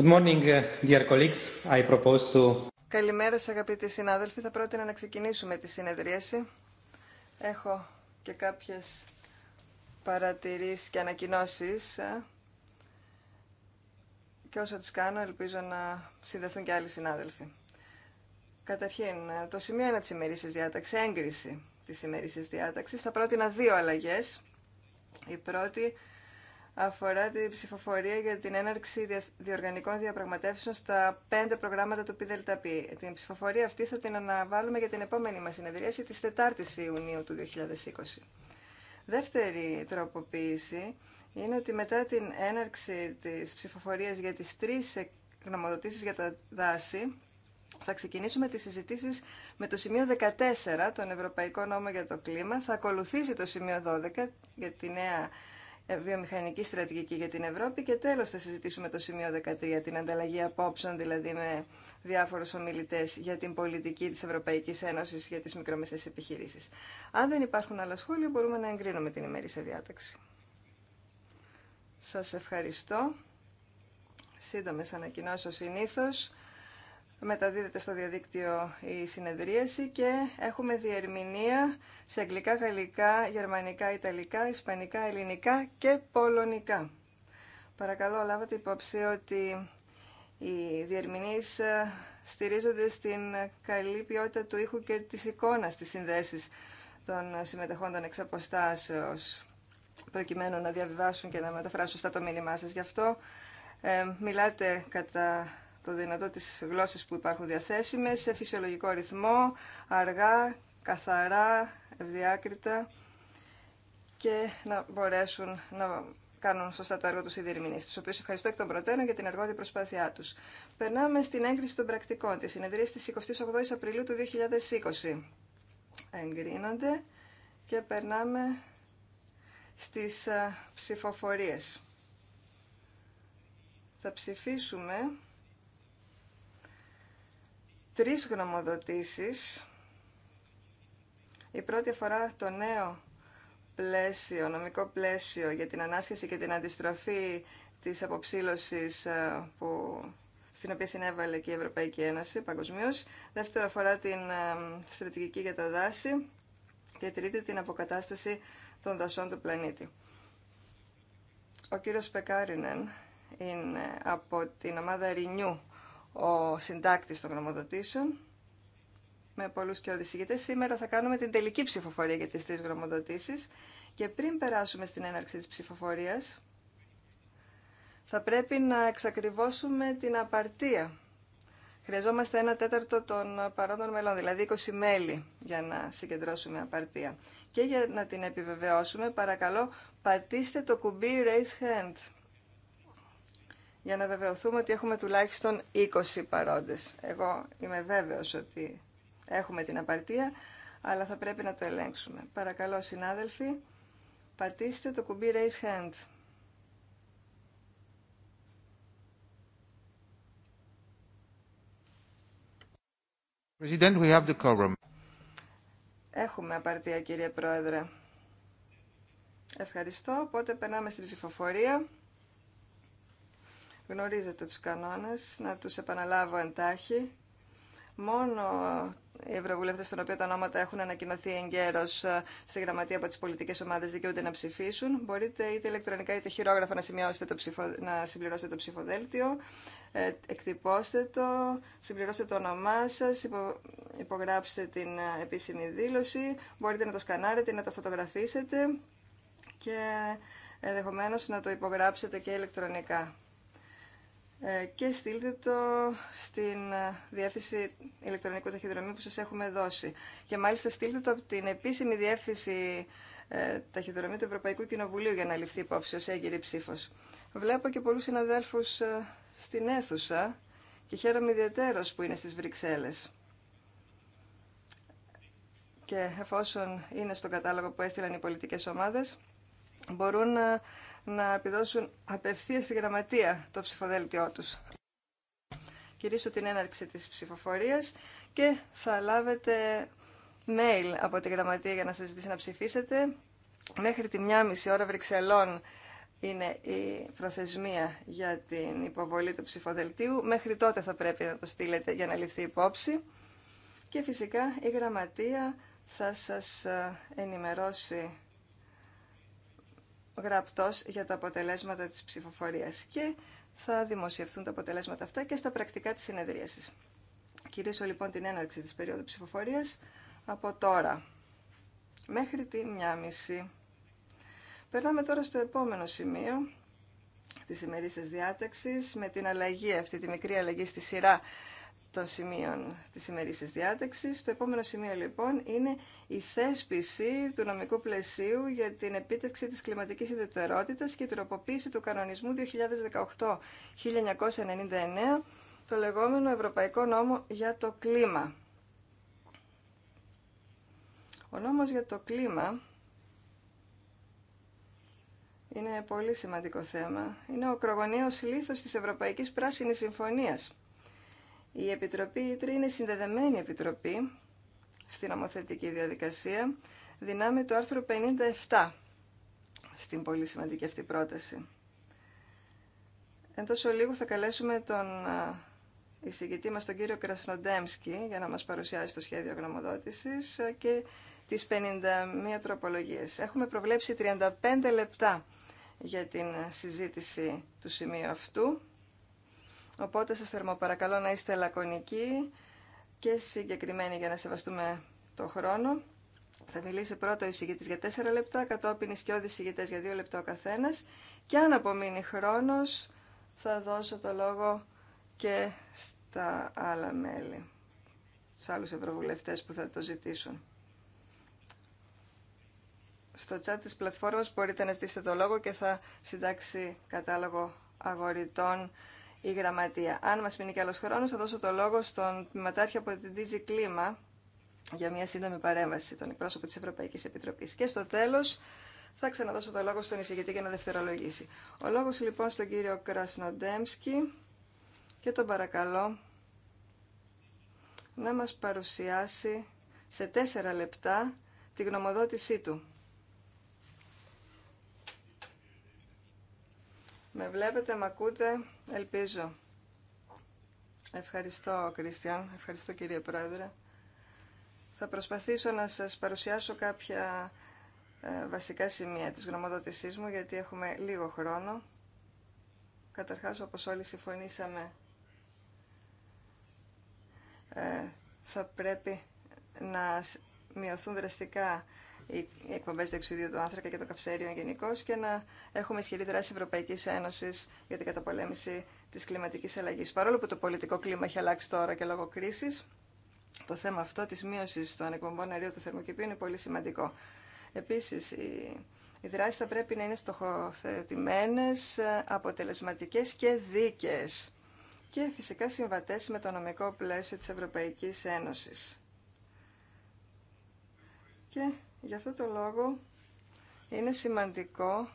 Good morning, uh, dear colleagues. I Καλημέρα αγαπητοί συνάδελφοι. Θα πρότεινα να ξεκινήσουμε τη συνεδρίαση. Έχω και κάποιες παρατηρήσεις και ανακοινώσεις ε, και όσο τις κάνω ελπίζω να συνδεθούν και άλλοι συνάδελφοι. Καταρχήν, ε, το σημείο είναι της ημερήσεις διάταξη, έγκριση της ημερήσεις διάταξης, θα πρότεινα δύο αλλαγές. Η πρώτη αφορά την ψηφοφορία για την έναρξη διοργανικών διαπραγματεύσεων στα πέντε προγράμματα του ΠΙΔΕΛΤΑΠΗ. Την ψηφοφορία αυτή θα την αναβάλουμε για την επόμενη μα συνεδρίαση της 4 η Ιουνίου του 2020. Δεύτερη τροποποίηση είναι ότι μετά την έναρξη της ψηφοφορίας για τις τρεις γνωμοδοτήσεις για τα δάση, θα ξεκινήσουμε τις συζητήσεις με το σημείο 14, τον Ευρωπαϊκό Νόμο για το Κλίμα. Θα ακολουθήσει το σημείο 12 για τη νέα ε, βιομηχανική στρατηγική για την Ευρώπη και τέλος θα συζητήσουμε το σημείο 13, την ανταλλαγή απόψεων δηλαδή με διάφορους ομιλητές για την πολιτική της Ευρωπαϊκής Ένωσης για τις μικρομεσαίες επιχειρήσεις. Αν δεν υπάρχουν άλλα σχόλια μπορούμε να εγκρίνουμε την ημερήσια διάταξη. Σας ευχαριστώ. Σύντομες ανακοινώσεις συνήθως μεταδίδεται στο διαδίκτυο η συνεδρίαση και έχουμε διερμηνία σε αγγλικά, γαλλικά, γερμανικά, ιταλικά, ισπανικά, ελληνικά και πολωνικά. Παρακαλώ λάβατε υπόψη ότι οι διερμηνείς ε, στηρίζονται στην καλή ποιότητα του ήχου και της εικόνας της συνδέσεις των συμμετεχόντων εξ προκειμένου να διαβιβάσουν και να μεταφράσουν στα το μήνυμά σας. Γι' αυτό ε, μιλάτε κατά το δυνατό τις γλώσσες που υπάρχουν διαθέσιμες σε φυσιολογικό ρυθμό, αργά, καθαρά, ευδιάκριτα και να μπορέσουν να κάνουν σωστά το έργο τους οι διερμηνείς, τους οποίους ευχαριστώ εκ των προτέρων για την εργόδη προσπάθειά τους. Περνάμε στην έγκριση των πρακτικών της συνεδρίας της 28 Απριλίου του 2020. Εγκρίνονται και περνάμε στις ε, ψηφοφορίες. Θα ψηφίσουμε τρεις γνωμοδοτήσεις. Η πρώτη αφορά το νέο πλαίσιο, νομικό πλαίσιο για την ανάσχεση και την αντιστροφή της αποψήλωσης ε, που, στην οποία συνέβαλε και η Ευρωπαϊκή Ένωση παγκοσμίω. Δεύτερο αφορά την ε, στρατηγική για τα δάση και τρίτη την αποκατάσταση των δασών του πλανήτη. Ο κύριος Πεκάρινεν είναι από την ομάδα Renew ο συντάκτης των γνωμοδοτήσεων με πολλούς και οδησηγητές. Σήμερα θα κάνουμε την τελική ψηφοφορία για τις τρεις γνωμοδοτήσεις και πριν περάσουμε στην έναρξη της ψηφοφορίας θα πρέπει να εξακριβώσουμε την απαρτία. Χρειαζόμαστε ένα τέταρτο των παρόντων μελών, δηλαδή 20 μέλη για να συγκεντρώσουμε απαρτία. Και για να την επιβεβαιώσουμε, παρακαλώ, πατήστε το κουμπί Raise Hand για να βεβαιωθούμε ότι έχουμε τουλάχιστον 20 παρόντες. Εγώ είμαι βέβαιος ότι έχουμε την απαρτία, αλλά θα πρέπει να το ελέγξουμε. Παρακαλώ, συνάδελφοι, πατήστε το κουμπί Raise Hand. President, we have the Έχουμε απαρτία, κύριε Πρόεδρε. Ευχαριστώ. Οπότε περνάμε στην ψηφοφορία. Γνωρίζετε τους κανόνες, να τους επαναλάβω εντάχει. Μόνο οι ευρωβουλευτέ, των οποίων τα ονόματα έχουν ανακοινωθεί εγκαίρω ε, στη γραμματεία από τι πολιτικέ ομάδε, δικαιούνται να ψηφίσουν. Μπορείτε είτε ηλεκτρονικά είτε χειρόγραφα να, σημειώσετε το ψηφο... να συμπληρώσετε το ψηφοδέλτιο. Ε, εκτυπώστε το, συμπληρώστε το όνομά σα, υπογράψτε την ε, επίσημη δήλωση. Μπορείτε να το σκανάρετε, να το φωτογραφίσετε και ενδεχομένω να το υπογράψετε και ηλεκτρονικά. Ε, και στείλτε το στην ε, διεύθυνση ηλεκτρονικού ταχυδρομείου που σας έχουμε δώσει. Και μάλιστα στείλτε το από την επίσημη διεύθυνση ε, ταχυδρομείου του Ευρωπαϊκού Κοινοβουλίου για να ληφθεί υπόψη ως έγκυρη ψήφος. Βλέπω και πολλούς συναδέλφους στην αίθουσα και χαίρομαι ιδιαίτερο που είναι στις Βρυξέλλες. Και εφόσον είναι στον κατάλογο που έστειλαν οι πολιτικές ομάδες, μπορούν να επιδώσουν απευθείας στη γραμματεία το ψηφοδέλτιό τους. Κυρίσω την έναρξη της ψηφοφορίας και θα λάβετε mail από τη γραμματεία για να σας ζητήσει να ψηφίσετε. Μέχρι τη 1.30 ώρα Βρυξελών είναι η προθεσμία για την υποβολή του ψηφοδελτίου. Μέχρι τότε θα πρέπει να το στείλετε για να ληφθεί υπόψη. Και φυσικά η γραμματεία θα σας ενημερώσει γραπτός για τα αποτελέσματα της ψηφοφορίας και θα δημοσιευθούν τα αποτελέσματα αυτά και στα πρακτικά της συνεδρίασης. Κυρίσω λοιπόν την έναρξη της περίοδου ψηφοφορίας από τώρα μέχρι τη μισή. Περνάμε τώρα στο επόμενο σημείο της ημερήσιας διάταξης με την αλλαγή, αυτή τη μικρή αλλαγή στη σειρά των σημείων της ημερήσης διάταξης. Το επόμενο σημείο λοιπόν είναι η θέσπιση του νομικού πλαισίου για την επίτευξη της κλιματικής ιδιαιτερότητας και η τροποποίηση του κανονισμού 2018-1999, το λεγόμενο Ευρωπαϊκό Νόμο για το Κλίμα. Ο νόμος για το κλίμα είναι πολύ σημαντικό θέμα. Είναι ο κρογωνίος λίθος της Ευρωπαϊκής Πράσινης Συμφωνίας η Επιτροπή ΙΤΡΗ είναι συνδεδεμένη επιτροπή στην νομοθετική διαδικασία δυνάμει του άρθρου 57 στην πολύ σημαντική αυτή πρόταση. Εν τόσο λίγο θα καλέσουμε τον εισηγητή μας τον κύριο Κρασνοντέμσκι για να μας παρουσιάσει το σχέδιο γνωμοδότησης και τις 51 τροπολογίες. Έχουμε προβλέψει 35 λεπτά για την συζήτηση του σημείου αυτού Οπότε σας θερμοπαρακαλώ να είστε λακωνικοί και συγκεκριμένοι για να σεβαστούμε το χρόνο. Θα μιλήσει πρώτα ο εισηγητή για 4 λεπτά, κατόπιν οι εισηγητέ για 2 λεπτά ο καθένα. Και αν απομείνει χρόνο, θα δώσω το λόγο και στα άλλα μέλη, στου άλλου ευρωβουλευτέ που θα το ζητήσουν. Στο chat της πλατφόρμας μπορείτε να στήσετε το λόγο και θα συντάξει κατάλογο αγορητών η Γραμματεία. Αν μας μείνει και άλλος χρόνος, θα δώσω το λόγο στον τμηματάρχη από την DG Κλίμα για μια σύντομη παρέμβαση, τον εκπρόσωπο της Ευρωπαϊκής Επιτροπής. Και στο τέλος θα ξαναδώσω το λόγο στον εισηγητή για να δευτερολογήσει. Ο λόγος λοιπόν στον κύριο Κρασνοντέμσκι και τον παρακαλώ να μας παρουσιάσει σε τέσσερα λεπτά τη γνωμοδότησή του. Με βλέπετε, με ακούτε, ελπίζω. Ευχαριστώ, Κριστιαν. Ευχαριστώ, κύριε Πρόεδρε. Θα προσπαθήσω να σας παρουσιάσω κάποια ε, βασικά σημεία της γνωμοδότησής μου, γιατί έχουμε λίγο χρόνο. Καταρχάς, όπως όλοι συμφωνήσαμε, ε, θα πρέπει να μειωθούν δραστικά οι εκπομπέ διοξιδίου του άνθρακα και των καυσαίριων γενικώ και να έχουμε ισχυρή δράση Ευρωπαϊκή Ένωση για την καταπολέμηση τη κλιματική αλλαγή. Παρόλο που το πολιτικό κλίμα έχει αλλάξει τώρα και λόγω κρίση, το θέμα αυτό τη μείωση των εκπομπών αερίου του θερμοκηπίου είναι πολύ σημαντικό. Επίση, οι δράσει θα πρέπει να είναι στοχοθετημένε, αποτελεσματικέ και δίκαιε και φυσικά συμβατές με το νομικό πλαίσιο της Ευρωπαϊκής Ένωσης. Και Γι' αυτό το λόγο είναι σημαντικό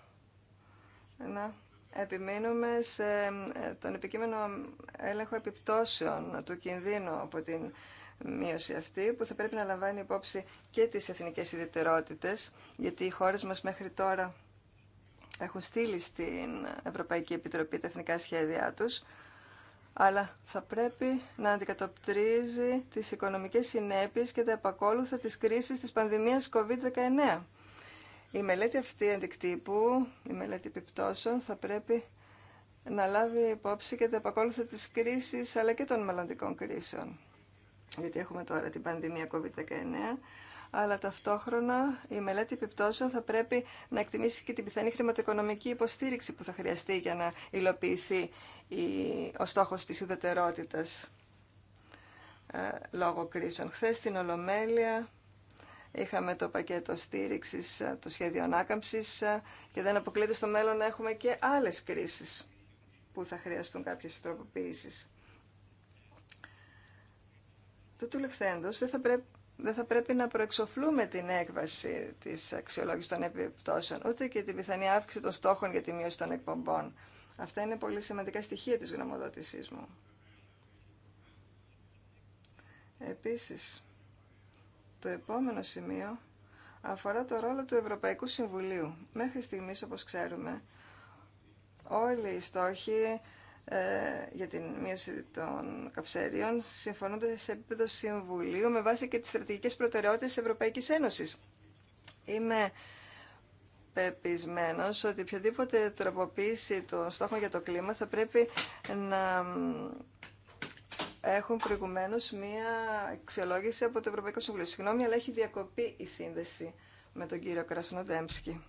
να επιμείνουμε σε ε, τον επικείμενο έλεγχο επιπτώσεων του κινδύνου από την μείωση αυτή που θα πρέπει να λαμβάνει υπόψη και τις εθνικές ιδιαιτερότητες γιατί οι χώρες μας μέχρι τώρα έχουν στείλει στην Ευρωπαϊκή Επιτροπή τα εθνικά σχέδιά τους αλλά θα πρέπει να αντικατοπτρίζει τις οικονομικές συνέπειες και τα επακόλουθα της κρίσης της πανδημίας COVID-19. Η μελέτη αυτή αντικτύπου, η μελέτη επιπτώσεων, θα πρέπει να λάβει υπόψη και τα επακόλουθα της κρίσης αλλά και των μελλοντικών κρίσεων. Γιατί έχουμε τώρα την πανδημία COVID-19, αλλά ταυτόχρονα η μελέτη επιπτώσεων θα πρέπει να εκτιμήσει και την πιθανή χρηματοοικονομική υποστήριξη που θα χρειαστεί για να υλοποιηθεί ο στόχος της ουδετερότητας ε, λόγω κρίσεων. Χθε στην Ολομέλεια είχαμε το πακέτο στήριξης, ε, το σχέδιο ανάκαμψης ε, και δεν αποκλείται στο μέλλον να έχουμε και άλλες κρίσεις που θα χρειαστούν κάποιες τροποποιήσεις. Το δεν θα πρέπει δεν θα πρέπει να προεξοφλούμε την έκβαση της αξιολόγηση των επιπτώσεων, ούτε και την πιθανή αύξηση των στόχων για τη μείωση των εκπομπών. Αυτά είναι πολύ σημαντικά στοιχεία της γνωμοδότησής μου. Επίσης, το επόμενο σημείο αφορά το ρόλο του Ευρωπαϊκού Συμβουλίου. Μέχρι στιγμής, όπως ξέρουμε, όλοι οι στόχοι ε, για την μείωση των καυσέριων, συμφωνούνται σε επίπεδο Συμβουλίου με βάση και τις στρατηγικές προτεραιότητες της Ευρωπαϊκής Ένωσης. Είμαι πεπισμένος ότι οποιαδήποτε τροποποίηση των στόχων για το κλίμα θα πρέπει να έχουν προηγουμένως μία αξιολόγηση από το Ευρωπαϊκό Συμβουλίο. Συγγνώμη, αλλά έχει διακοπεί η σύνδεση με τον κύριο Κρασνοδέμσκι.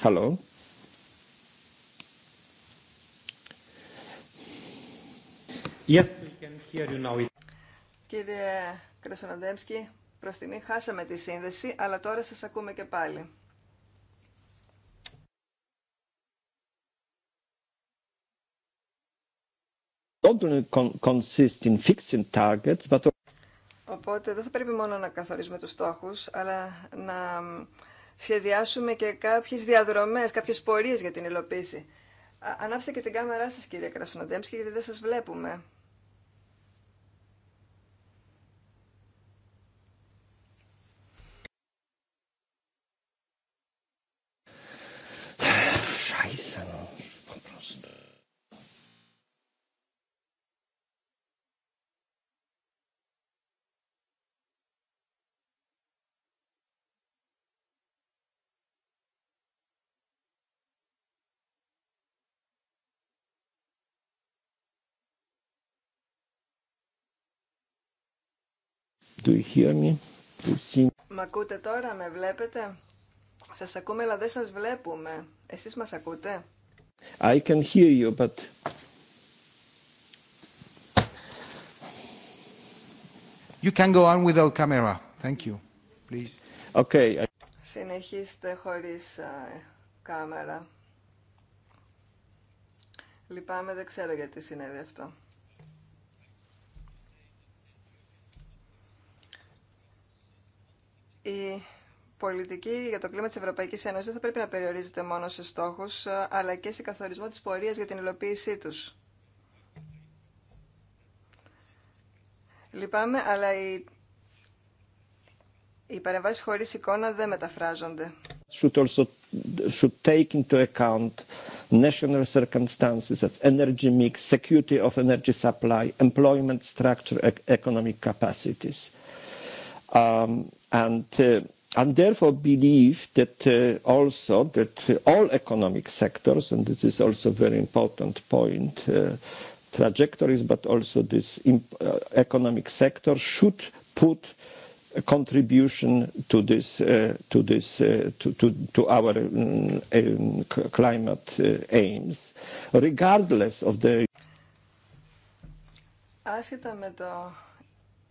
Hello. Yes, we can hear you now. Κύριε Κρασονοντέμσκι, προς χάσαμε τη σύνδεση, αλλά τώρα σας ακούμε και πάλι. Οπότε δεν θα πρέπει μόνο να καθορίζουμε τους στόχους, αλλά να σχεδιάσουμε και κάποιες διαδρομές, κάποιες πορείες για την υλοποίηση. Ανάψτε και την κάμερά σας κύριε Κρασονοδέμψη, γιατί δεν σας βλέπουμε. Do you hear me? Do you see Μ' ακούτε τώρα, με βλέπετε? Σας ακούμε, αλλά δεν σας βλέπουμε. Εσείς μας ακούτε? I can hear you, but... You can go on without camera. Thank you. Please. Okay. Συνεχίστε χωρίς uh, κάμερα. Λυπάμαι, δεν ξέρω γιατί συνέβη αυτό. η πολιτική για το κλίμα της Ευρωπαϊκής Ένωσης δεν θα πρέπει να περιορίζεται μόνο σε στόχους, αλλά και σε καθορισμό της πορείας για την υλοποίησή τους. Λυπάμαι, αλλά οι, οι παρεμβάσεις χωρίς εικόνα δεν μεταφράζονται. Should also should take into account national circumstances as energy mix, security of energy supply, employment structure, e-, economic capacities. Um, and and therefore believe that also that all economic sectors and this is also a very important point trajectories but also this economic sector should put a contribution to this to this to to our climate aims regardless of the Άσχετα με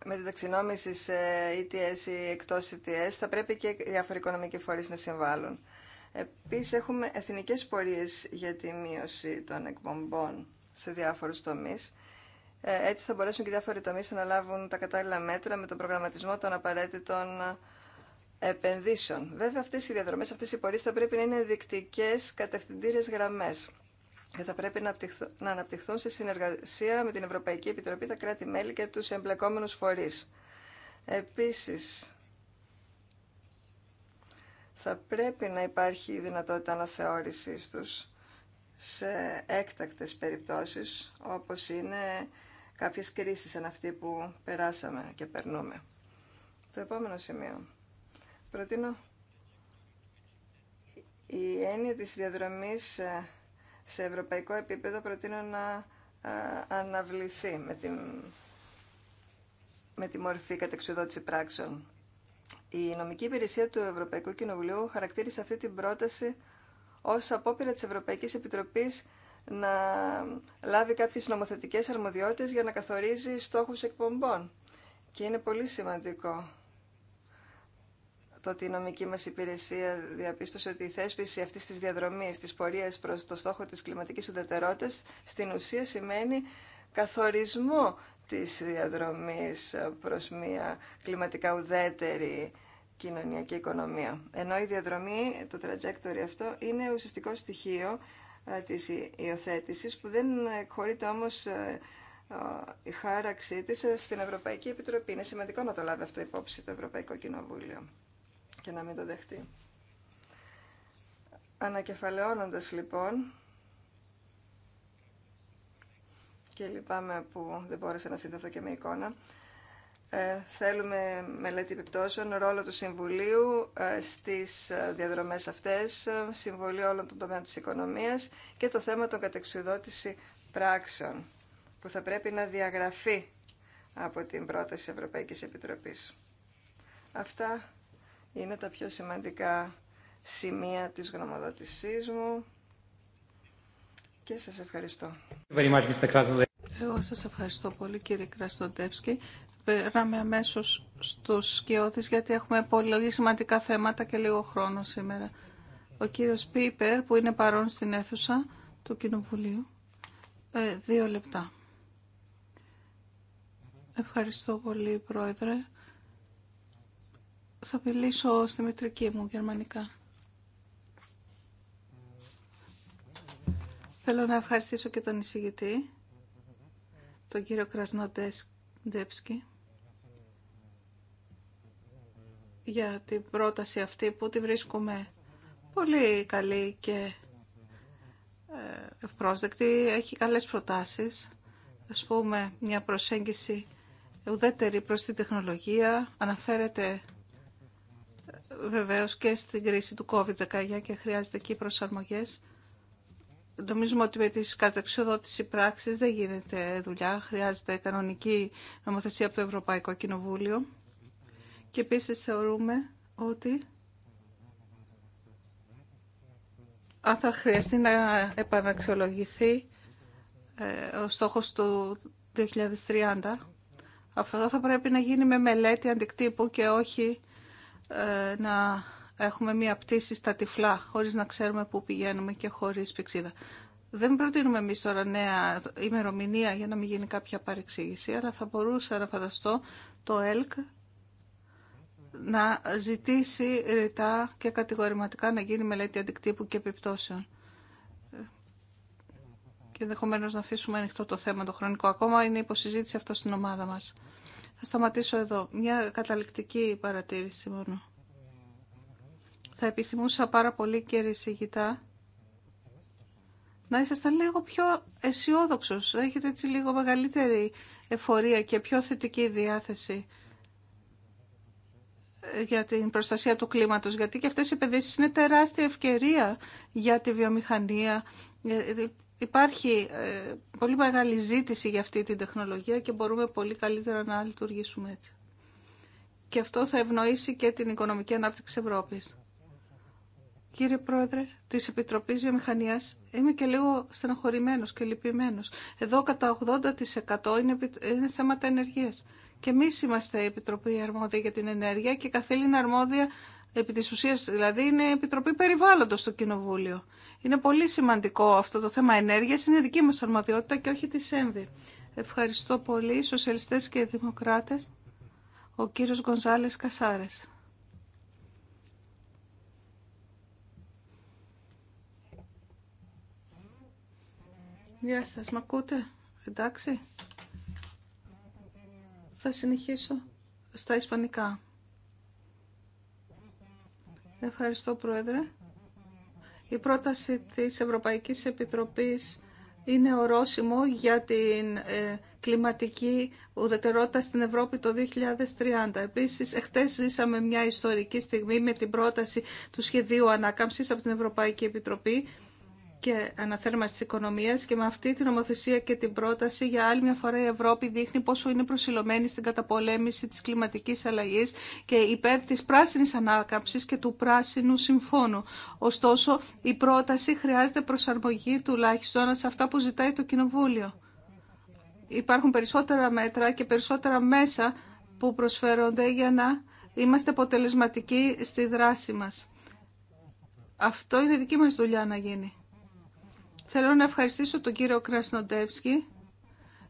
με την ταξινόμηση σε ETS ή εκτός ETS θα πρέπει και διάφοροι οικονομικοί φορείς να συμβάλλουν. Επίσης έχουμε εθνικές πορείες για τη μείωση των εκπομπών σε διάφορους τομείς. Ε, έτσι θα μπορέσουν και διάφοροι τομείς να λάβουν τα κατάλληλα μέτρα με τον προγραμματισμό των απαραίτητων επενδύσεων. Βέβαια αυτές οι διαδρομές, αυτές οι πορείες θα πρέπει να είναι δεικτικές κατευθυντήρες γραμμές και θα πρέπει να, αναπτυχθούν σε συνεργασία με την Ευρωπαϊκή Επιτροπή, τα κράτη-μέλη και τους εμπλεκόμενους φορείς. Επίσης, θα πρέπει να υπάρχει η δυνατότητα αναθεώρησής τους σε έκτακτες περιπτώσεις, όπως είναι κάποιες κρίσεις σαν αυτή που περάσαμε και περνούμε. Το επόμενο σημείο. Προτείνω η έννοια της διαδρομής ε, σε ευρωπαϊκό επίπεδο προτείνω να αναβληθεί με, την, με τη μορφή κατεξοδότηση πράξεων. Η νομική υπηρεσία του Ευρωπαϊκού Κοινοβουλίου χαρακτήρισε αυτή την πρόταση ως απόπειρα της Ευρωπαϊκής Επιτροπής να λάβει κάποιες νομοθετικές αρμοδιότητες για να καθορίζει στόχους εκπομπών. Και είναι πολύ σημαντικό το ότι η νομική μας υπηρεσία διαπίστωσε ότι η θέσπιση αυτής της διαδρομής, της πορείας προς το στόχο της κλιματικής ουδετερότητας, στην ουσία σημαίνει καθορισμό της διαδρομής προς μια κλιματικά ουδέτερη κοινωνία και οικονομία. Ενώ η διαδρομή, το trajectory αυτό, είναι ουσιαστικό στοιχείο ε, της υιοθέτηση που δεν χωρείται όμως ε, ε, η χάραξή της στην Ευρωπαϊκή Επιτροπή. Είναι σημαντικό να το λάβει αυτό υπόψη το Ευρωπαϊκό Κοινοβούλιο και να μην το δεχτεί. Ανακεφαλαιώνοντας λοιπόν, και λυπάμαι που δεν μπόρεσα να συνδεθώ και με εικόνα, ε, θέλουμε μελέτη επιπτώσεων, ρόλο του Συμβουλίου ε, στις ε, διαδρομές αυτές, ε, όλων των τομέων της οικονομίας και το θέμα των κατεξουδότηση πράξεων, που θα πρέπει να διαγραφεί από την πρόταση Ευρωπαϊκής Επιτροπής. Αυτά είναι τα πιο σημαντικά σημεία της γνωμοδότησής μου και σας ευχαριστώ. Εγώ σας ευχαριστώ πολύ κύριε Κραστοντεύσκη. Περάμε αμέσω στους σκιώδεις γιατί έχουμε πολύ σημαντικά θέματα και λίγο χρόνο σήμερα. Ο κύριος Πίπερ που είναι παρόν στην αίθουσα του Κοινοβουλίου. Ε, δύο λεπτά. Ευχαριστώ πολύ πρόεδρε θα μιλήσω στη μητρική μου γερμανικά. Θέλω να ευχαριστήσω και τον εισηγητή, τον κύριο Κρασνοντεύσκη, για την πρόταση αυτή που τη βρίσκουμε πολύ καλή και ε, ευπρόσδεκτη. Έχει καλές προτάσεις, ας πούμε μια προσέγγιση ουδέτερη προς την τεχνολογία, αναφέρεται βεβαίως και στην κρίση του COVID-19 και χρειάζεται εκεί προσαρμογές. Νομίζουμε ότι με τις καταξιοδότηση πράξης δεν γίνεται δουλειά, χρειάζεται κανονική νομοθεσία από το Ευρωπαϊκό Κοινοβούλιο. Και επίσης θεωρούμε ότι αν θα χρειαστεί να επαναξιολογηθεί ε, ο στόχος του 2030, αυτό θα πρέπει να γίνει με μελέτη αντικτύπου και όχι ε, να έχουμε μία πτήση στα τυφλά, χωρίς να ξέρουμε πού πηγαίνουμε και χωρίς πηξίδα. Δεν προτείνουμε εμεί τώρα νέα ημερομηνία για να μην γίνει κάποια παρεξήγηση, αλλά θα μπορούσα να φανταστώ το ΕΛΚ να ζητήσει ρητά και κατηγορηματικά να γίνει μελέτη αντικτύπου και επιπτώσεων. Και ενδεχομένω να αφήσουμε ανοιχτό το θέμα το χρονικό. Ακόμα είναι υποσυζήτηση αυτό στην ομάδα μας. Θα σταματήσω εδώ. Μια καταληκτική παρατήρηση μόνο. Θα επιθυμούσα πάρα πολύ, κύριε Σιγητά, να ήσασταν λίγο πιο αισιόδοξο, να έχετε έτσι λίγο μεγαλύτερη εφορία και πιο θετική διάθεση για την προστασία του κλίματος, γιατί και αυτές οι επενδύσεις είναι τεράστια ευκαιρία για τη βιομηχανία, Υπάρχει ε, πολύ μεγάλη ζήτηση για αυτή την τεχνολογία και μπορούμε πολύ καλύτερα να λειτουργήσουμε έτσι. Και αυτό θα ευνοήσει και την οικονομική ανάπτυξη Ευρώπης. Κύριε Πρόεδρε της Επιτροπής Βιομηχανίας, είμαι και λίγο στεναχωρημένος και λυπημένος. Εδώ κατά 80% είναι, είναι θέματα ενεργείας. Και εμεί είμαστε η Επιτροπή Αρμόδια για την Ενέργεια και καθήλυνα αρμόδια επί δηλαδή είναι η Επιτροπή Περιβάλλοντος στο Κοινοβούλιο. Είναι πολύ σημαντικό αυτό το θέμα ενέργειας, είναι δική μας αρμοδιότητα και όχι της ΕΜΒΗ. Ευχαριστώ πολύ, σοσιαλιστές και δημοκράτες, ο κύριος Γκονζάλης Κασάρες. Γεια σας, μ' ακούτε, εντάξει. Θα συνεχίσω στα ισπανικά. Ευχαριστώ, Πρόεδρε. Η πρόταση της Ευρωπαϊκής Επιτροπής είναι ορόσημο για την ε, κλιματική ουδετερότητα στην Ευρώπη το 2030. Επίσης, εχθές ζήσαμε μια ιστορική στιγμή με την πρόταση του σχεδίου ανάκαμψης από την Ευρωπαϊκή Επιτροπή και αναθέρμανση τη οικονομία και με αυτή την νομοθεσία και την πρόταση για άλλη μια φορά η Ευρώπη δείχνει πόσο είναι προσιλωμένη στην καταπολέμηση τη κλιματική αλλαγή και υπέρ τη πράσινη ανάκαμψη και του πράσινου συμφώνου. Ωστόσο, η πρόταση χρειάζεται προσαρμογή τουλάχιστον σε αυτά που ζητάει το Κοινοβούλιο. Υπάρχουν περισσότερα μέτρα και περισσότερα μέσα που προσφέρονται για να είμαστε αποτελεσματικοί στη δράση μας. Αυτό είναι δική μας δουλειά να γίνει. Θέλω να ευχαριστήσω τον κύριο Κρασνοντεύσκη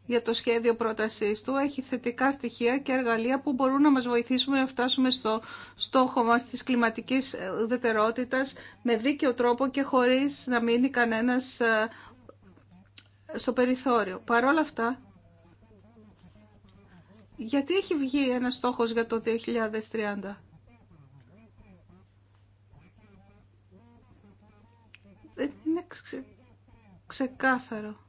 για το σχέδιο πρότασής του. Έχει θετικά στοιχεία και εργαλεία που μπορούν να μας βοηθήσουν να φτάσουμε στο στόχο μας της κλιματικής ουδετερότητας με δίκαιο τρόπο και χωρίς να μείνει κανένας ε, στο περιθώριο. Παρ' όλα αυτά, γιατί έχει βγει ένας στόχος για το 2030. Δεν είναι ξεκάθαρο.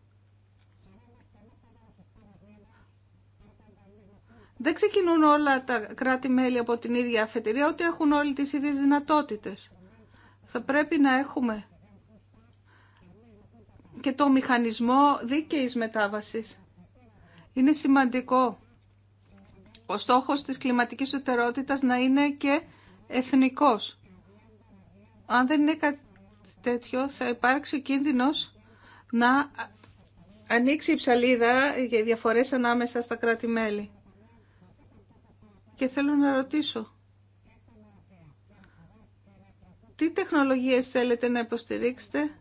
Δεν ξεκινούν όλα τα κράτη-μέλη από την ίδια αφετηρία, ότι έχουν όλοι τις ίδιες δυνατότητες. Θα πρέπει να έχουμε και το μηχανισμό δίκαιης μετάβασης. Είναι σημαντικό ο στόχος της κλιματικής ουτερότητας να είναι και εθνικός. Αν δεν είναι κάτι τέτοιο θα υπάρξει κίνδυνος να ανοίξει η ψαλίδα για διαφορές ανάμεσα στα κράτη-μέλη. Και θέλω να ρωτήσω, τι τεχνολογίες θέλετε να υποστηρίξετε ε,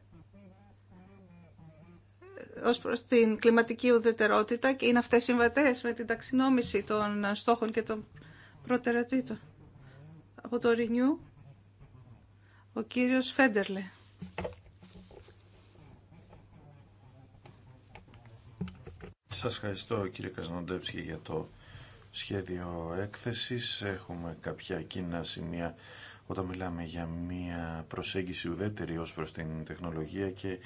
ως προς την κλιματική ουδετερότητα και είναι αυτές συμβατές με την ταξινόμηση των στόχων και των προτεραιοτήτων. Από το Ρινιού, ο κύριος Φέντερλε. Σας ευχαριστώ κύριε Καζανοντεύσκη για το σχέδιο έκθεσης. Έχουμε κάποια κοινά σημεία όταν μιλάμε για μια προσέγγιση ουδέτερη ως προς την τεχνολογία και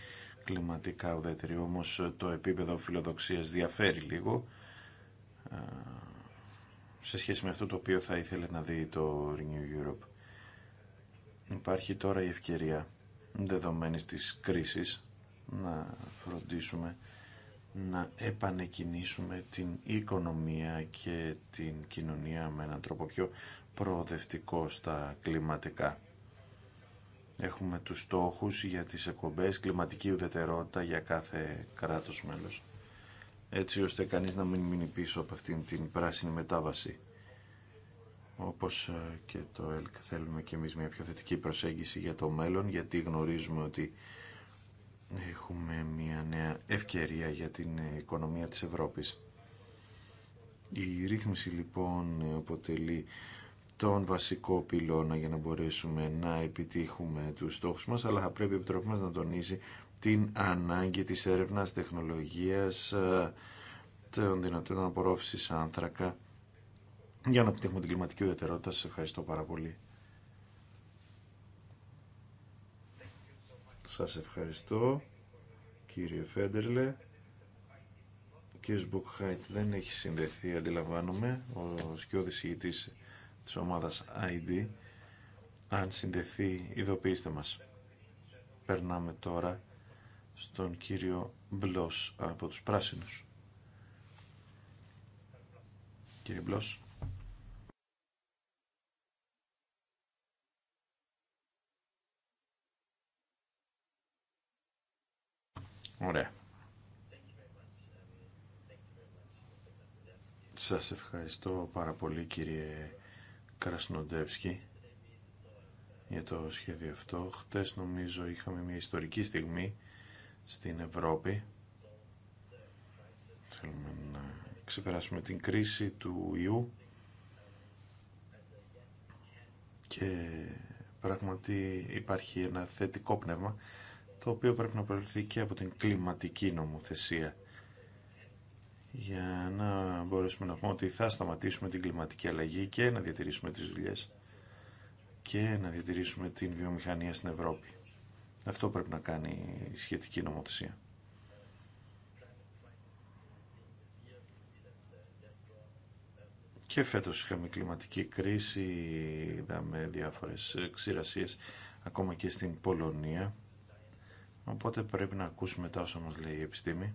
κλιματικά ουδέτερη. Όμως το επίπεδο φιλοδοξίας διαφέρει λίγο σε σχέση με αυτό το οποίο θα ήθελε να δει το Renew Europe. Υπάρχει τώρα η ευκαιρία δεδομένης της κρίσης να φροντίσουμε να επανεκκινήσουμε την οικονομία και την κοινωνία με έναν τρόπο πιο προοδευτικό στα κλιματικά. Έχουμε τους στόχους για τις εκπομπές, κλιματική ουδετερότητα για κάθε κράτος μέλος, έτσι ώστε κανείς να μην μείνει πίσω από αυτήν την πράσινη μετάβαση. Όπως ε, και το ΕΛΚ θέλουμε και εμείς μια πιο θετική προσέγγιση για το μέλλον, γιατί γνωρίζουμε ότι έχουμε μια νέα ευκαιρία για την οικονομία της Ευρώπης. Η ρύθμιση λοιπόν αποτελεί τον βασικό πυλώνα για να μπορέσουμε να επιτύχουμε τους στόχους μας, αλλά θα πρέπει η Επιτροπή μας να τονίσει την ανάγκη της έρευνας τεχνολογίας, των δυνατότητων απορρόφησης άνθρακα για να επιτύχουμε την κλιματική ουδετερότητα. Σας ευχαριστώ πάρα πολύ Σας ευχαριστώ κύριε Φέντερλε. Ο κύριος Μπουκχάιτ δεν έχει συνδεθεί, αντιλαμβάνομαι, ο σκιώδης ηγητής της ομάδας ID. Αν συνδεθεί, ειδοποιήστε μας. Περνάμε τώρα στον κύριο Μπλος από τους Πράσινους. Κύριε Μπλος. Ωραία. Σας ευχαριστώ πάρα πολύ κύριε Κρασνοντεύσκη για το σχέδιο αυτό. Χτες νομίζω είχαμε μια ιστορική στιγμή στην Ευρώπη. Θέλουμε να ξεπεράσουμε την κρίση του ιού και πραγματι υπάρχει ένα θετικό πνεύμα το οποίο πρέπει να προληφθεί και από την κλιματική νομοθεσία για να μπορέσουμε να πούμε ότι θα σταματήσουμε την κλιματική αλλαγή και να διατηρήσουμε τις δουλειές και να διατηρήσουμε την βιομηχανία στην Ευρώπη. Αυτό πρέπει να κάνει η σχετική νομοθεσία. Και φέτος είχαμε κλιματική κρίση, είδαμε διάφορες ξηρασίες ακόμα και στην Πολωνία Οπότε πρέπει να ακούσουμε τα όσα μας λέει η επιστήμη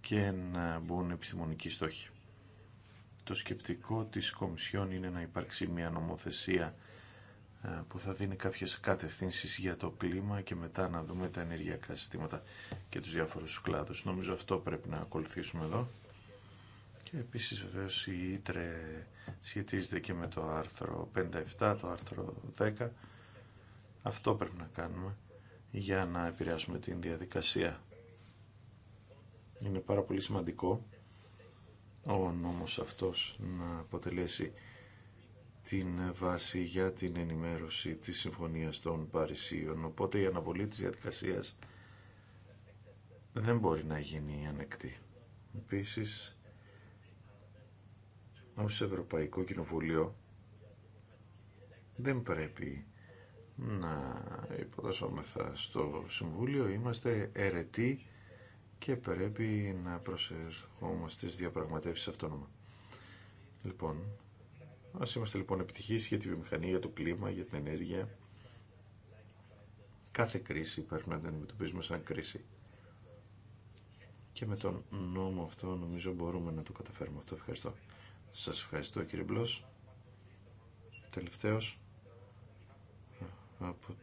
και να μπουν επιστημονικοί στόχοι. Το σκεπτικό της Κομισιόν είναι να υπάρξει μια νομοθεσία ε, που θα δίνει κάποιες κατευθύνσεις για το κλίμα και μετά να δούμε τα ενεργειακά συστήματα και τους διάφορους κλάδους. Νομίζω αυτό πρέπει να ακολουθήσουμε εδώ. Και επίσης βεβαίως η Ήτρε σχετίζεται και με το άρθρο 57, το άρθρο 10. Αυτό πρέπει να κάνουμε για να επηρεάσουμε την διαδικασία. Είναι πάρα πολύ σημαντικό ο νόμος αυτός να αποτελέσει την βάση για την ενημέρωση της Συμφωνίας των Παρισίων. Οπότε η αναβολή της διαδικασίας δεν μπορεί να γίνει ανεκτή. Επίσης, ως Ευρωπαϊκό Κοινοβούλιο δεν πρέπει να υποτασσόμεθα στο Συμβούλιο. Είμαστε αιρετοί και πρέπει να προσερχόμαστε στις διαπραγματεύσεις αυτόνομα. Λοιπόν, ας είμαστε λοιπόν επιτυχείς για τη βιομηχανία, για το κλίμα, για την ενέργεια. Κάθε κρίση πρέπει να την αντιμετωπίζουμε σαν κρίση. Και με τον νόμο αυτό νομίζω μπορούμε να το καταφέρουμε αυτό. Ευχαριστώ. Σας ευχαριστώ κύριε Μπλος. Τελευταίος. Από,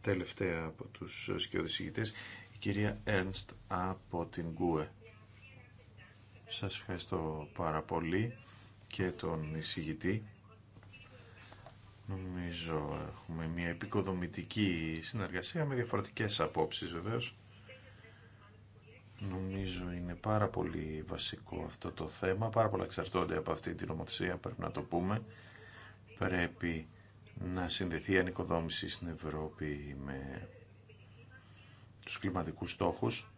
τελευταία από τους σκιοδησηγητές, η κυρία Έρνστ από την ΚΟΕ. Σας ευχαριστώ πάρα πολύ και τον εισηγητή. Νομίζω έχουμε μια επικοδομητική συνεργασία με διαφορετικές απόψεις βεβαίως. Νομίζω είναι πάρα πολύ βασικό αυτό το θέμα. Πάρα πολλά εξαρτώνται από αυτή την νομοθεσία, πρέπει να το πούμε. Πρέπει να συνδεθεί η ανοικοδόμηση στην Ευρώπη με τους κλιματικούς στόχους.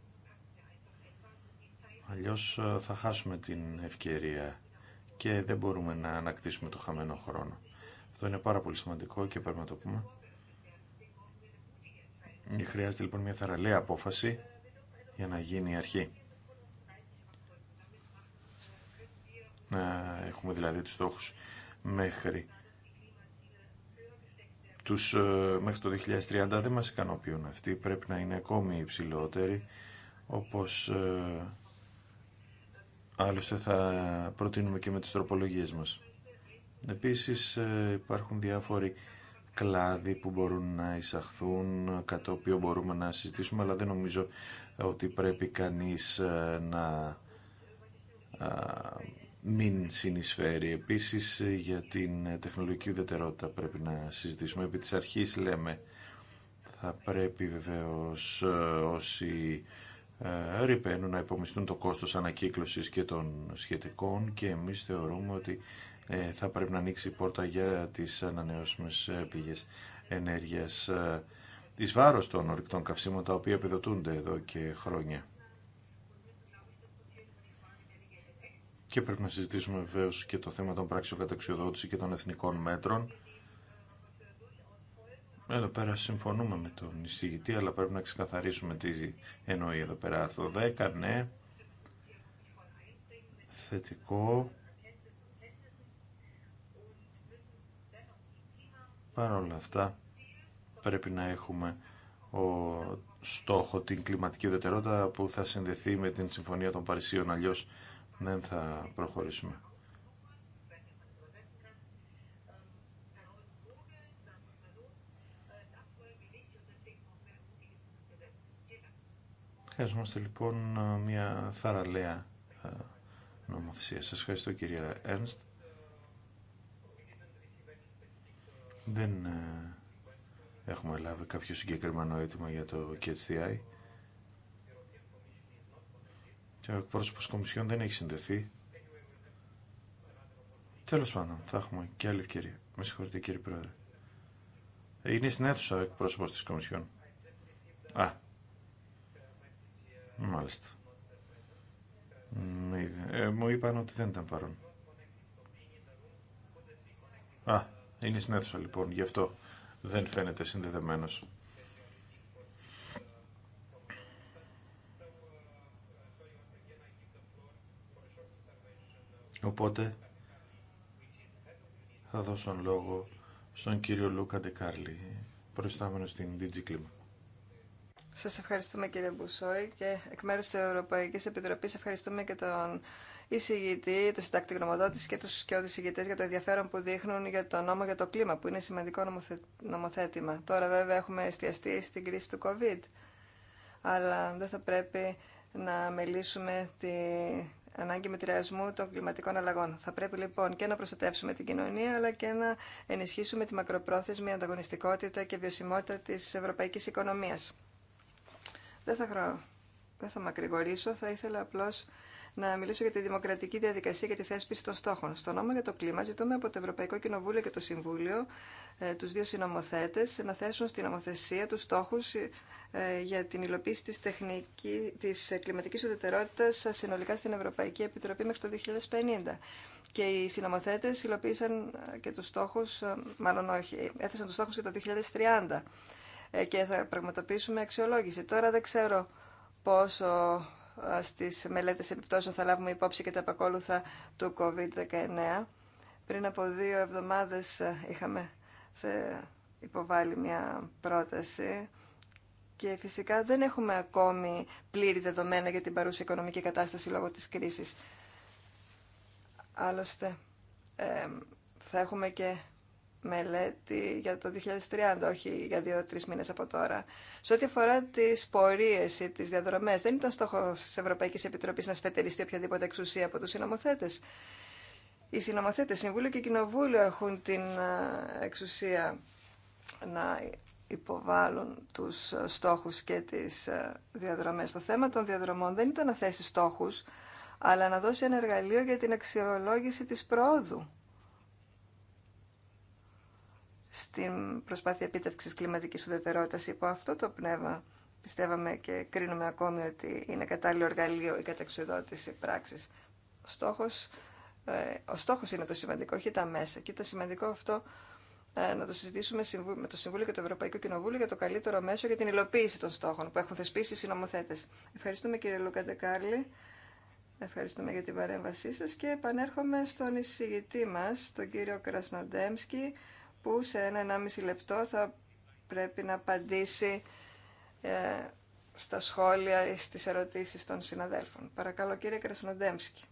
Αλλιώς ε, θα χάσουμε την ευκαιρία και δεν μπορούμε να ανακτήσουμε το χαμένο χρόνο. Αυτό είναι πάρα πολύ σημαντικό και πρέπει να το πούμε. Ε, χρειάζεται λοιπόν μια θαραλέα απόφαση για να γίνει η αρχή. Να έχουμε δηλαδή τους στόχους μέχρι, τους, ε, μέχρι το 2030 δεν μας ικανοποιούν αυτοί, πρέπει να είναι ακόμη υψηλότεροι, όπως ε, άλλωστε θα προτείνουμε και με τις τροπολογίες μας. Επίσης ε, υπάρχουν διάφοροι κλάδοι που μπορούν να εισαχθούν, κατά οποίο μπορούμε να συζητήσουμε, αλλά δεν νομίζω ότι πρέπει κανείς ε, να μην συνεισφέρει. Επίσης για την τεχνολογική ουδετερότητα πρέπει να συζητήσουμε. Επί της αρχής λέμε θα πρέπει βεβαίως ε, όσοι ε, ρηπαίνουν να υπομισθούν το κόστος ανακύκλωσης και των σχετικών και εμείς θεωρούμε ότι θα πρέπει να ανοίξει η πόρτα για τις ανανεώσιμες πηγές ενέργειας εις βάρος των ορυκτών καυσίμων τα οποία επιδοτούνται εδώ και χρόνια. Και πρέπει να συζητήσουμε βεβαίω και το θέμα των πράξεων καταξιοδότηση και των εθνικών μέτρων. Εδώ πέρα συμφωνούμε με τον εισηγητή, αλλά πρέπει να ξεκαθαρίσουμε τι εννοεί εδώ πέρα. Άρθρο 10, ναι, θετικό. Παρ' όλα αυτά, πρέπει να έχουμε ο στόχο την κλιματική ουδετερότητα που θα συνδεθεί με την Συμφωνία των Παρισίων, αλλιώς δεν θα προχωρήσουμε. Χρειαζόμαστε λοιπόν μια θαραλέα ε, νομοθεσία. Σας ευχαριστώ κυρία Ένστ. Δεν ε, έχουμε λάβει κάποιο συγκεκριμένο αίτημα για το KHDI. Και ο εκπρόσωπος Κομισιόν δεν έχει συνδεθεί. Τέλο πάντων, θα έχουμε και άλλη ευκαιρία. Με συγχωρείτε κύριε Πρόεδρε. Είναι στην αίθουσα ο εκπρόσωπο τη Κομισιόν. Α, μάλιστα. Ε, μου είπαν ότι δεν ήταν παρόν. Α, είναι στην αίθουσα λοιπόν, γι' αυτό δεν φαίνεται συνδεδεμένος. Οπότε θα δώσω λόγο στον κύριο Λούκα Ντεκάρλη, προϊστάμενο στην DG Σας ευχαριστούμε κύριε Μπουσόη και εκ μέρους της Ευρωπαϊκής Επιτροπής ευχαριστούμε και τον εισηγητή, το συντάκτη γνωμοδότη και του σκιώδη εισηγητέ για το ενδιαφέρον που δείχνουν για το νόμο για το κλίμα, που είναι σημαντικό νομοθέτημα. Τώρα, βέβαια, έχουμε εστιαστεί στην κρίση του COVID, αλλά δεν θα πρέπει να μελήσουμε την ανάγκη μετριασμού των κλιματικών αλλαγών. Θα πρέπει λοιπόν και να προστατεύσουμε την κοινωνία, αλλά και να ενισχύσουμε τη μακροπρόθεσμη ανταγωνιστικότητα και βιωσιμότητα τη ευρωπαϊκή οικονομία. Δεν θα, χρω... δεν θα μακρηγορήσω, θα ήθελα απλώς να μιλήσω για τη δημοκρατική διαδικασία και τη θέσπιση των στόχων. Στο νόμο για το κλίμα ζητούμε από το Ευρωπαϊκό Κοινοβούλιο και το Συμβούλιο, ε, τους δύο συνομοθέτες, να θέσουν στην νομοθεσία τους στόχους ε, για την υλοποίηση της, τεχνική, της κλιματικής ουδετερότητας συνολικά στην Ευρωπαϊκή Επιτροπή μέχρι το 2050. Και οι συνομοθέτε υλοποίησαν ε, και τους στόχους, ε, μάλλον όχι, έθεσαν του στόχου και το 2030 και θα πραγματοποιήσουμε αξιολόγηση. Τώρα δεν ξέρω πόσο στις μελέτες επιπτώσεων θα λάβουμε υπόψη και τα επακόλουθα του COVID-19. Πριν από δύο εβδομάδες ε, είχαμε ε, υποβάλει μια πρόταση και φυσικά δεν έχουμε ακόμη πλήρη δεδομένα για την παρούσα οικονομική κατάσταση λόγω της κρίσης. Άλλωστε, ε, θα έχουμε και μελέτη για το 2030, όχι για δύο-τρει μήνε από τώρα. Σε ό,τι αφορά τι πορείε ή τι διαδρομέ, δεν ήταν στόχο τη Ευρωπαϊκή Επιτροπή να σφετεριστεί οποιαδήποτε εξουσία από του συνομοθέτε. Οι συνομοθέτε, Συμβούλιο και Κοινοβούλιο έχουν την ε, εξουσία να υποβάλουν τους στόχους και τις ε, διαδρομές. Το θέμα των διαδρομών δεν ήταν να θέσει στόχους, αλλά να δώσει ένα εργαλείο για την αξιολόγηση της πρόοδου στην προσπάθεια επίτευξη κλιματικής ουδετερότητα. Υπό αυτό το πνεύμα πιστεύαμε και κρίνουμε ακόμη ότι είναι κατάλληλο εργαλείο η καταξιδότηση πράξη. Ο στόχος, ε, ο στόχος είναι το σημαντικό, όχι τα μέσα. Και ήταν σημαντικό αυτό ε, να το συζητήσουμε με το Συμβούλιο και το Ευρωπαϊκό Κοινοβούλιο για το καλύτερο μέσο για την υλοποίηση των στόχων που έχουν θεσπίσει οι συνομοθέτες. Ευχαριστούμε κύριε Λούκα Ντεκάρλη. Ευχαριστούμε για την παρέμβασή σας και επανέρχομαι στον εισηγητή μας, τον κύριο Κρασναντέμσκι, που σε ένα-ενάμιση λεπτό θα πρέπει να απαντήσει ε, στα σχόλια ή στις ερωτήσεις των συναδέλφων. Παρακαλώ κύριε Κρασνοντέμσκι.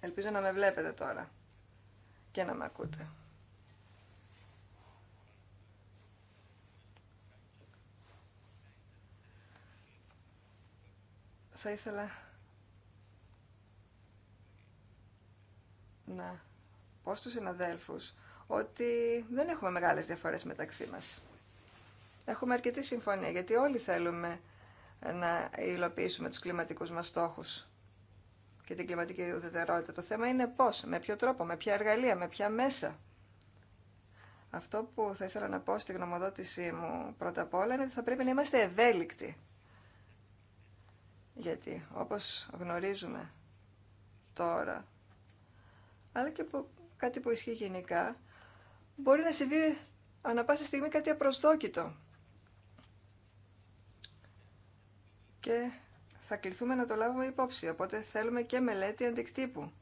Ελπίζω να με βλέπετε τώρα και να με ακούτε. Θα ήθελα να πω στους συναδέλφους ότι δεν έχουμε μεγάλες διαφορές μεταξύ μας. Έχουμε αρκετή συμφωνία, γιατί όλοι θέλουμε να υλοποιήσουμε τους κλιματικούς μας στόχους και την κλιματική ουδετερότητα. Το θέμα είναι πώς, με ποιο τρόπο, με ποια εργαλεία, με ποια μέσα. Αυτό που θα ήθελα να πω στη γνωμοδότησή μου πρώτα απ' όλα είναι ότι θα πρέπει να είμαστε ευέλικτοι. Γιατί όπως γνωρίζουμε τώρα, αλλά και που, κάτι που ισχύει γενικά, μπορεί να συμβεί ανα πάσα στιγμή κάτι απροσδόκητο. Και θα κληθούμε να το λάβουμε υπόψη, οπότε θέλουμε και μελέτη αντικτύπου.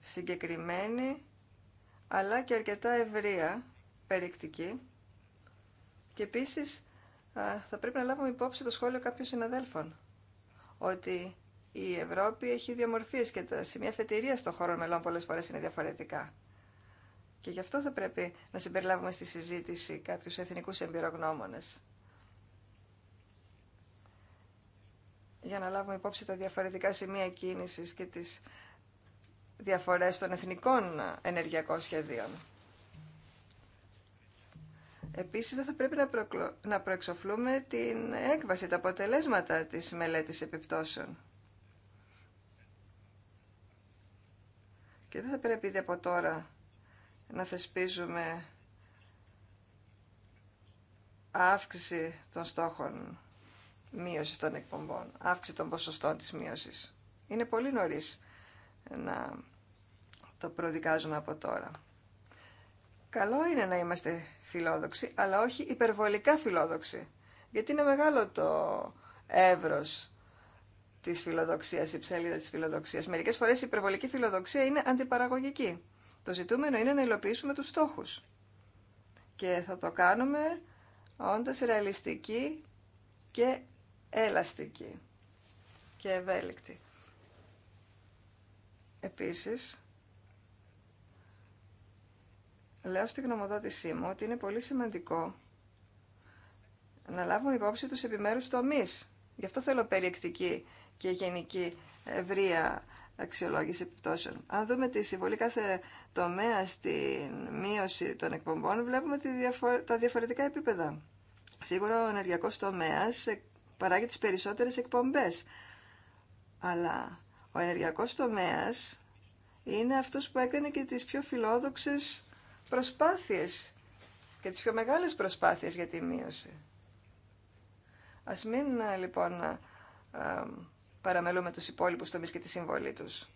Συγκεκριμένη, αλλά και αρκετά ευρεία, περιεκτική. Και επίσης θα πρέπει να λάβουμε υπόψη το σχόλιο κάποιων συναδέλφων, ότι η Ευρώπη έχει δύο και τα σημεία φετηρίας των χώρων μελών πολλές φορές είναι διαφορετικά. Και γι' αυτό θα πρέπει να συμπεριλάβουμε στη συζήτηση κάποιους εθνικούς εμπειρογνώμονες. Για να λάβουμε υπόψη τα διαφορετικά σημεία κίνησης και τις διαφορές των εθνικών ενεργειακών σχεδίων. Επίσης, δεν θα πρέπει να, προεξοφλούμε την έκβαση, τα αποτελέσματα της μελέτης επιπτώσεων. Και δεν θα πρέπει ήδη από τώρα να θεσπίζουμε αύξηση των στόχων μείωσης των εκπομπών, αύξηση των ποσοστών της μείωσης. Είναι πολύ νωρίς να το προδικάζουμε από τώρα. Καλό είναι να είμαστε φιλόδοξοι, αλλά όχι υπερβολικά φιλόδοξοι. Γιατί είναι μεγάλο το εύρος της φιλοδοξίας, η ψέλιδα της φιλοδοξίας. Μερικές φορές η υπερβολική φιλοδοξία είναι αντιπαραγωγική. Το ζητούμενο είναι να υλοποιήσουμε τους στόχους. Και θα το κάνουμε όντας ρεαλιστική και ελαστική και ευέλικτη. Επίσης, λέω στην γνωμοδότησή μου ότι είναι πολύ σημαντικό να λάβουμε υπόψη τους επιμέρους τομείς. Γι' αυτό θέλω περιεκτική και γενική ευρεία αξιολόγηση επιπτώσεων. Αν δούμε τη συμβολή κάθε τομέα στην μείωση των εκπομπών, βλέπουμε τα διαφορετικά επίπεδα. Σίγουρα ο ενεργειακό τομέα παράγει τι περισσότερε εκπομπέ. Αλλά ο ενεργειακό τομέα είναι αυτό που έκανε και τι πιο φιλόδοξε προσπάθειε και τις πιο μεγάλες προσπάθειες για τη μείωση. Ας μην λοιπόν ε, παραμελούμε τους υπόλοιπους τομείς και τη συμβολή τους.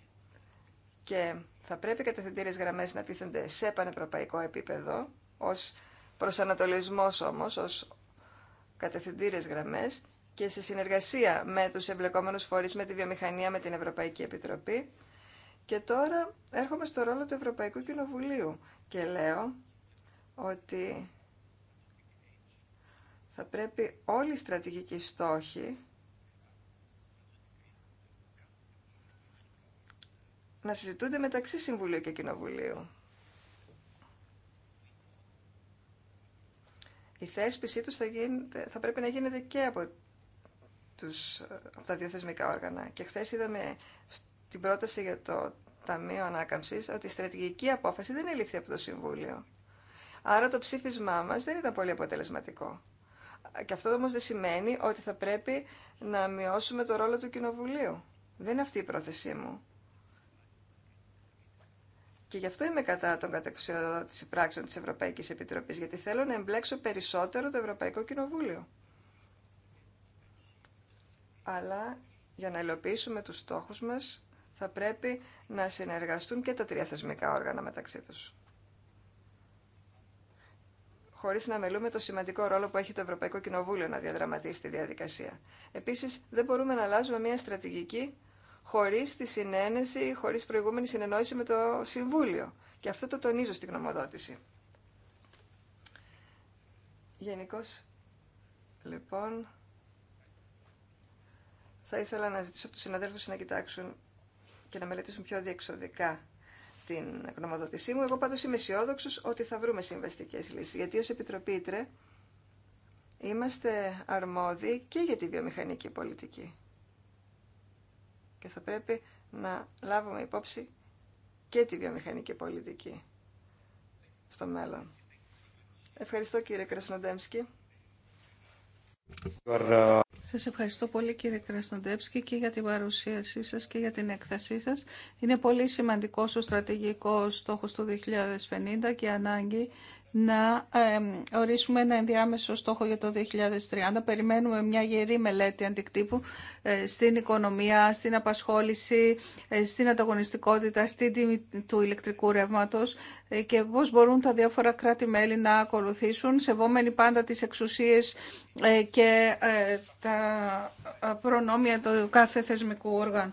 Και θα πρέπει οι κατευθυντήριες γραμμές να τίθενται σε πανευρωπαϊκό επίπεδο, ως προσανατολισμός όμως, ως κατευθυντήριες γραμμές και σε συνεργασία με τους εμπλεκόμενους φορείς, με τη βιομηχανία, με την Ευρωπαϊκή Επιτροπή. Και τώρα έρχομαι στο ρόλο του Ευρωπαϊκού Κοινοβουλίου και λέω ότι θα πρέπει όλοι οι στρατηγικοί στόχοι να συζητούνται μεταξύ Συμβουλίου και Κοινοβουλίου. Η θέσπιση τους θα, θα πρέπει να γίνεται και από, τους, από τα δύο θεσμικά όργανα. Και χθε είδαμε στην πρόταση για το Ταμείο Ανάκαμψης ότι η στρατηγική απόφαση δεν ελήφθη από το Συμβούλιο. Άρα το ψήφισμά μας δεν ήταν πολύ αποτελεσματικό. Και αυτό όμως δεν σημαίνει ότι θα πρέπει να μειώσουμε το ρόλο του Κοινοβουλίου. Δεν είναι αυτή η πρόθεσή μου. Και γι' αυτό είμαι κατά των κατεξοδότηση πράξεων τη Ευρωπαϊκής Επιτροπής, γιατί θέλω να εμπλέξω περισσότερο το Ευρωπαϊκό Κοινοβούλιο. Αλλά για να υλοποιήσουμε τους στόχους μας, θα πρέπει να συνεργαστούν και τα τρία θεσμικά όργανα μεταξύ τους. Χωρίς να μελούμε το σημαντικό ρόλο που έχει το Ευρωπαϊκό Κοινοβούλιο να διαδραματίσει τη διαδικασία. Επίση, δεν μπορούμε να αλλάζουμε μια στρατηγική χωρίς τη συνένεση, χωρίς προηγούμενη συνεννόηση με το Συμβούλιο. Και αυτό το τονίζω στην γνωμοδότηση. Γενικώ, λοιπόν, θα ήθελα να ζητήσω από τους συναδέλφους να κοιτάξουν και να μελετήσουν πιο διεξοδικά την γνωμοδότησή μου. Εγώ πάντως είμαι αισιόδοξο ότι θα βρούμε συμβαστικές λύσεις, γιατί ως Επιτροπή είμαστε αρμόδιοι και για τη βιομηχανική πολιτική και θα πρέπει να λάβουμε υπόψη και τη βιομηχανική πολιτική στο μέλλον. Ευχαριστώ κύριε Κρασνοντέμσκι. Σας ευχαριστώ πολύ κύριε Κρασνοντέμσκι και για την παρουσίασή σας και για την έκθεσή σας. Είναι πολύ σημαντικός ο στρατηγικός στόχος του 2050 και ανάγκη να ορίσουμε ένα ενδιάμεσο στόχο για το 2030. Περιμένουμε μια γερή μελέτη αντικτύπου ε, στην οικονομία, στην απασχόληση, ε, στην ανταγωνιστικότητα, στην τιμή του ηλεκτρικού ρεύματος ε, και πώς μπορούν τα διάφορα κράτη-μέλη να ακολουθήσουν, σεβόμενοι πάντα τις εξουσίες και τα προνόμια του κάθε θεσμικού όργανου.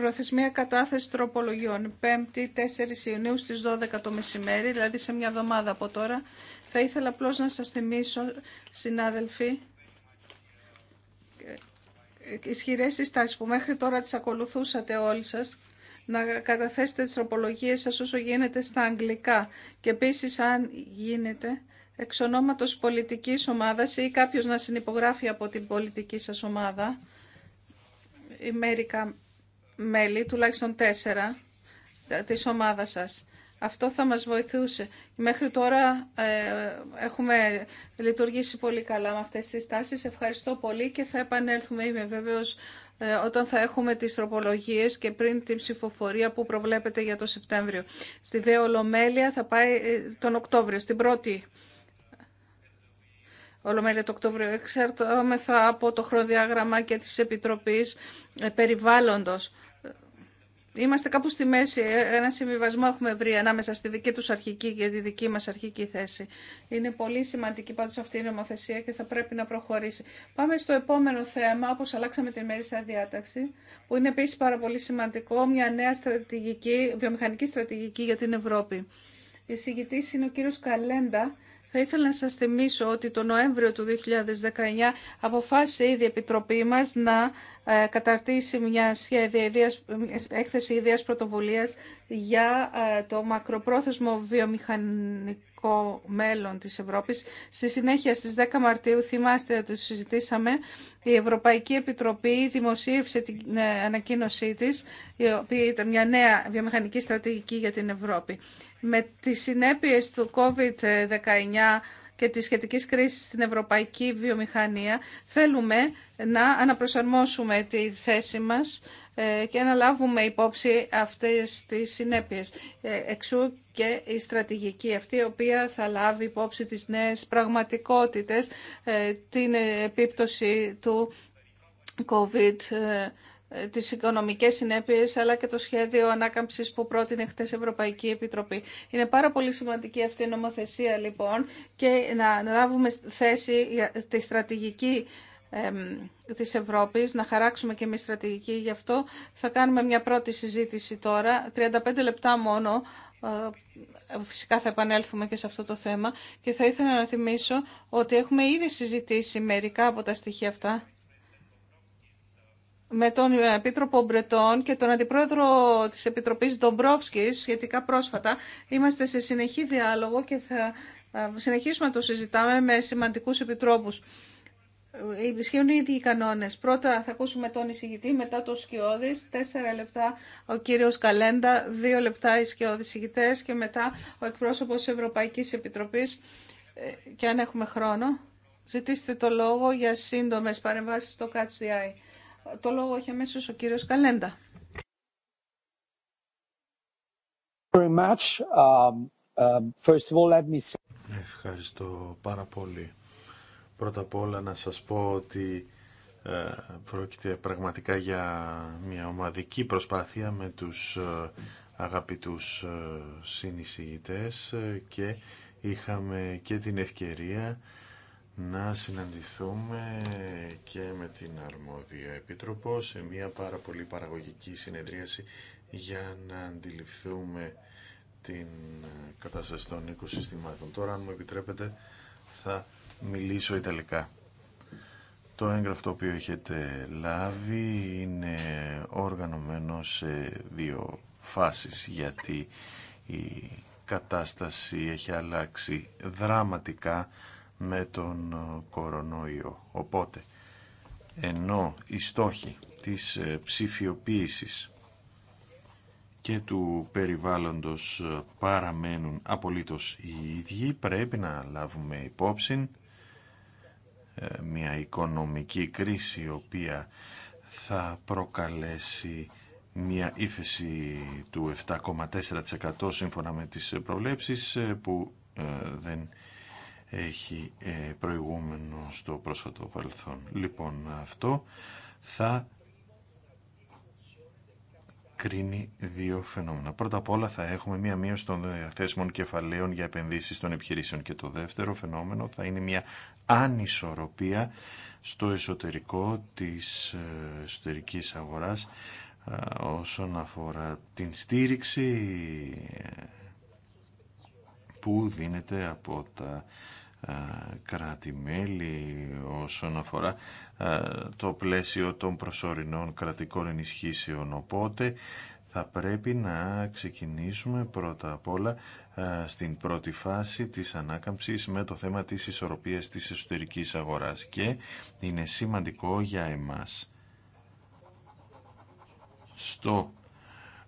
Προθεσμία κατάθεση τροπολογιών. 5η 4 Ιουνίου στι 12 το μεσημέρι, δηλαδή σε μια εβδομάδα από τώρα. Θα ήθελα απλώ να σα θυμίσω, συνάδελφοι, ισχυρέ συστάσει που μέχρι τώρα τι ακολουθούσατε όλοι σα να καταθέσετε τις τροπολογίες σας όσο γίνεται στα αγγλικά. Και επίσης, αν γίνεται, εξ ονόματος πολιτικής ομάδας ή κάποιος να συνυπογράφει από την πολιτική σας ομάδα, η μερικα μέλη, τουλάχιστον τέσσερα, της ομάδας σας. Αυτό θα μας βοηθούσε. Μέχρι τώρα ε, έχουμε λειτουργήσει πολύ καλά με αυτές τις τάσεις. Ευχαριστώ πολύ και θα επανέλθουμε, είμαι βέβαιος, ε, όταν θα έχουμε τις τροπολογίες και πριν την ψηφοφορία που προβλέπεται για το Σεπτέμβριο. Στη Δε Ολομέλεια θα πάει ε, τον Οκτώβριο, στην πρώτη Ολομέλεια το Οκτώβριο. Εξαρτώμεθα από το χρονοδιάγραμμα και της Επιτροπής Περιβάλλοντος. Είμαστε κάπου στη μέση, ε, ένα συμβιβασμό έχουμε βρει ανάμεσα στη δική τους αρχική και τη δική μας αρχική θέση. Είναι πολύ σημαντική πάντως αυτή η νομοθεσία και θα πρέπει να προχωρήσει. Πάμε στο επόμενο θέμα, όπως αλλάξαμε την μέρη διάταξη, που είναι επίσης πάρα πολύ σημαντικό, μια νέα στρατηγική, βιομηχανική στρατηγική για την Ευρώπη. Η συγκητής είναι ο κύριος Καλέντα, θα ήθελα να σας θυμίσω ότι το Νοέμβριο του 2019 αποφάσισε ήδη η Επιτροπή μας να ε, καταρτήσει μια έκθεση ιδέας πρωτοβουλίας για ε, το μακροπρόθεσμο βιομηχανικό μέλλον της Ευρώπης. Στη συνέχεια στις 10 Μαρτίου, θυμάστε ότι συζητήσαμε, η Ευρωπαϊκή Επιτροπή δημοσίευσε την ε, ανακοίνωσή της, η οποία ήταν μια νέα βιομηχανική στρατηγική για την Ευρώπη. Με τις συνέπειες του COVID-19 και τη σχετική κρίσης στην ευρωπαϊκή βιομηχανία, θέλουμε να αναπροσαρμόσουμε τη θέση μας ε, και να λάβουμε υπόψη αυτές τις συνέπειες. Ε, εξού και η στρατηγική αυτή, η οποία θα λάβει υπόψη τις νέες πραγματικότητες, ε, την επίπτωση του COVID, τις οικονομικές συνέπειες αλλά και το σχέδιο ανάκαμψης που πρότεινε χτες Ευρωπαϊκή Επιτροπή. Είναι πάρα πολύ σημαντική αυτή η νομοθεσία λοιπόν και να λάβουμε θέση για τη στρατηγική της Ευρώπης, να χαράξουμε και εμείς στρατηγική γι' αυτό. Θα κάνουμε μια πρώτη συζήτηση τώρα, 35 λεπτά μόνο, ε, φυσικά θα επανέλθουμε και σε αυτό το θέμα και θα ήθελα να θυμίσω ότι έχουμε ήδη συζητήσει μερικά από τα στοιχεία αυτά με τον Επίτροπο Μπρετών και τον Αντιπρόεδρο της Επιτροπής Ντομπρόφσκης σχετικά πρόσφατα. Είμαστε σε συνεχή διάλογο και θα ε, συνεχίσουμε να το συζητάμε με σημαντικούς επιτρόπους. Ε, ισχύουν οι ίδιοι οι κανόνες. Πρώτα θα ακούσουμε τον εισηγητή, μετά το σκιώδη. τέσσερα λεπτά ο κύριο Καλέντα, δύο λεπτά οι σκιώδη εισηγητές και μετά ο εκπρόσωπος Ευρωπαϊκή Ευρωπαϊκής Επιτροπής ε, και αν έχουμε χρόνο. Ζητήστε το λόγο για σύντομε παρεμβάσει στο ΚΑΤΣΙΑΙ. Το λόγο έχει αμέσω ο κύριο Καλέντα. Ευχαριστώ πάρα πολύ. Πρώτα απ' όλα να σας πω ότι ε, πρόκειται πραγματικά για μια ομαδική προσπάθεια με τους ε, αγαπητούς ε, συνεισηγητές και είχαμε και την ευκαιρία να συναντηθούμε και με την Αρμόδια Επίτροπο σε μια πάρα πολύ παραγωγική συνεδρίαση για να αντιληφθούμε την κατάσταση των οικοσυστημάτων. Τώρα, αν μου επιτρέπετε, θα μιλήσω Ιταλικά. Το έγγραφο το οποίο έχετε λάβει είναι οργανωμένο σε δύο φάσεις γιατί η κατάσταση έχει αλλάξει δραματικά με τον κορονοϊό. Οπότε, ενώ οι στόχοι της ε, ψηφιοποίησης και του περιβάλλοντος ε, παραμένουν απολύτως οι ίδιοι, πρέπει να λάβουμε υπόψη ε, μια οικονομική κρίση η οποία θα προκαλέσει μια ύφεση του 7,4% σύμφωνα με τις προβλέψεις ε, που ε, δεν έχει προηγούμενο στο πρόσφατο παρελθόν. Λοιπόν, αυτό θα κρίνει δύο φαινόμενα. Πρώτα απ' όλα θα έχουμε μία μείωση των διαθέσιμων κεφαλαίων για επενδύσεις των επιχειρήσεων και το δεύτερο φαινόμενο θα είναι μία ανισορροπία στο εσωτερικό της ε, εσωτερικής αγοράς ε, όσον αφορά την στήριξη ε, που δίνεται από τα κράτη-μέλη όσον αφορά το πλαίσιο των προσωρινών κρατικών ενισχύσεων. Οπότε θα πρέπει να ξεκινήσουμε πρώτα απ' όλα ε, στην πρώτη φάση της ανάκαμψης με το θέμα της ισορροπίας της εσωτερικής αγοράς και είναι σημαντικό για εμάς στο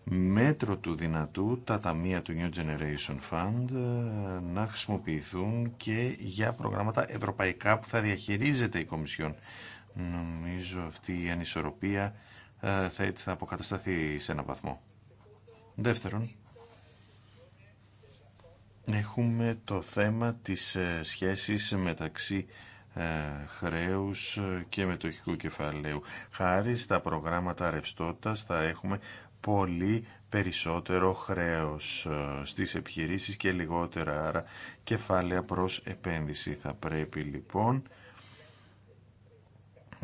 μέτρο του δυνατού τα ταμεία του New Generation Fund ε, να χρησιμοποιηθούν και για προγράμματα ευρωπαϊκά που θα διαχειρίζεται η Κομισιόν. Νομίζω αυτή η ανισορροπία ε, θα, θα αποκατασταθεί σε έναν βαθμό. Δεύτερον, έχουμε το θέμα της ε, σχέσης μεταξύ ε, χρέους και μετοχικού κεφαλαίου. Χάρη στα προγράμματα ρευστότητας θα έχουμε πολύ περισσότερο χρέος στις επιχειρήσεις και λιγότερα άρα κεφάλαια προς επένδυση. Θα πρέπει λοιπόν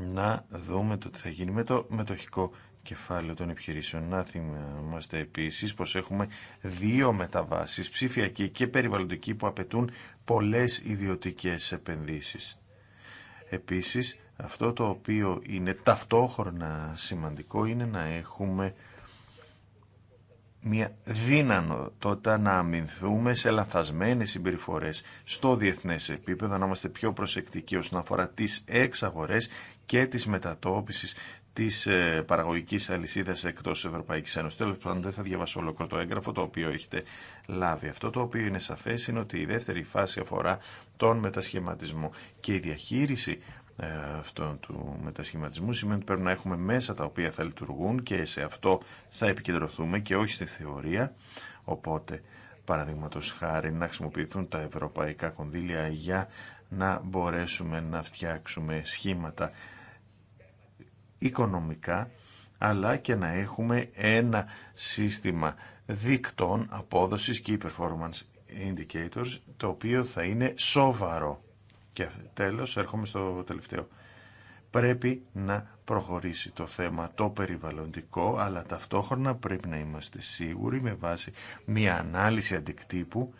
να δούμε το τι θα γίνει με το μετοχικό κεφάλαιο των επιχειρήσεων. Να θυμάστε επίσης πως έχουμε δύο μεταβάσεις, ψηφιακή και περιβαλλοντική, που απαιτούν πολλές ιδιωτικές επενδύσεις. Επίσης, αυτό το οποίο είναι ταυτόχρονα σημαντικό είναι να έχουμε μια τότε να αμυνθούμε σε λαθασμένες συμπεριφορές στο διεθνές επίπεδο, να είμαστε πιο προσεκτικοί όσον αφορά τις εξαγορές και της μετατόπισης της ε, παραγωγικής αλυσίδας εκτός Ευρωπαϊκής Ένωσης. Τέλος πάντων δεν θα διαβάσω ολόκληρο το έγγραφο το οποίο έχετε λάβει. Αυτό το οποίο είναι σαφές είναι ότι η δεύτερη φάση αφορά τον μετασχηματισμό και η διαχείριση ε, αυτό του μετασχηματισμού σημαίνει ότι πρέπει να έχουμε μέσα τα οποία θα λειτουργούν και σε αυτό θα επικεντρωθούμε και όχι στη θεωρία. Οπότε, παραδείγματο χάρη, να χρησιμοποιηθούν τα ευρωπαϊκά κονδύλια για να μπορέσουμε να φτιάξουμε σχήματα οικονομικά, αλλά και να έχουμε ένα σύστημα δίκτων απόδοσης και performance indicators, το οποίο θα είναι σοβαρό. Και τέλος, έρχομαι στο τελευταίο. Πρέπει να προχωρήσει το θέμα το περιβαλλοντικό, αλλά ταυτόχρονα πρέπει να είμαστε σίγουροι με βάση μια ανάλυση αντικτύπου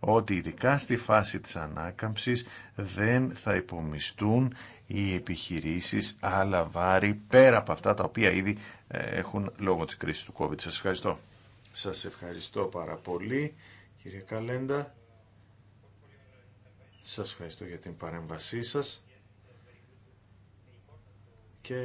ότι ειδικά στη φάση της ανάκαμψης δεν θα υπομιστούν οι επιχειρήσεις άλλα βάρη πέρα από αυτά τα οποία ήδη ε, έχουν λόγω της κρίσης του COVID. Σας ευχαριστώ. Σας ευχαριστώ πάρα πολύ κύριε Καλέντα. Σας ευχαριστώ για την παρέμβασή σας. Και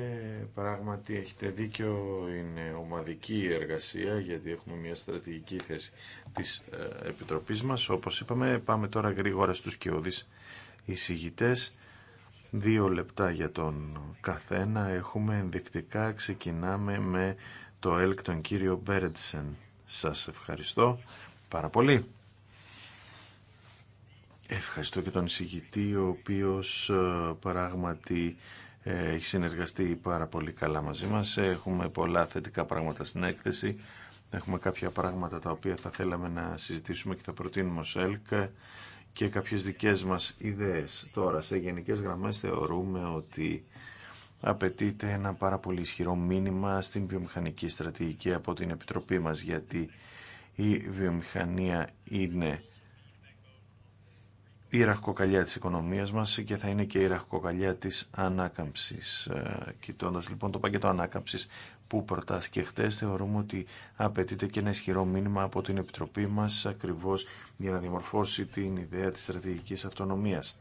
πράγματι έχετε δίκιο, είναι ομαδική εργασία γιατί έχουμε μια στρατηγική θέση της ε, Επιτροπής μας. Όπως είπαμε πάμε τώρα γρήγορα στους κοιόδης εισηγητές. Δύο λεπτά για τον καθένα έχουμε ενδεικτικά. Ξεκινάμε με το ΕΛΚ τον κύριο Μπέρντσεν. Σας ευχαριστώ πάρα πολύ. Ευχαριστώ και τον εισηγητή ο οποίος ε, πράγματι ε, έχει συνεργαστεί πάρα πολύ καλά μαζί μας. Έχουμε πολλά θετικά πράγματα στην έκθεση. Έχουμε κάποια πράγματα τα οποία θα θέλαμε να συζητήσουμε και θα προτείνουμε ως ΕΛΚ και κάποιες δικές μας ιδέες. Τώρα, σε γενικές γραμμές θεωρούμε ότι απαιτείται ένα πάρα πολύ ισχυρό μήνυμα στην βιομηχανική στρατηγική από την Επιτροπή μας, γιατί η βιομηχανία είναι η ραχοκοκαλιά της οικονομίας μας και θα είναι και η ραχοκοκαλιά της ανάκαμψης. Ε, κοιτώντας λοιπόν το πακέτο ανάκαμψης που προτάθηκε χτες, θεωρούμε ότι απαιτείται και ένα ισχυρό μήνυμα από την Επιτροπή μας ακριβώς για να διαμορφώσει την ιδέα της στρατηγικής αυτονομίας.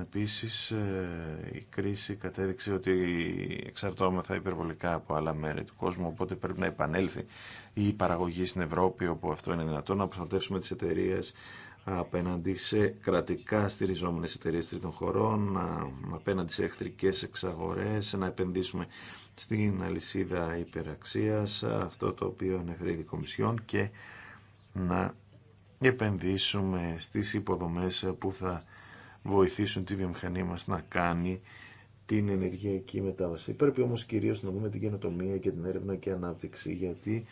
Επίσης, ε, η κρίση κατέδειξε ότι εξαρτώμεθα υπερβολικά από άλλα μέρη του κόσμου, οπότε πρέπει να επανέλθει η παραγωγή στην Ευρώπη, όπου αυτό είναι δυνατό, να προστατεύσουμε τις εταιρείε απέναντι σε κρατικά στηριζόμενες εταιρείες τρίτων χωρών, απέναντι σε εχθρικές εξαγορές, να επενδύσουμε στην αλυσίδα υπεραξίας, αυτό το οποίο η κομισιόν και να επενδύσουμε στις υποδομές που θα βοηθήσουν τη βιομηχανία μας να κάνει την ενεργειακή μετάβαση. Πρέπει όμως κυρίως να δούμε την καινοτομία και την έρευνα και ανάπτυξη γιατί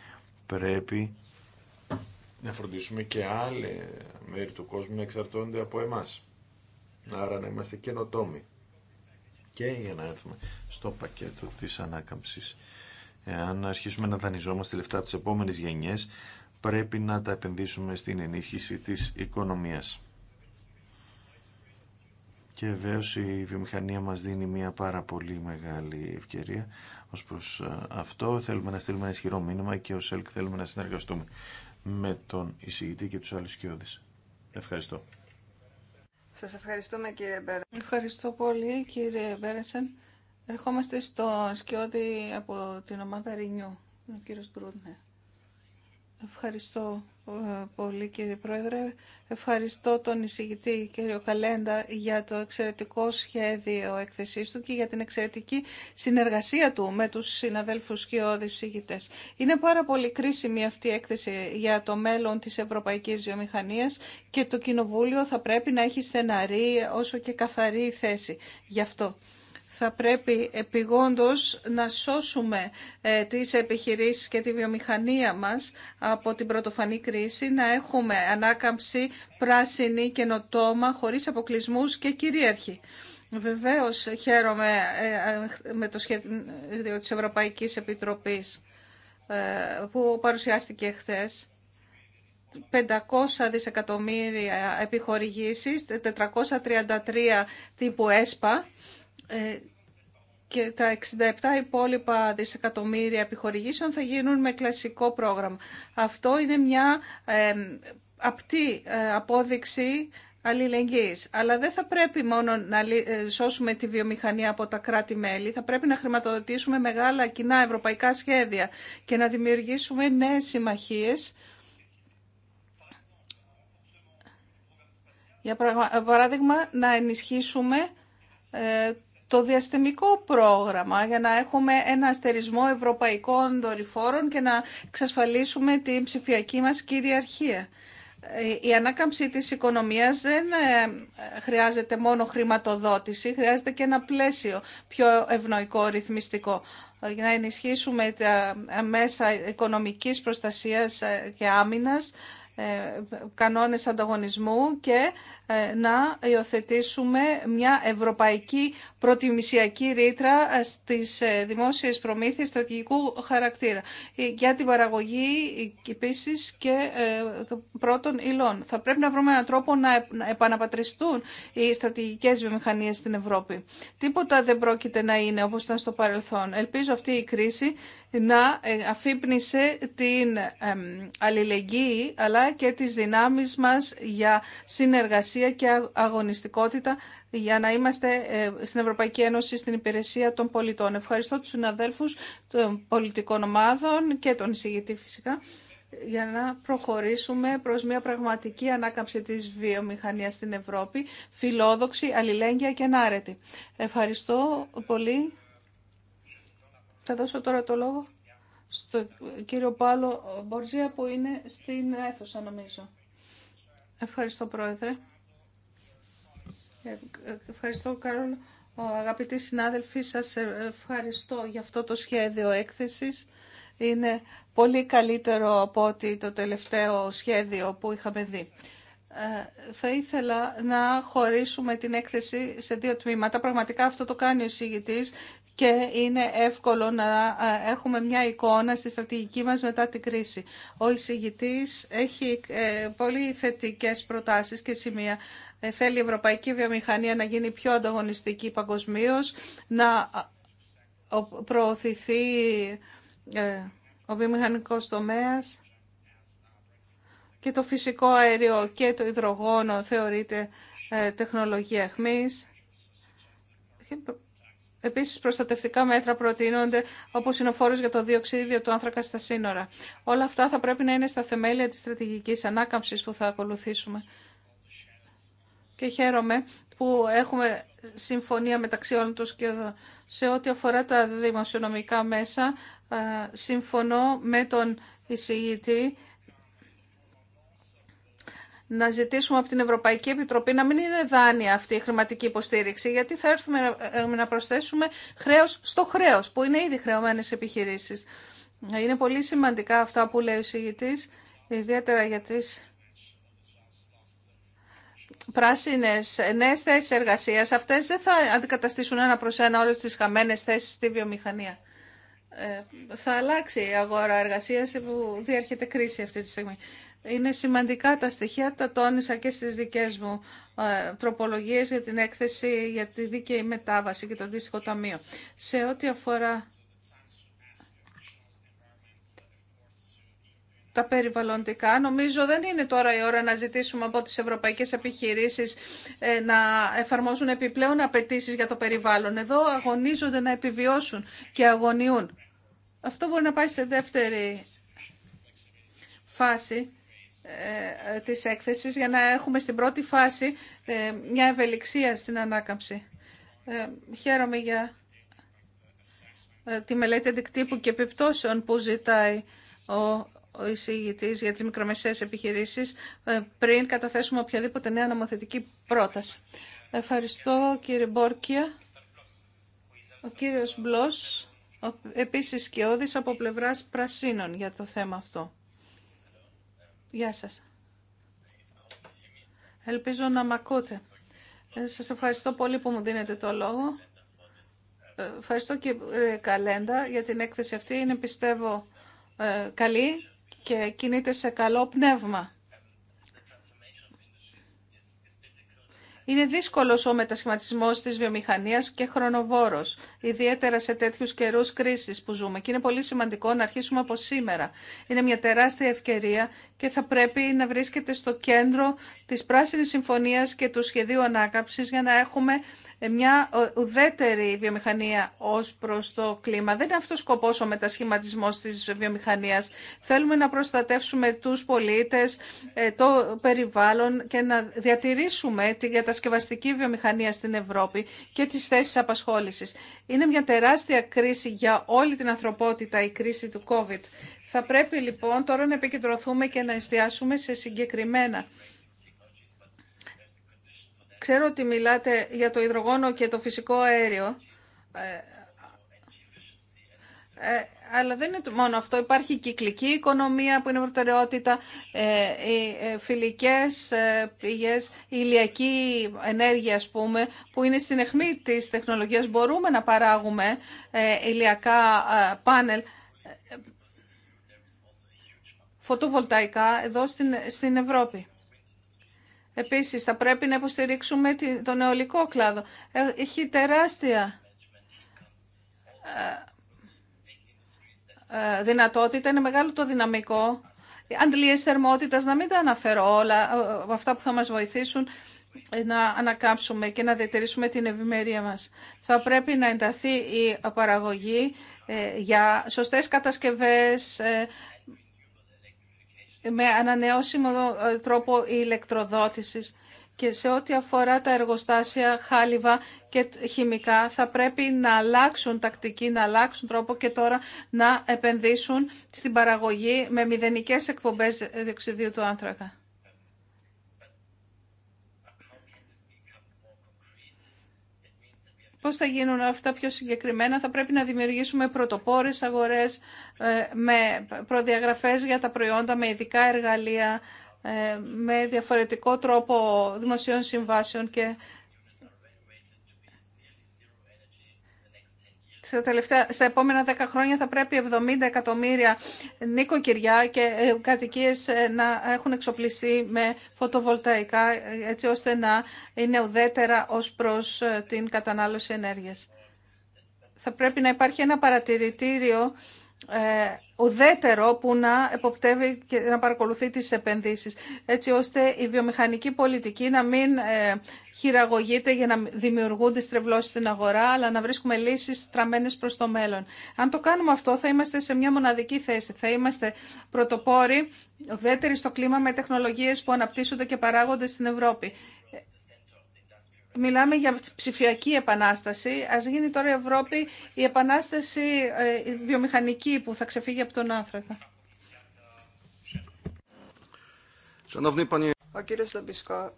πρέπει να φροντίσουμε και άλλε μέρη του κόσμου να εξαρτώνται από εμάς. Άρα να είμαστε καινοτόμοι και για να έρθουμε στο πακέτο της ανάκαμψης. Αν αρχίσουμε να δανειζόμαστε λεφτά από τις επόμενες γενιές, πρέπει να τα επενδύσουμε στην ενίσχυση της οικονομίας. Και βεβαίω η βιομηχανία μας δίνει μια πάρα πολύ μεγάλη ευκαιρία ως προς αυτό. Θέλουμε να στείλουμε ένα ισχυρό μήνυμα και ως ΕΛΚ θέλουμε να συνεργαστούμε με τον εισηγητή και τους άλλους κοιόδης. Ευχαριστώ. Σας ευχαριστούμε κύριε Μπέρενσεν. Ευχαριστώ πολύ κύριε Μπέρασεν. Ερχόμαστε στο σκιώδη από την ομάδα Ρινιού, ο κύριος Μπρούντνερ. Ευχαριστώ ε, πολύ κύριε Πρόεδρε. Ευχαριστώ τον εισηγητή κύριο Καλέντα για το εξαιρετικό σχέδιο εκθεσής του και για την εξαιρετική συνεργασία του με τους συναδέλφους και οδησηγητές. Είναι πάρα πολύ κρίσιμη αυτή η έκθεση για το μέλλον της ευρωπαϊκής βιομηχανίας και το Κοινοβούλιο θα πρέπει να έχει στεναρή όσο και καθαρή θέση γι' αυτό θα πρέπει επιγόντως να σώσουμε ε, τις επιχειρήσεις και τη βιομηχανία μας από την πρωτοφανή κρίση, να έχουμε ανάκαμψη πράσινη, καινοτόμα, χωρίς αποκλεισμούς και κυρίαρχη. Βεβαίως χαίρομαι ε, ε, με το σχέδιο της Ευρωπαϊκής Επιτροπής που παρουσιάστηκε χθες. 500 δισεκατομμύρια επιχορηγήσεις, 433 τύπου ΕΣΠΑ ε, και τα 67 υπόλοιπα δισεκατομμύρια επιχορηγήσεων θα γίνουν με κλασικό πρόγραμμα. Αυτό είναι μια απτή ε, απόδειξη αλληλεγγύης. Αλλά δεν θα πρέπει μόνο να ε, σώσουμε τη βιομηχανία από τα κράτη-μέλη, θα πρέπει να χρηματοδοτήσουμε μεγάλα κοινά ευρωπαϊκά σχέδια και να δημιουργήσουμε νέες συμμαχίες. Για παράδειγμα, να ενισχύσουμε το διαστημικό πρόγραμμα για να έχουμε ένα αστερισμό ευρωπαϊκών δορυφόρων και να εξασφαλίσουμε την ψηφιακή μας κυριαρχία. Ε, η ανάκαμψη της οικονομίας δεν ε, χρειάζεται μόνο χρηματοδότηση, χρειάζεται και ένα πλαίσιο πιο ευνοϊκό, ρυθμιστικό. Ε, για Να ενισχύσουμε τα μέσα οικονομικής προστασίας και άμυνας, κανόνες ανταγωνισμού και να υιοθετήσουμε μια ευρωπαϊκή προτιμησιακή ρήτρα στις ε, δημόσιες προμήθειες στρατηγικού χαρακτήρα ε, για την παραγωγή επίση και ε, των πρώτων υλών. Θα πρέπει να βρούμε έναν τρόπο να επαναπατριστούν οι στρατηγικές βιομηχανίες στην Ευρώπη. Τίποτα δεν πρόκειται να είναι όπως ήταν στο παρελθόν. Ελπίζω αυτή η κρίση να αφύπνισε την αλληλεγγύη αλλά και τις δυνάμεις μας για συνεργασία και αγωνιστικότητα για να είμαστε ε, στην Ευρωπαϊκή Ένωση στην υπηρεσία των πολιτών. Ευχαριστώ τους συναδέλφους των πολιτικών ομάδων και τον εισηγητή φυσικά για να προχωρήσουμε προς μια πραγματική ανάκαμψη της βιομηχανίας στην Ευρώπη, φιλόδοξη, αλληλέγγυα και ενάρετη. Ευχαριστώ πολύ. Θα δώσω τώρα το λόγο στον κύριο Πάλο Μπορζία που είναι στην αίθουσα νομίζω. Ευχαριστώ Πρόεδρε. Ευχαριστώ, Κάρον. Αγαπητοί συνάδελφοι, σας ευχαριστώ για αυτό το σχέδιο έκθεσης. Είναι πολύ καλύτερο από ότι το τελευταίο σχέδιο που είχαμε δει. Ε, θα ήθελα να χωρίσουμε την έκθεση σε δύο τμήματα. Πραγματικά αυτό το κάνει ο εισηγητής και είναι εύκολο να ε, έχουμε μια εικόνα στη στρατηγική μας μετά την κρίση. Ο εισηγητής έχει ε, πολύ θετικές προτάσεις και σημεία ε, θέλει η ευρωπαϊκή βιομηχανία να γίνει πιο ανταγωνιστική παγκοσμίω, να προωθηθεί ε, ο βιομηχανικός τομέας και το φυσικό αέριο και το υδρογόνο θεωρείται ε, τεχνολογία αιχμής. Επίσης, προστατευτικά μέτρα προτείνονται, όπως είναι ο φόρο για το διοξίδιο του άνθρακα στα σύνορα. Όλα αυτά θα πρέπει να είναι στα θεμέλια τη στρατηγική ανάκαμψη που θα ακολουθήσουμε και χαίρομαι που έχουμε συμφωνία μεταξύ όλων τους και σε ό,τι αφορά τα δημοσιονομικά μέσα συμφωνώ με τον εισηγητή να ζητήσουμε από την Ευρωπαϊκή Επιτροπή να μην είναι δάνεια αυτή η χρηματική υποστήριξη, γιατί θα έρθουμε να ε, προσθέσουμε χρέος στο χρέος, που είναι ήδη χρεωμένες επιχειρήσεις. Είναι πολύ σημαντικά αυτά που λέει ο εισηγητής, ιδιαίτερα για τις Πράσινε. νέε θέσει εργασία. αυτές δεν θα αντικαταστήσουν ένα προ ένα όλες τις χαμένε θέσεις στη βιομηχανία. Ε, θα αλλάξει η αγορά εργασία που διέρχεται κρίση αυτή τη στιγμή. Είναι σημαντικά τα στοιχεία, τα τόνισα και στι δικές μου ε, τροπολογίες για την έκθεση για τη δίκαιη μετάβαση και το αντίστοιχο ταμείο. Σε ό,τι αφορά τα περιβαλλοντικά. Νομίζω δεν είναι τώρα η ώρα να ζητήσουμε από τις ευρωπαϊκές επιχειρήσεις ε, να εφαρμόζουν επιπλέον απαιτήσει για το περιβάλλον. Εδώ αγωνίζονται να επιβιώσουν και αγωνιούν. Αυτό μπορεί να πάει σε δεύτερη φάση ε, ε, της έκθεσης για να έχουμε στην πρώτη φάση μια ευελιξία στην ανάκαμψη. Χαίρομαι για τη μελέτη αντικτύπου και επιπτώσεων που ζητάει ο ο εισηγητή για τι μικρομεσαίες επιχειρήσει ε, πριν καταθέσουμε οποιαδήποτε νέα νομοθετική πρόταση. Ευχαριστώ κύριε Μπόρκια. Ο κύριος Μπλος, επίσης και όδης από πλευράς Πρασίνων για το θέμα αυτό. Γεια σας. Ελπίζω να μ' ακούτε. Ε, σας ευχαριστώ πολύ που μου δίνετε το λόγο. Ε, ευχαριστώ και Καλέντα για την έκθεση αυτή. Είναι πιστεύω καλή και κινείται σε καλό πνεύμα. Είναι δύσκολος ο μετασχηματισμός της βιομηχανίας και χρονοβόρος, ιδιαίτερα σε τέτοιους καιρούς κρίσης που ζούμε. Και είναι πολύ σημαντικό να αρχίσουμε από σήμερα. Είναι μια τεράστια ευκαιρία και θα πρέπει να βρίσκεται στο κέντρο της Πράσινης Συμφωνίας και του Σχεδίου Ανάκαψης για να έχουμε ε, μια ουδέτερη βιομηχανία ως προς το κλίμα. Δεν είναι αυτός σκοπός ο μετασχηματισμός της βιομηχανίας. Θέλουμε να προστατεύσουμε τους πολίτες, ε, το περιβάλλον και να διατηρήσουμε την κατασκευαστική βιομηχανία στην Ευρώπη και τις θέσεις απασχόλησης. Είναι μια τεράστια κρίση για όλη την ανθρωπότητα η κρίση του COVID. Θα πρέπει λοιπόν τώρα να επικεντρωθούμε και να εστιάσουμε σε συγκεκριμένα Ξέρω ότι μιλάτε για το υδρογόνο και το φυσικό αέριο, ε, ε, αλλά δεν είναι μόνο αυτό. Υπάρχει η κυκλική οικονομία που είναι προτεραιότητα, ε, οι φιλικές πηγές, η ηλιακή ενέργεια ας πούμε, που είναι στην αιχμή της τεχνολογίας. Μπορούμε να παράγουμε ηλιακά πάνελ φωτοβολταϊκά εδώ στην Ευρώπη. Επίσης, θα πρέπει να υποστηρίξουμε τον νεολικό κλάδο. Ε, έχει τεράστια ε, ε, δυνατότητα, είναι μεγάλο το δυναμικό. Αντλίες θερμότητας, να μην τα αναφέρω όλα, αυτά που θα μας βοηθήσουν να ανακάψουμε και να διατηρήσουμε την ευημερία μας. Θα πρέπει να ενταθεί η παραγωγή για σωστές κατασκευές, με ανανεώσιμο ε, τρόπο ηλεκτροδότησης και σε ό,τι αφορά τα εργοστάσια χάλιβα και χημικά θα πρέπει να αλλάξουν τακτική, να αλλάξουν τρόπο και τώρα να επενδύσουν στην παραγωγή με μηδενικές εκπομπές διοξιδίου του άνθρακα. Πώς θα γίνουν αυτά πιο συγκεκριμένα, θα πρέπει να δημιουργήσουμε πρωτοπόρες αγορές ε, με προδιαγραφές για τα προϊόντα, με ειδικά εργαλεία, ε, με διαφορετικό τρόπο δημοσίων συμβάσεων και Στα, τελευταία, στα επόμενα 10 χρόνια θα πρέπει 70 εκατομμύρια νοικοκυριά και ε, κατοικίε ε, να έχουν εξοπλιστεί με φωτοβολταϊκά έτσι ώστε να είναι ουδέτερα ως προς ε, την κατανάλωση ενέργειας. Θα πρέπει να υπάρχει ένα παρατηρητήριο ε, ουδέτερο που να εποπτεύει και να παρακολουθεί τις επενδύσεις, έτσι ώστε η βιομηχανική πολιτική να μην ε, χειραγωγείται για να δημιουργούνται στρεβλώσεις στην αγορά, αλλά να βρίσκουμε λύσεις τραμμένες προς το μέλλον. Αν το κάνουμε αυτό θα είμαστε σε μια μοναδική θέση. Θα είμαστε πρωτοπόροι, ουδέτεροι στο κλίμα με τεχνολογίες που αναπτύσσονται και παράγονται στην Ευρώπη. Μιλάμε για ψηφιακή επανάσταση. Α γίνει τώρα η Ευρώπη η επανάσταση ε, η βιομηχανική που θα ξεφύγει από τον άνθρακα. Ο κύριο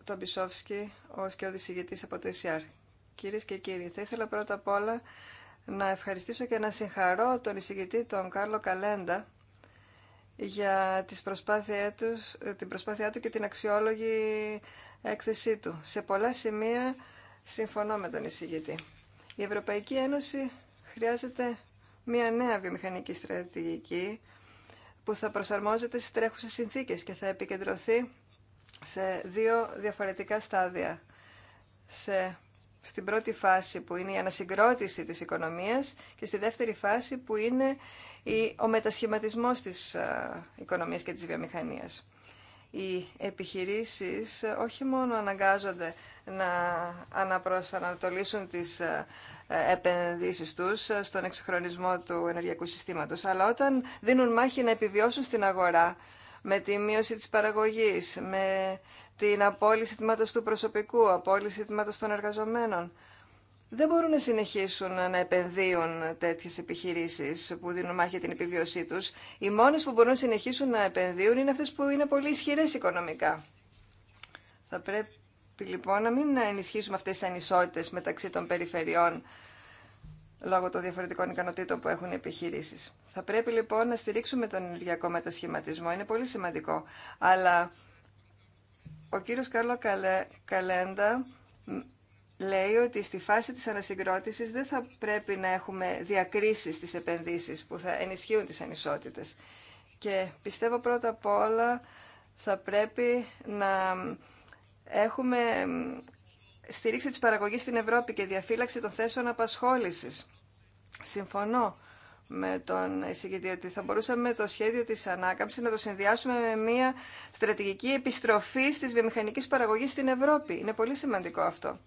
Τομπισόφσκι, ο σκιώδη ηγητή από το ΕΣΥΑΡ. Κυρίε και κύριοι, θα ήθελα πρώτα απ' όλα να ευχαριστήσω και να συγχαρώ τον εισηγητή τον Κάρλο Καλέντα για τις τους, την προσπάθειά του και την αξιόλογη έκθεσή του. Σε πολλά σημεία συμφωνώ με τον εισηγητή. Η Ευρωπαϊκή Ένωση χρειάζεται μια νέα βιομηχανική στρατηγική που θα προσαρμόζεται στις τρέχουσες συνθήκες και θα επικεντρωθεί σε δύο διαφορετικά στάδια. Σε στην πρώτη φάση που είναι η ανασυγκρότηση της οικονομίας και στη δεύτερη φάση που είναι η, ο μετασχηματισμός της ε, οικονομίας και της βιομηχανίας. Οι επιχειρήσεις ε, όχι μόνο αναγκάζονται να αναπροσανατολίσουν τις ε, επενδύσεις τους στον εξυγχρονισμό του ενεργειακού συστήματος, αλλά όταν δίνουν μάχη να επιβιώσουν στην αγορά με τη μείωση της παραγωγής, με την απόλυση τμήματος του προσωπικού, απόλυση τμήματος των εργαζομένων. Δεν μπορούν να συνεχίσουν να επενδύουν τέτοιε επιχειρήσει που δίνουν μάχη την επιβίωσή του. Οι μόνε που μπορούν να συνεχίσουν να επενδύουν είναι αυτέ που είναι πολύ ισχυρέ οικονομικά. Θα πρέπει λοιπόν να μην ενισχύσουμε αυτέ τι ανισότητε μεταξύ των περιφερειών λόγω των διαφορετικών ικανοτήτων που έχουν οι επιχειρήσει. Θα πρέπει λοιπόν να στηρίξουμε τον ενεργειακό μετασχηματισμό. Είναι πολύ σημαντικό. Αλλά ο κύριος Κάρλο Καλέντα λέει ότι στη φάση της ανασυγκρότησης δεν θα πρέπει να έχουμε διακρίσεις στις επενδύσεις που θα ενισχύουν τις ανισότητες. Και πιστεύω πρώτα απ' όλα θα πρέπει να έχουμε στηρίξη της παραγωγής στην Ευρώπη και διαφύλαξη των θέσεων απασχόλησης. Συμφωνώ με τον εισηγητή ότι θα μπορούσαμε το σχέδιο της ανάκαμψης να το συνδυάσουμε με μια στρατηγική επιστροφή της βιομηχανικής παραγωγής στην Ευρώπη. Είναι πολύ σημαντικό αυτό,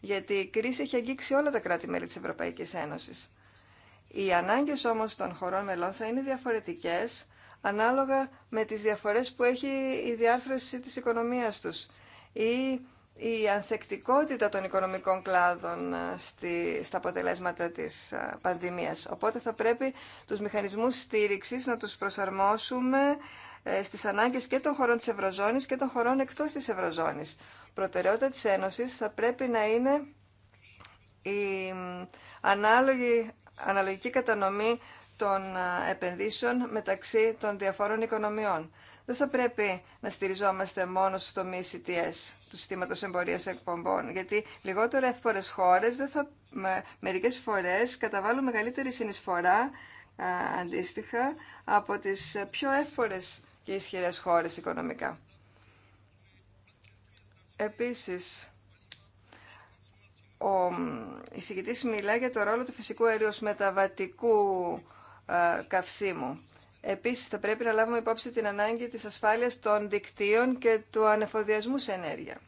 γιατί η κρίση έχει αγγίξει όλα τα κράτη-μέλη της Ευρωπαϊκής Ένωσης. Οι ανάγκες όμως των χωρών μελών θα είναι διαφορετικές ανάλογα με τις διαφορές που έχει η διάρθρωση της οικονομίας τους ή η ανθεκτικότητα των οικονομικών κλάδων ε, στη, στα αποτελέσματα της ε, πανδημίας. Οπότε θα πρέπει τους μηχανισμούς στήριξης να τους προσαρμόσουμε ε, στις ανάγκες και των χωρών της Ευρωζώνης και των χωρών εκτός της Ευρωζώνης. Προτεραιότητα της Ένωσης θα πρέπει να είναι η ανάλογη, αναλογική κατανομή των επενδύσεων μεταξύ των διαφόρων οικονομιών δεν θα πρέπει να στηριζόμαστε μόνο στο μη CTS του συστήματος εμπορίας εκπομπών, γιατί λιγότερο εύπορες χώρες δεν θα, μερικές φορές καταβάλουν μεγαλύτερη συνεισφορά αντίστοιχα από τις πιο εύπορες και ισχυρές χώρες οικονομικά. Επίσης, ο εισηγητής μιλά για το ρόλο του φυσικού αερίου μεταβατικού καυσίμου Επίσης θα πρέπει να λάβουμε υπόψη την ανάγκη της ασφάλειας των δικτύων και του ανεφοδιασμού σε ενέργεια.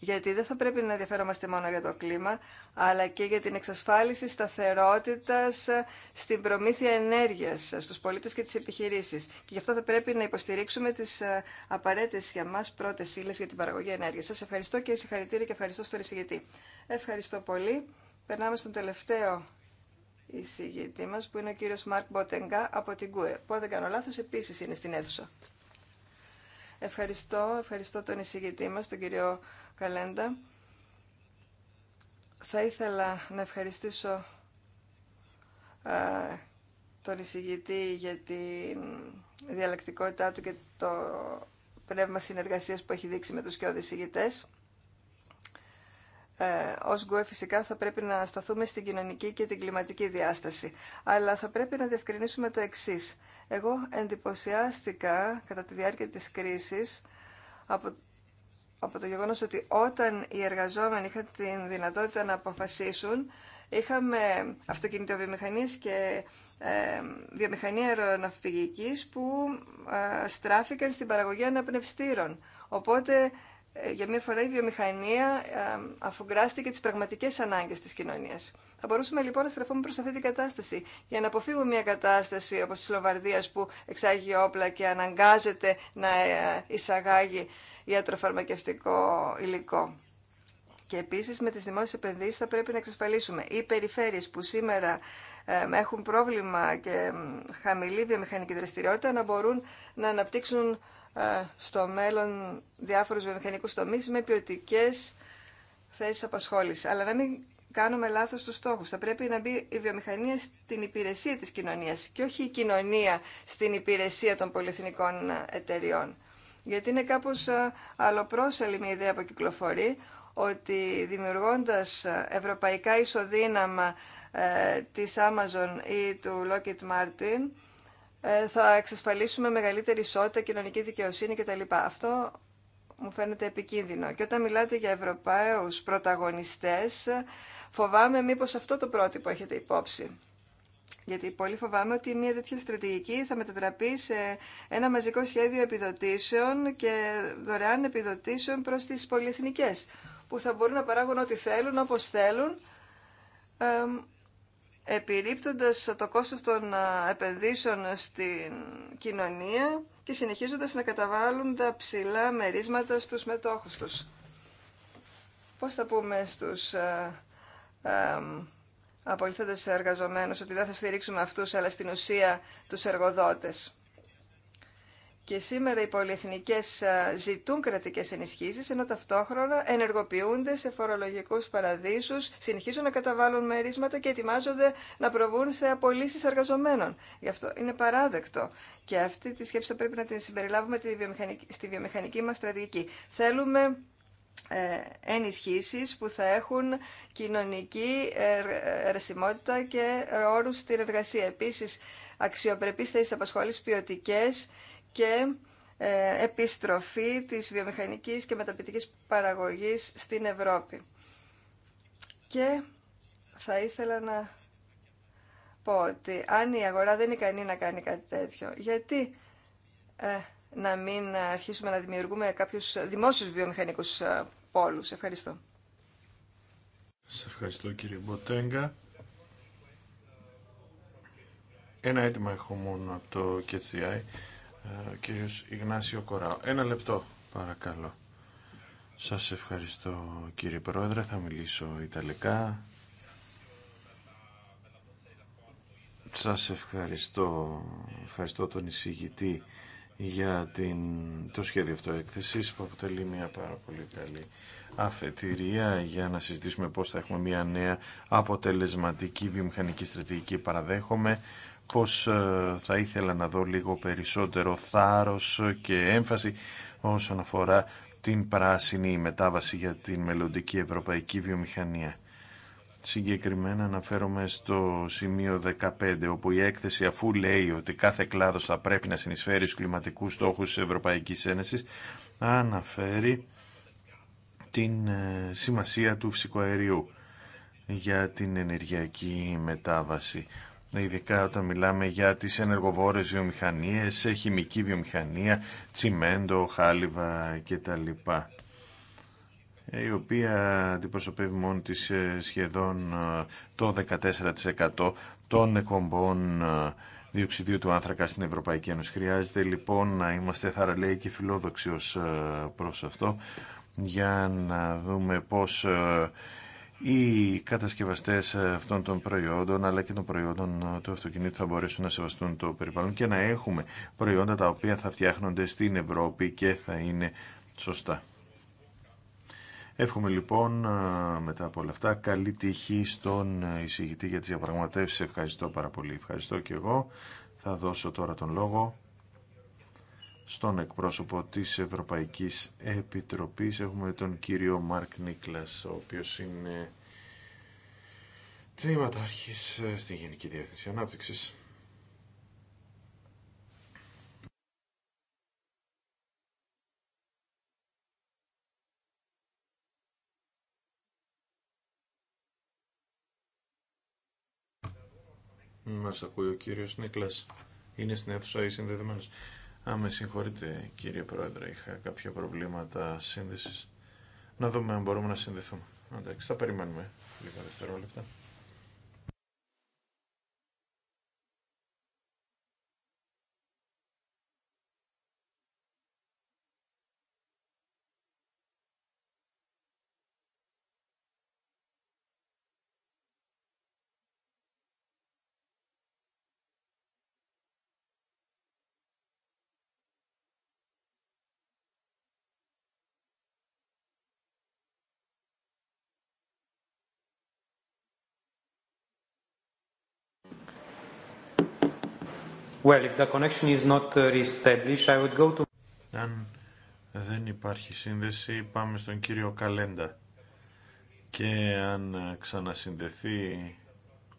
Γιατί δεν θα πρέπει να ενδιαφέρομαστε μόνο για το κλίμα, αλλά και για την εξασφάλιση σταθερότητας στην προμήθεια ενέργειας στους πολίτες και τις επιχειρήσεις. Και γι' αυτό θα πρέπει να υποστηρίξουμε τις ε, απαραίτητες για μας πρώτες ύλες για την παραγωγή ενέργειας. Σας ευχαριστώ και συγχαρητήρια και ευχαριστώ στον εισηγητή. Ευχαριστώ πολύ. Περνάμε στον τελευταίο εισηγητή μας που είναι ο κύριος Μάρκ Μποτεγκά από την ΚΟΕ που αν δεν κάνω λάθος επίσης είναι στην αίθουσα. Ευχαριστώ, ευχαριστώ τον εισηγητή μας, τον κύριο Καλέντα. Θα ήθελα να ευχαριστήσω τον εισηγητή για τη διαλεκτικότητά του και το πνεύμα συνεργασίας που έχει δείξει με τους και εισηγητές. Ε, ως ΓΚΟΕ φυσικά θα πρέπει να σταθούμε στην κοινωνική και την κλιματική διάσταση. Αλλά θα πρέπει να διευκρινίσουμε το εξής. Εγώ εντυπωσιάστηκα κατά τη διάρκεια της κρίσης από από το γεγονός ότι όταν οι εργαζόμενοι είχαν την δυνατότητα να αποφασίσουν, είχαμε αυτοκινητοβιομηχανίες και ε, βιομηχανία αεροναυπηγικής που ε, στράφηκαν στην παραγωγή αναπνευστήρων. Οπότε ε, για μία φορά η βιομηχανία ε, αφουγκράστηκε τις πραγματικές ανάγκες της κοινωνίας. Θα μπορούσαμε λοιπόν να στραφούμε προς αυτή την κατάσταση για να αποφύγουμε μια κατάσταση όπως της Σλοβαρδίας που εξάγει όπλα και αναγκάζεται να ε, εισαγάγει ιατροφαρμακευτικό υλικό. Και επίσης με τις δημόσιες επενδύσεις θα πρέπει να εξασφαλίσουμε οι περιφέρειες που σήμερα έχουν πρόβλημα και χαμηλή βιομηχανική δραστηριότητα να μπορούν να αναπτύξουν ε, στο μέλλον διάφορους βιομηχανικούς τομείς με ποιοτικέ θέσεις απασχόλησης. Αλλά να μην κάνουμε λάθος στους στόχους. Θα πρέπει να μπει η βιομηχανία στην υπηρεσία της κοινωνίας και όχι η κοινωνία στην υπηρεσία των πολυεθνικών εταιριών. Γιατί είναι κάπως ε, αλλοπρόσελη μια ιδέα που κυκλοφορεί ότι δημιουργώντας ευρωπαϊκά ισοδύναμα ε, της Amazon ή του Lockheed Martin ε, θα εξασφαλίσουμε μεγαλύτερη ισότητα, κοινωνική δικαιοσύνη κτλ. Αυτό μου φαίνεται επικίνδυνο. Και όταν μιλάτε για Ευρωπαίους πρωταγωνιστές, φοβάμαι μήπως αυτό το πρότυπο έχετε υπόψη. Γιατί πολύ φοβάμαι ότι μια τέτοια στρατηγική θα μετατραπεί σε ένα μαζικό σχέδιο επιδοτήσεων και δωρεάν επιδοτήσεων προς τις πολυεθνικές, που θα μπορούν να παράγουν ό,τι θέλουν, όπως θέλουν, επιρρύπτοντας το κόστος των επενδύσεων στην κοινωνία και συνεχίζοντας να καταβάλουν τα ψηλά μερίσματα στους μετόχους τους. Πώς θα πούμε στους απολυθέντες εργαζομένους ότι δεν θα στηρίξουμε αυτούς αλλά στην ουσία τους εργοδότες. Και σήμερα οι πολυεθνικές ε, ζητούν κρατικές ενισχύσεις, ενώ ταυτόχρονα ενεργοποιούνται σε φορολογικούς παραδείσους, συνεχίζουν να καταβάλουν μερίσματα και ετοιμάζονται να προβούν σε απολύσει εργαζομένων. Γι' αυτό είναι παράδεκτο. Και αυτή τη σκέψη θα πρέπει να την συμπεριλάβουμε στη βιομηχανική μας στρατηγική. Θέλουμε ε, ενισχύσεις που θα έχουν κοινωνική ερεσιμότητα και όρους στην εργασία. Επίσης, αξιοπρεπείς θέσεις απασχόλησης ποιοτικέ και ε, επιστροφή της βιομηχανικής και μεταπιτικής παραγωγής στην Ευρώπη. Και θα ήθελα να πω ότι αν η αγορά δεν είναι ικανή να κάνει κάτι τέτοιο, γιατί ε, να μην αρχίσουμε να δημιουργούμε κάποιους δημόσιους βιομηχανικούς ε, πόλους. Ευχαριστώ. Σε ευχαριστώ κύριε Μποτέγκα. Ένα αίτημα έχω μόνο από το KCI ο ε, κύριος Ιγνάσιο Κοράου. Ένα λεπτό παρακαλώ. Σας ευχαριστώ κύριε Πρόεδρε, θα μιλήσω Ιταλικά. Σας ευχαριστώ, ευχαριστώ τον εισηγητή για την, το σχέδιο αυτό έκθεσης που αποτελεί μια πάρα πολύ καλή αφετηρία για να συζητήσουμε πώς θα έχουμε μια νέα αποτελεσματική βιομηχανική στρατηγική. Παραδέχομαι πως ε, θα ήθελα να δω λίγο περισσότερο θάρρος και έμφαση όσον αφορά την πράσινη μετάβαση για την μελλοντική ευρωπαϊκή βιομηχανία. Συγκεκριμένα αναφέρομαι στο σημείο 15, όπου η έκθεση αφού λέει ότι κάθε κλάδος θα πρέπει να συνεισφέρει στους κλιματικούς στόχους της Ευρωπαϊκής Ένωσης, αναφέρει την ε, σημασία του φυσικού για την ενεργειακή μετάβαση. Ναι, ειδικά όταν μιλάμε για τις ενεργοβόρες βιομηχανίες, χημική βιομηχανία, τσιμέντο, χάλιβα κτλ ε, η οποία αντιπροσωπεύει μόνη της ε, σχεδόν ε, το 14% των εκπομπών διοξιδίου του άνθρακα στην Ευρωπαϊκή Ένωση. Χρειάζεται λοιπόν να είμαστε θαραλέοι και φιλόδοξοι ως προς αυτό για να δούμε πώς οι κατασκευαστές αυτών των προϊόντων αλλά και των προϊόντων του αυτοκινήτου θα μπορέσουν να σεβαστούν το περιβάλλον και να έχουμε προϊόντα τα οποία θα φτιάχνονται στην Ευρώπη και θα είναι σωστά. Εύχομαι λοιπόν μετά από όλα αυτά καλή τύχη στον εισηγητή για τις διαπραγματεύσεις. Ευχαριστώ πάρα πολύ. Ευχαριστώ και εγώ. Θα δώσω τώρα τον λόγο στον εκπρόσωπο της Ευρωπαϊκής Επιτροπής. Έχουμε τον κύριο Μάρκ Νίκλας, ο οποίος είναι τμήματάρχης ε, στη Γενική Διεύθυνση Ανάπτυξης. Μας ακούει ο κύριος Νίκλας. Είναι στην αίθουσα ή συνδεδεμένος. Α, με συγχωρείτε κύριε Πρόεδρε, είχα κάποια προβλήματα σύνδεσης. Να δούμε αν μπορούμε να συνδεθούμε. Εντάξει, θα περιμένουμε λίγα δευτερόλεπτα. Well, if the connection is not uh, I would go to... Αν δεν υπάρχει σύνδεση, πάμε στον κύριο Καλέντα. Και αν ε, ξανασυνδεθεί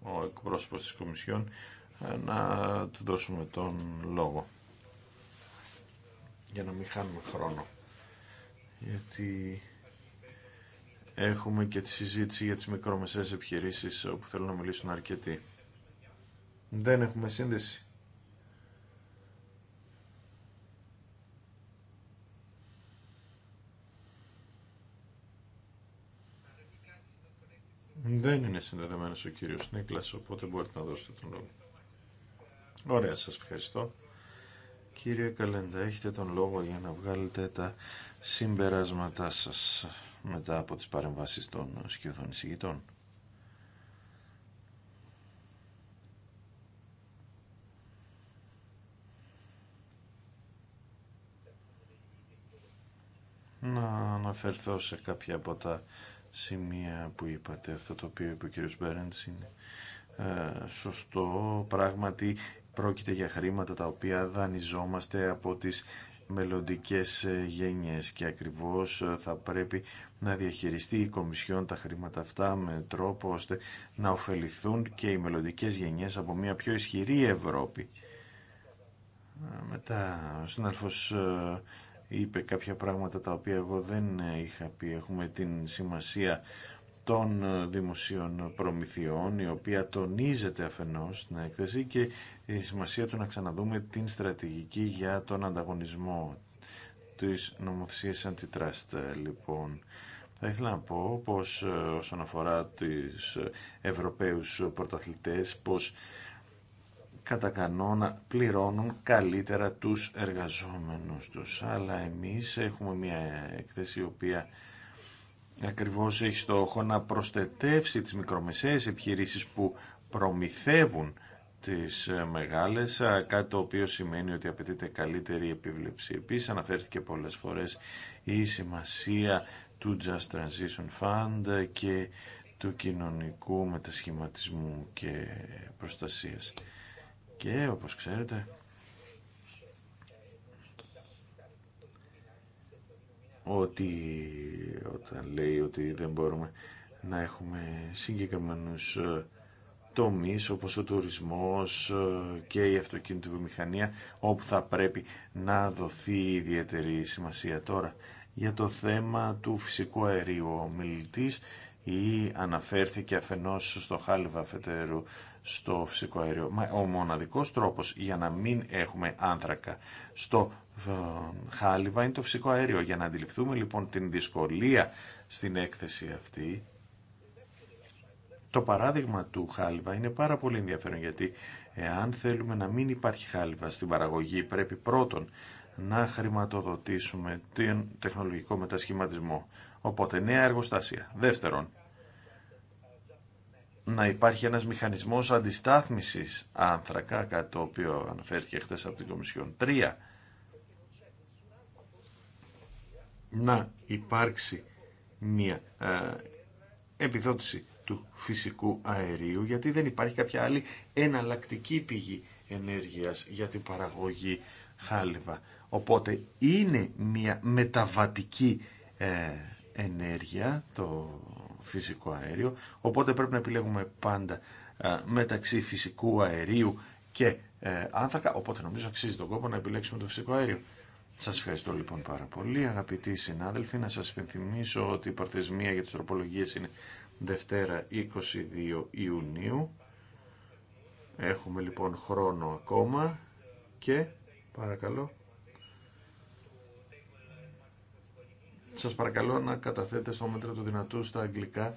ο εκπρόσωπος της Κομισιόν, ε, να του δώσουμε τον λόγο. Για να μην χάνουμε χρόνο. Γιατί έχουμε και τη συζήτηση για τις μικρομεσαίες επιχειρήσεις όπου θέλουν να μιλήσουν αρκετοί. Δεν έχουμε σύνδεση. Δεν είναι συνδεδεμένο ο κύριος Νίκλας, οπότε μπορείτε να δώσετε τον λόγο. Ωραία, σας ευχαριστώ. Κύριε Καλέντα, έχετε τον λόγο για να βγάλετε τα συμπεράσματά σας μετά από τις παρεμβάσεις των σκιωδών εισηγητών. Να αναφερθώ σε κάποια από τα σημεία που είπατε. Αυτό το οποίο είπε ο κ. Μπέρεντς είναι ε, σωστό. Πράγματι πρόκειται για χρήματα τα οποία δανειζόμαστε από τις μελλοντικέ ε, γενιές και ακριβώς ε, θα πρέπει να διαχειριστεί η Κομισιόν τα χρήματα αυτά με τρόπο ώστε να ωφεληθούν και οι μελλοντικέ γενιές από μια πιο ισχυρή Ευρώπη. Μετά ο συνάδελφος είπε κάποια πράγματα τα οποία εγώ δεν ε, είχα πει. Έχουμε την σημασία των ε, δημοσίων προμηθειών, η οποία τονίζεται αφενός στην έκθεση και η σημασία του να ξαναδούμε την στρατηγική για τον ανταγωνισμό της νομοθεσίας αντιτράστα. Λοιπόν, θα ήθελα να πω πως ε, όσον αφορά τις Ευρωπαίους πρωταθλητές, πως κατά κανόνα πληρώνουν καλύτερα τους εργαζόμενους τους. Αλλά εμείς έχουμε μια έκθεση η οποία ακριβώς έχει στόχο να προσθετεύσει τις μικρομεσαίες επιχειρήσεις που προμηθεύουν τις ε, μεγάλες, κάτι το οποίο σημαίνει ότι απαιτείται καλύτερη επίβλεψη. Επίσης αναφέρθηκε πολλές φορές η σημασία του Just Transition Fund και του κοινωνικού μετασχηματισμού και προστασίας και όπως ξέρετε ότι όταν λέει ότι δεν μπορούμε να έχουμε συγκεκριμένους ε, τομείς όπως ο τουρισμός ε, και η μηχανία, όπου θα πρέπει να δοθεί ιδιαίτερη σημασία τώρα. Για το θέμα του φυσικού αερίου ο ή αναφέρθηκε αφενός στο χάλιβα φετερού στο φυσικό αέριο. Ο μοναδικός τρόπος για να μην έχουμε άνθρακα στο ε, χάλιβα είναι το φυσικό αέριο. Για να αντιληφθούμε λοιπόν την δυσκολία στην έκθεση αυτή, το παράδειγμα του χάλιβα είναι πάρα πολύ ενδιαφέρον γιατί εάν θέλουμε να μην υπάρχει χάλιβα στην παραγωγή πρέπει πρώτον να χρηματοδοτήσουμε τον τεχνολογικό μετασχηματισμό. Οπότε νέα εργοστάσια. Δεύτερον, να υπάρχει ένας μηχανισμός αντιστάθμισης άνθρακα, κάτι το οποίο αναφέρθηκε χθε από την Κομισιόν. Τρία, να υπάρξει μια ε, επιδότηση του φυσικού αερίου, γιατί δεν υπάρχει κάποια άλλη εναλλακτική πηγή ενέργειας για την παραγωγή χάλιβα. Οπότε είναι μια μεταβατική ε, ενέργεια, το φυσικό αέριο, οπότε πρέπει να επιλέγουμε πάντα ε, μεταξύ φυσικού αερίου και ε, άνθρακα, οπότε νομίζω αξίζει τον κόπο να επιλέξουμε το φυσικό αέριο. Σας ευχαριστώ λοιπόν πάρα πολύ αγαπητοί συνάδελφοι, να σας υπενθυμίσω ότι η παρθεσμία για τις τροπολογίες είναι Δευτέρα 22 Ιουνίου. Έχουμε λοιπόν χρόνο ακόμα και παρακαλώ. Σας παρακαλώ να καταθέτε στο μέτρο του δυνατού στα αγγλικά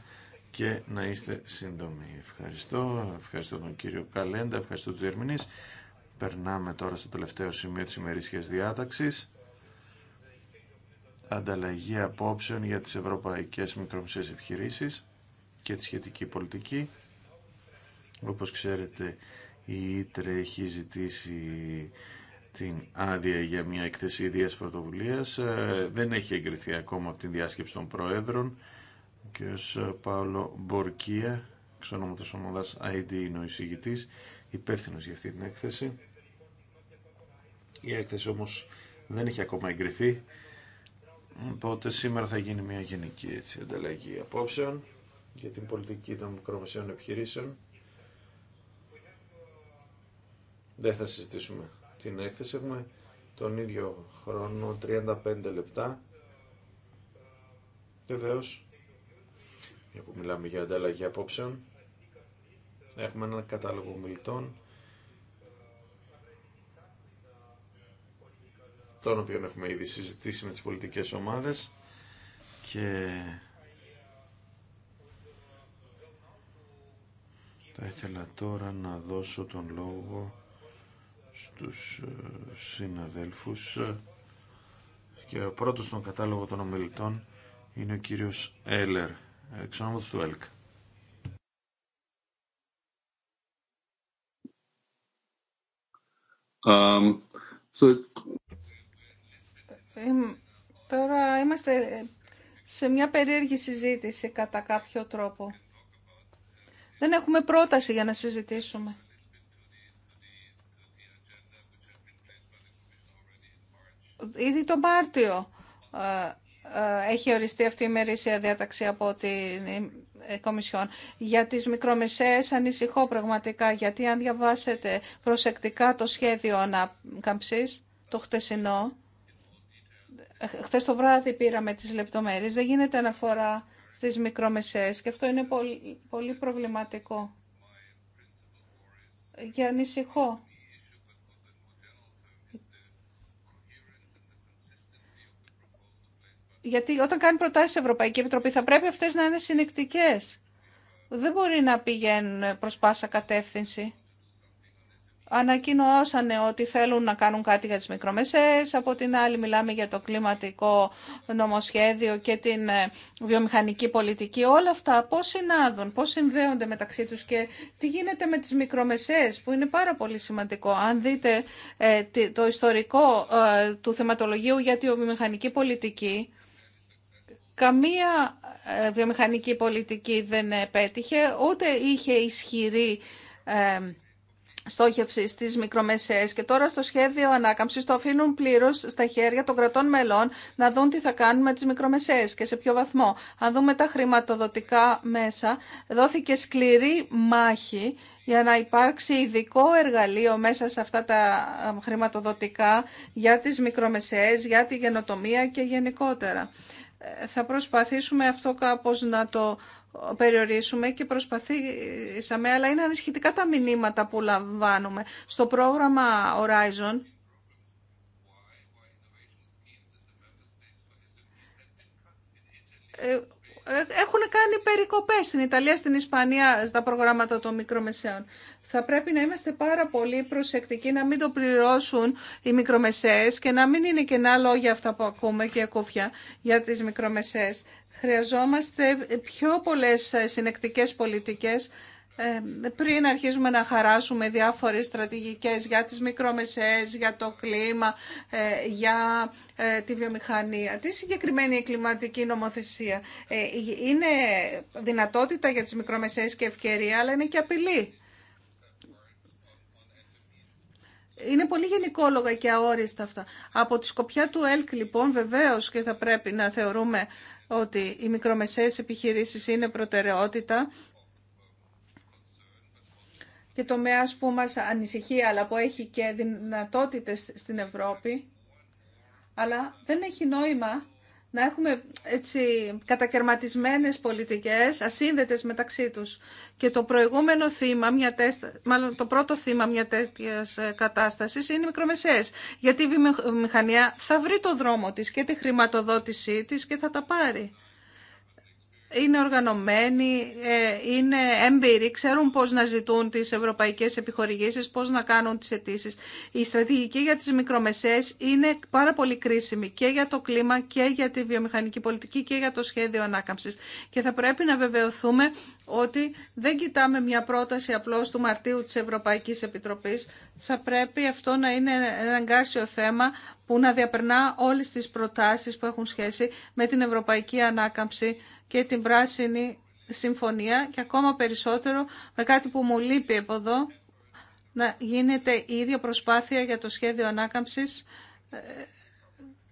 και να είστε σύντομοι. Ευχαριστώ, ευχαριστώ τον κύριο Καλέντα, ευχαριστώ τους Διερμηνείς. Περνάμε τώρα στο τελευταίο σημείο της ημερήσιας διάταξης. Ανταλλαγή απόψεων για τις ευρωπαϊκές μικρομεσαίες επιχειρήσεις και τη σχετική πολιτική. Όπως ξέρετε, η ΙΤΡΕ έχει ζητήσει την άδεια για μια εκθέση ιδίας πρωτοβουλίας. Ε, δεν έχει εγκριθεί ακόμα από την διάσκεψη των Προέδρων. Ο κ. Ε, Παύλο Μπορκία, ξενόματος ομάδας ID, είναι ο εισηγητής, υπεύθυνος για αυτή την έκθεση. Η έκθεση όμως δεν έχει ακόμα εγκριθεί, οπότε σήμερα θα γίνει μια γενική έτσι, ανταλλαγή απόψεων για την πολιτική των μικρομεσαίων επιχειρήσεων. Δεν θα συζητήσουμε την έκθεση. Έχουμε τον ίδιο χρόνο, 35 λεπτά. Βεβαίω, για πού μιλάμε για τέλος για απόψεις; Έχουμε έναν κατάλογο πολιτών, τόνο που μιλάμε για ανταλλαγή απόψεων, έχουμε έναν κατάλογο μιλτών, τον οποίο έχουμε ήδη συζητήσει με τις πολιτικές ομάδες και θα ήθελα τώρα να δώσω τον λόγο στους ε, συναδέλφους ε, και ο πρώτος στον κατάλογο των ομιλητών είναι ο κύριος Έλερ, εξ του ΕΛΚ. Um, so... Τώρα είμαστε σε μια περίεργη συζήτηση κατά κάποιο τρόπο. Δεν έχουμε πρόταση για να συζητήσουμε. Ήδη το Μάρτιο ε, ε, έχει οριστεί αυτή η ημερήσια διάταξη από την ε, Κομισιόν. Για τις μικρομεσαίες ανησυχώ πραγματικά, γιατί αν διαβάσετε προσεκτικά το σχέδιο ανάκαμψης, το χτεσινό, χθες το βράδυ πήραμε τις λεπτομέρειες, δεν γίνεται αναφορά στις μικρομεσαίες και αυτό είναι πολύ, πολύ προβληματικό. για ανησυχώ Γιατί όταν κάνει προτάσει η Ευρωπαϊκή Επιτροπή θα πρέπει αυτέ να είναι συνεκτικές. Δεν μπορεί να πηγαίνουν προ πάσα κατεύθυνση. Ανακοινώσανε ότι θέλουν να κάνουν κάτι για τις μικρομεσαίες, από την άλλη μιλάμε για το κλιματικό νομοσχέδιο και την ε, βιομηχανική πολιτική. Όλα αυτά πώς συνάδουν, πώς συνδέονται μεταξύ τους και τι γίνεται με τις μικρομεσαίες που είναι πάρα πολύ σημαντικό. Αν δείτε ε, το ιστορικό ε, του θεματολογίου για τη βιομηχανική πολιτική, Καμία ε, βιομηχανική πολιτική δεν επέτυχε, ούτε είχε ισχυρή ε, στόχευση στις μικρομεσαίες και τώρα στο σχέδιο ανάκαμψης το αφήνουν πλήρως στα χέρια των κρατών μελών να δουν τι θα κάνουν με τις μικρομεσαίες και σε ποιο βαθμό. Αν δούμε τα χρηματοδοτικά μέσα, δόθηκε σκληρή μάχη για να υπάρξει ειδικό εργαλείο μέσα σε αυτά τα ε, χρηματοδοτικά για τις μικρομεσαίες, για τη γενοτομία και γενικότερα θα προσπαθήσουμε αυτό κάπως να το περιορίσουμε και προσπαθήσαμε, αλλά είναι ανησυχητικά τα μηνύματα που λαμβάνουμε. Στο πρόγραμμα Horizon ε, έχουν κάνει περικοπές στην Ιταλία, στην Ισπανία, στα προγράμματα των μικρομεσαίων. Θα πρέπει να είμαστε πάρα πολύ προσεκτικοί να μην το πληρώσουν οι μικρομεσαίες και να μην είναι κενά λόγια αυτά που ακούμε και ακούφια για τις μικρομεσαίες. Χρειαζόμαστε πιο πολλές συνεκτικές πολιτικές ε, πριν αρχίζουμε να χαράσουμε διάφορες στρατηγικές για τις μικρομεσαίες, για το κλίμα, ε, για ε, τη βιομηχανία. Τι συγκεκριμένη η κλιματική νομοθεσία. Ε, είναι δυνατότητα για τις μικρομεσαίες και ευκαιρία, αλλά είναι και απειλή. Είναι πολύ γενικόλογα και αόριστα αυτά. Από τη σκοπιά του ΕΛΚ, λοιπόν, βεβαίως και θα πρέπει να θεωρούμε ότι οι μικρομεσαίες επιχειρήσεις είναι προτεραιότητα και τομέα που μας ανησυχεί αλλά που έχει και δυνατότητες στην Ευρώπη. Αλλά δεν έχει νόημα να έχουμε έτσι κατακαιρματισμένες πολιτικές, ασύνδετες μεταξύ τους. Και το προηγούμενο θύμα, μια μάλλον το πρώτο θύμα μια τέτοια ε, κατάστασης είναι οι μικρομεσαίες. Γιατί η μηχανία θα βρει το δρόμο της και τη χρηματοδότησή της και θα τα πάρει είναι οργανωμένοι, ε, είναι έμπειροι, ξέρουν πώς να ζητούν τις ευρωπαϊκές επιχορηγήσεις, πώς να κάνουν τις αιτήσει. Η στρατηγική για τις μικρομεσαίες είναι πάρα πολύ κρίσιμη και για το κλίμα και για τη βιομηχανική πολιτική και για το σχέδιο ανάκαμψης. Και θα πρέπει να βεβαιωθούμε ότι δεν κοιτάμε μια πρόταση απλώς του Μαρτίου της Ευρωπαϊκής Επιτροπής. Θα πρέπει αυτό να είναι ένα εγκάρσιο θέμα που να διαπερνά όλες τις προτάσεις που έχουν σχέση με την Ευρωπαϊκή Ανάκαμψη και την Πράσινη Συμφωνία και ακόμα περισσότερο με κάτι που μου λείπει από εδώ να γίνεται η ίδια προσπάθεια για το σχέδιο ανάκαμψης ε,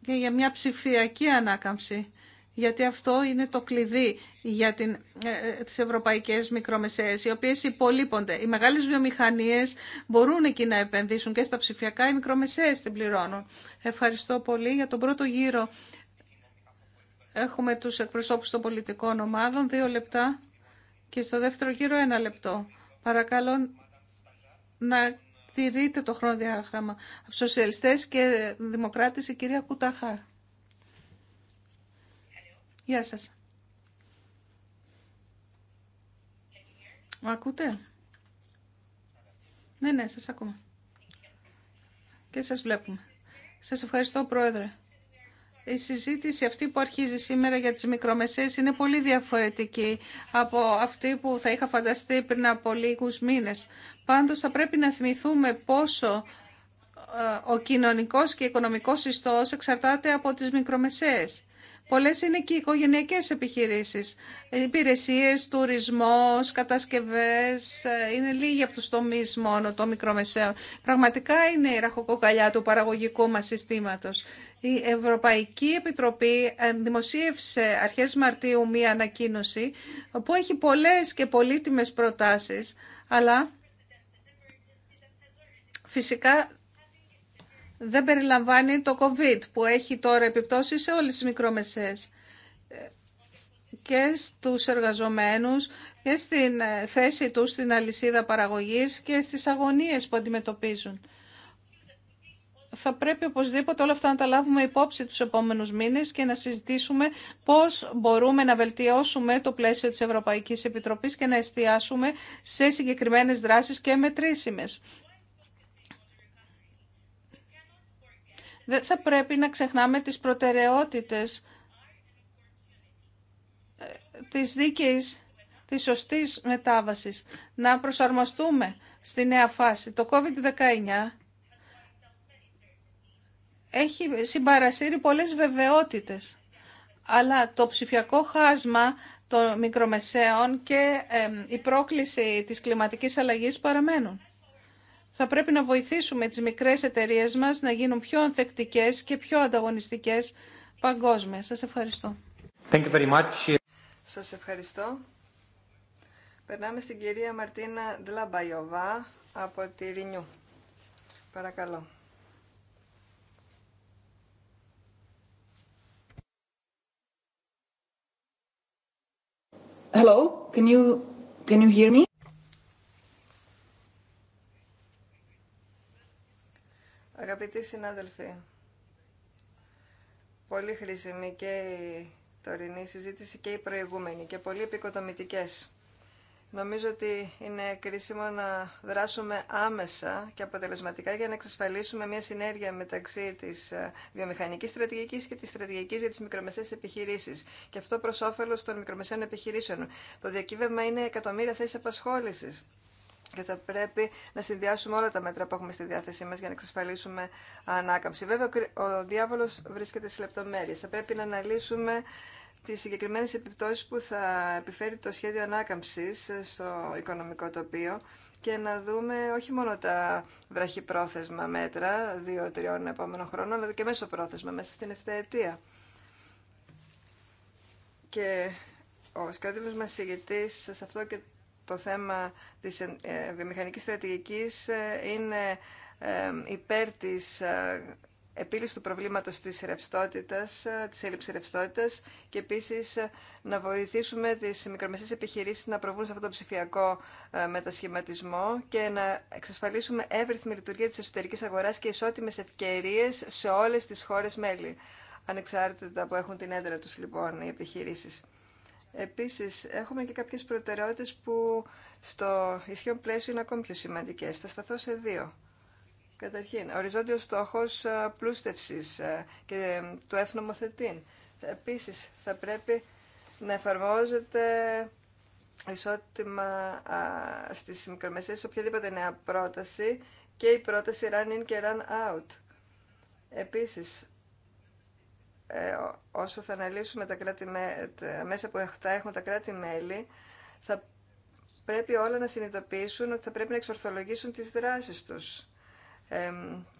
και για μια ψηφιακή ανάκαμψη. Γιατί αυτό είναι το κλειδί για την, ε, ε, τις ευρωπαϊκές μικρομεσαίες, οι οποίες υπολείπονται. Οι μεγάλες βιομηχανίες μπορούν εκεί να επενδύσουν και στα ψηφιακά, οι μικρομεσαίες την πληρώνουν. Ευχαριστώ πολύ για τον πρώτο γύρο Έχουμε τους εκπροσώπους των πολιτικών ομάδων, δύο λεπτά και στο δεύτερο γύρο ένα λεπτό. Παρακαλώ να τηρείτε το χρονοδιάγραμμα. διάγραμμα. σοσιαλιστές και δημοκράτες η κυρία Κουταχάρ. Γεια σας. ακούτε? Ναι, ναι, σας ακούμε. Και σας βλέπουμε. Σας ευχαριστώ, Πρόεδρε η συζήτηση αυτή που αρχίζει σήμερα για τις μικρομεσαίες είναι πολύ διαφορετική από αυτή που θα είχα φανταστεί πριν από λίγους μήνες. Πάντως θα πρέπει να θυμηθούμε πόσο ε, ο κοινωνικός και οικονομικός ιστός εξαρτάται από τις μικρομεσαίες. Πολλές είναι και οι οικογενειακές επιχειρήσεις. Υπηρεσίες, τουρισμός, κατασκευές. Ε, είναι λίγοι από τους τομείς μόνο των μικρομεσαίων. Πραγματικά είναι η ραχοκοκαλιά του παραγωγικού μας συστήματος. Η Ευρωπαϊκή Επιτροπή ε, δημοσίευσε αρχές Μαρτίου μία ανακοίνωση που έχει πολλές και πολύτιμες προτάσεις, αλλά φυσικά δεν περιλαμβάνει το COVID που έχει τώρα επιπτώσει σε όλες τις μικρομεσαίες και στους εργαζομένους και στην ε, θέση τους στην αλυσίδα παραγωγής και στις αγωνίες που αντιμετωπίζουν θα πρέπει οπωσδήποτε όλα αυτά να τα λάβουμε υπόψη τους επόμενους μήνες και να συζητήσουμε πώς μπορούμε να βελτιώσουμε το πλαίσιο της Ευρωπαϊκής Επιτροπής και να εστιάσουμε σε συγκεκριμένες δράσεις και μετρήσιμες. Δεν θα πρέπει να ξεχνάμε τις προτεραιότητες ε, της δίκαιης, της σωστής μετάβασης, να προσαρμοστούμε στη νέα φάση. Το COVID-19 έχει συμπαρασύρει πολλές βεβαιότητες. Αλλά το ψηφιακό χάσμα των μικρομεσαίων και η πρόκληση της κλιματικής αλλαγής παραμένουν. Θα πρέπει να βοηθήσουμε τις μικρές εταιρείες μας να γίνουν πιο ανθεκτικές και πιο ανταγωνιστικές παγκόσμια. Σας ευχαριστώ. Thank you very much. Σας ευχαριστώ. Περνάμε στην κυρία Μαρτίνα Ντλαμπαϊωβά από τη Ρινιού. Παρακαλώ. Hello, can you, can you hear me? Αγαπητοί συνάδελφοι, πολύ χρήσιμη και η τωρινή συζήτηση και η προηγούμενη και πολύ επικοδομητικές. Νομίζω ότι είναι κρίσιμο να δράσουμε άμεσα και αποτελεσματικά για να εξασφαλίσουμε μια συνέργεια μεταξύ τη ε, βιομηχανική στρατηγική και τη στρατηγική για τι μικρομεσαίες επιχειρήσει. Και αυτό προ όφελο των μικρομεσαίων επιχειρήσεων. Το διακύβευμα είναι εκατομμύρια θέσει απασχόληση Και θα πρέπει να συνδυάσουμε όλα τα μέτρα που έχουμε στη διάθεσή μα για να εξασφαλίσουμε ανάκαμψη. Βέβαια, ο διάβολο βρίσκεται στι λεπτομέρειε. Θα πρέπει να αναλύσουμε τις συγκεκριμένες επιπτώσεις που θα επιφέρει το σχέδιο ανάκαμψης στο οικονομικό τοπίο και να δούμε όχι μόνο τα βραχυπρόθεσμα μέτρα, δύο-τριών επόμενων χρόνων, αλλά και μέσω πρόθεσμα μέσα στην ευθετία. Και ο σκάδιμος μας ηγητής σε αυτό και το θέμα της ε, βιομηχανικής στρατηγικής ε, είναι ε, υπέρ της επίλυση του προβλήματος της ρευστότητας, ε, της έλλειψης ρευστότητας και επίσης ε, να βοηθήσουμε τις μικρομεσαίες επιχειρήσεις να προβούν σε αυτό το ψηφιακό ε, μετασχηματισμό και να εξασφαλίσουμε εύρυθμη λειτουργία της εσωτερικής αγοράς και ισότιμες ευκαιρίες σε όλες τις χώρες μέλη, ανεξάρτητα που έχουν την έδρα τους λοιπόν οι επιχειρήσεις. Επίσης, έχουμε και κάποιες προτεραιότητες που στο ισχυόν πλαίσιο είναι ακόμη πιο σημαντικές. Θα σταθώ σε δύο. Καταρχήν, οριζόντιος στόχος ε, πλούστευσης ε, και ε, του εφνομοθετήν. Επίσης, θα πρέπει να εφαρμόζεται ισότιμα στις μικρομεσαίες οποιαδήποτε νέα πρόταση και η πρόταση run in και run out. Επίσης, όσο θα αναλύσουμε τα, κράτη, τα μέσα που έχουν τα κράτη-μέλη, θα πρέπει όλα να συνειδητοποιήσουν ότι θα πρέπει να εξορθολογήσουν τις δράσεις τους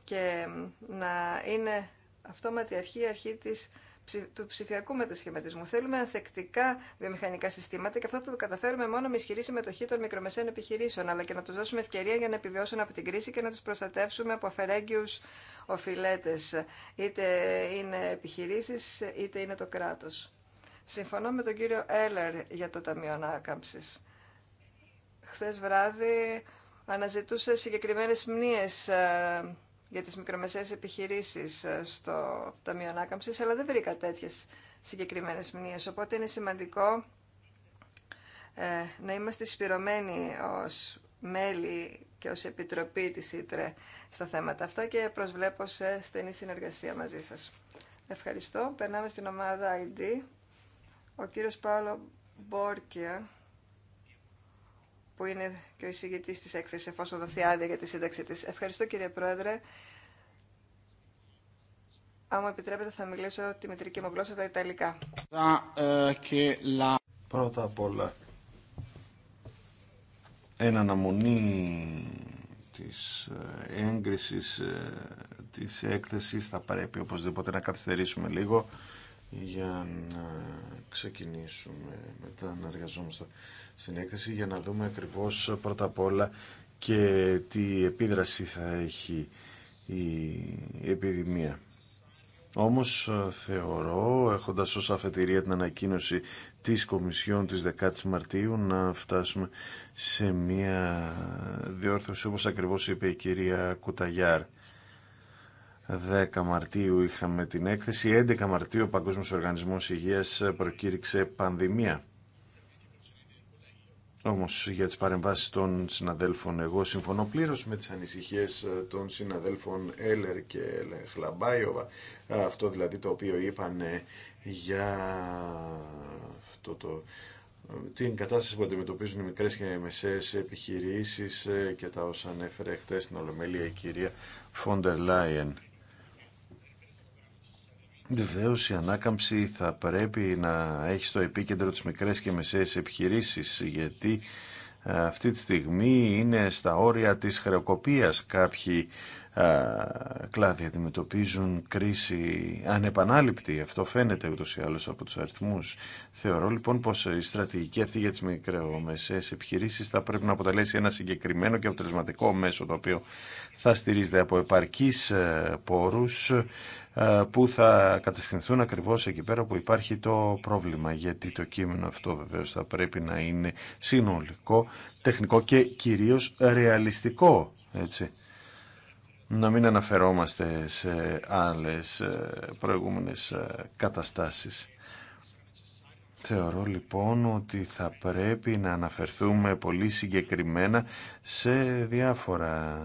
και να είναι αυτόματη αρχή η αρχή της, του ψηφιακού μετασχηματισμού. Θέλουμε ανθεκτικά βιομηχανικά συστήματα και αυτό το καταφέρουμε μόνο με ισχυρή συμμετοχή των μικρομεσαίων επιχειρήσεων, αλλά και να του δώσουμε ευκαιρία για να επιβιώσουν από την κρίση και να του προστατεύσουμε από αφαιρέγγιου οφειλέτε, είτε είναι επιχειρήσει είτε είναι το κράτο. Συμφωνώ με τον κύριο Έλερ για το Ταμείο Ανάκαμψη. Χθε βράδυ αναζητούσε συγκεκριμένες μνήες ε, για τις μικρομεσαίες επιχειρήσεις ε, στο Ταμείο Ανάκαμψης, αλλά δεν βρήκα τέτοιες συγκεκριμένες μνήες. Οπότε είναι σημαντικό ε, να είμαστε εισπυρωμένοι ως μέλη και ως Επιτροπή της Ήτρε στα θέματα αυτά και προσβλέπω σε στενή συνεργασία μαζί σας. Ευχαριστώ. Περνάμε στην ομάδα ID. Ο κύριος Πάολο Μπόρκια που είναι και ο εισηγητή τη έκθεση εφόσον δοθεί άδεια για τη σύνταξη τη. Ευχαριστώ κύριε Πρόεδρε. Αν μου επιτρέπετε θα μιλήσω τη μητρική μου γλώσσα τα Ιταλικά. Πρώτα απ' όλα, εν αναμονή της ε, έγκρισης ε, της έκθεσης θα πρέπει οπωσδήποτε να καθυστερήσουμε λίγο για να ξεκινήσουμε μετά να εργαζόμαστε στην έκθεση για να δούμε ακριβώς πρώτα απ' όλα και τι επίδραση θα έχει η επιδημία. Όμως θεωρώ, έχοντας ως αφετηρία την ανακοίνωση της Κομισιόν της 10ης Μαρτίου, να φτάσουμε σε μια διόρθωση, όπως ακριβώς είπε η κυρία Κουταγιάρ. 10 Μαρτίου είχαμε την έκθεση, 11 Μαρτίου ο Παγκόσμιος Οργανισμός Υγείας προκήρυξε πανδημία. Όμω για τι παρεμβάσει των συναδέλφων. Εγώ συμφωνώ πλήρω με τις ανησυχίε ε, των συναδέλφων Έλερ και Χλαμπάιοβα, ε, αυτό δηλαδή το οποίο είπαν ε, για αυτό το, την κατάσταση που αντιμετωπίζουν οι μικρές και μεσαίε επιχειρήσεις και τα όσα ανέφερε χθε στην Ολομέλεια η κυρία Φόντερ Λάιεν. Βεβαίω η ανάκαμψη θα πρέπει να έχει στο επίκεντρο τις μικρές και μεσαίες επιχειρήσεις γιατί ε, αυτή τη στιγμή είναι στα όρια της χρεοκοπίας κάποιοι ε, κλάδοι αντιμετωπίζουν κρίση ανεπανάληπτη. Αυτό φαίνεται ούτως ή άλλως από τους αριθμούς. Θεωρώ λοιπόν πως η στρατηγική αυτή για τις μικρομεσαίες επιχειρήσεις θα πρέπει να αποτελέσει ένα συγκεκριμένο και αποτελεσματικό μέσο το οποίο θα στηρίζεται από επαρκείς ε, πόρους ε, που θα κατευθυνθούν ακριβώς εκεί πέρα που υπάρχει το πρόβλημα γιατί το κείμενο αυτό βεβαίως θα πρέπει να είναι συνολικό, τεχνικό και κυρίως ρεαλιστικό έτσι. Να μην αναφερόμαστε σε άλλες ε, προηγούμενες ε, καταστάσεις. Θεωρώ λοιπόν ότι θα πρέπει να αναφερθούμε πολύ συγκεκριμένα σε διάφορα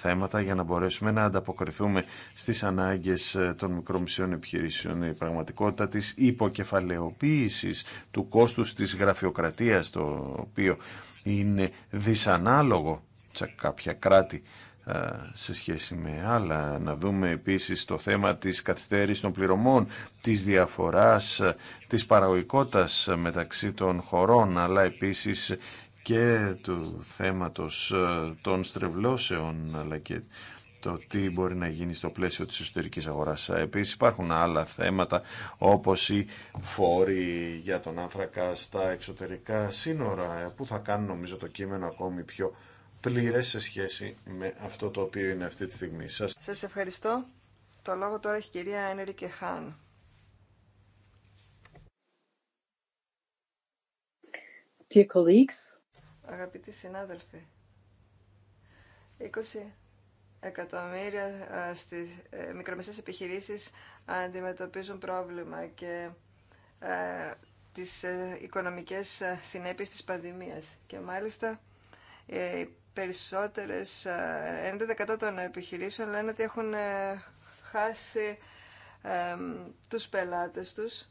θέματα για να μπορέσουμε να ανταποκριθούμε στις ανάγκες ε, των μικρομισίων επιχειρήσεων. Η πραγματικότητα της υποκεφαλαιοποίησης του κόστους της γραφειοκρατίας, το οποίο είναι δυσανάλογο σε κάποια κράτη ε, σε σχέση με άλλα. Να δούμε επίσης το θέμα της καθυστέρησης των πληρωμών, της διαφοράς, ε, της παραγωγικότητας μεταξύ των χωρών, αλλά επίσης και του θέματος ε, των στρεβλώσεων αλλά και το τι μπορεί να γίνει στο πλαίσιο της εσωτερικής αγοράς. Επίσης υπάρχουν άλλα θέματα όπως οι φόροι για τον άνθρακα στα εξωτερικά σύνορα ε, που θα κάνουν νομίζω το κείμενο ακόμη πιο πλήρες σε σχέση με αυτό το οποίο είναι αυτή τη στιγμή. Σας, Σας ευχαριστώ. Το λόγο τώρα έχει η κυρία Ένερη Χάν. Dear colleagues, Αγαπητοί συνάδελφοι, 20 εκατομμύρια ε, στις ε, μικρομεσαίες επιχειρήσεις αντιμετωπίζουν πρόβλημα και ε, τις οικονομικές συνέπειες της πανδημίας. Και μάλιστα οι περισσότερες, 90% των επιχειρήσεων λένε ότι έχουν χάσει τους πελάτες τους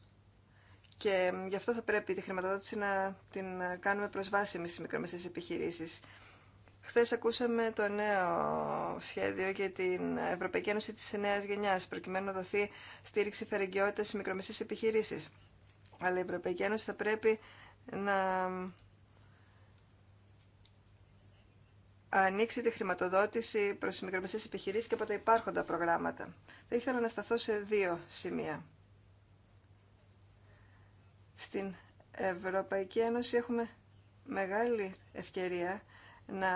και γι' αυτό θα πρέπει τη χρηματοδότηση να την κάνουμε προσβάσιμη στις μικρομεσαίε επιχειρήσεις. Χθε ακούσαμε το νέο σχέδιο για την Ευρωπαϊκή Ένωση τη Νέα Γενιά, προκειμένου να δοθεί στήριξη φερεγγιότητας στις μικρομεσαίε επιχειρήσει. Αλλά η Ευρωπαϊκή Ένωση θα πρέπει να ανοίξει τη χρηματοδότηση προς τις μικρομεσαίες επιχειρήσεις και από τα υπάρχοντα προγράμματα. Θα ήθελα να σταθώ σε δύο σημεία. Στην Ευρωπαϊκή Ένωση έχουμε μεγάλη ευκαιρία να,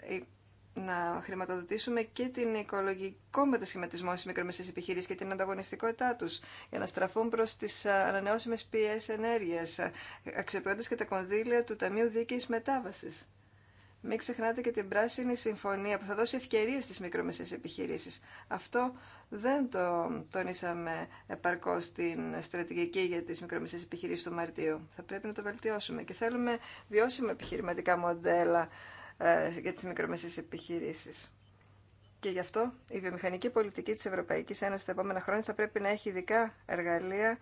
ε, να χρηματοδοτήσουμε και την οικολογικό μετασχηματισμό στις μικρομεσαίες επιχειρήσεις και την ανταγωνιστικότητά τους για να στραφούν προς τις ανανεώσιμες πηγές ενέργειας, ε, αξιοποιώντας και τα κονδύλια του Ταμείου Δίκαιης Μετάβασης. Μην ξεχνάτε και την πράσινη συμφωνία που θα δώσει ευκαιρίες στις μικρομεσαίες επιχειρήσεις. Αυτό δεν το τονίσαμε επαρκώ στην στρατηγική για τις μικρομεσαίες επιχειρήσεις του Μαρτίου. Θα πρέπει να το βελτιώσουμε και θέλουμε βιώσιμα επιχειρηματικά μοντέλα ε, για τις μικρομεσαίες επιχειρήσεις. Και γι' αυτό η βιομηχανική πολιτική τη Ευρωπαϊκή Ένωση τα επόμενα χρόνια θα πρέπει να έχει ειδικά εργαλεία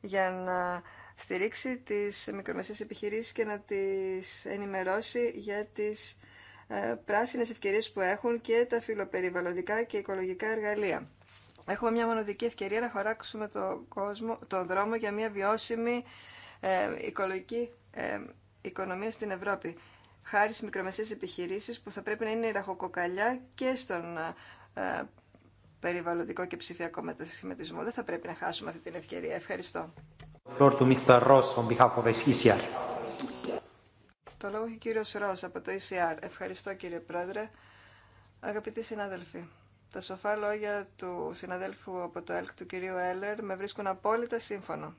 για να στηρίξει τις μικρομεσαίες επιχειρήσεις και να τις ενημερώσει για τις ε, πράσινες ευκαιρίες που έχουν και τα φιλοπεριβαλλοντικά και οικολογικά εργαλεία. Έχουμε μια μονοδική ευκαιρία να χωράξουμε τον κόσμο, το δρόμο για μια βιώσιμη ε, οικολογική ε, οικονομία στην Ευρώπη. Χάρη στις μικρομεσαίες επιχειρήσεις που θα πρέπει να είναι η ραχοκοκαλιά και στον ε, περιβαλλοντικό και ψηφιακό μετασχηματισμό. Δεν θα πρέπει να χάσουμε αυτή την ευκαιρία. Ευχαριστώ. ECR. E το λόγο έχει ο κύριος από το ECR. Ευχαριστώ κύριε Πρόεδρε. Αγαπητοί συνάδελφοι, τα σοφά λόγια του συναδέλφου από το ΕΛΚ του κυρίου Έλλερ με βρίσκουν απόλυτα σύμφωνο.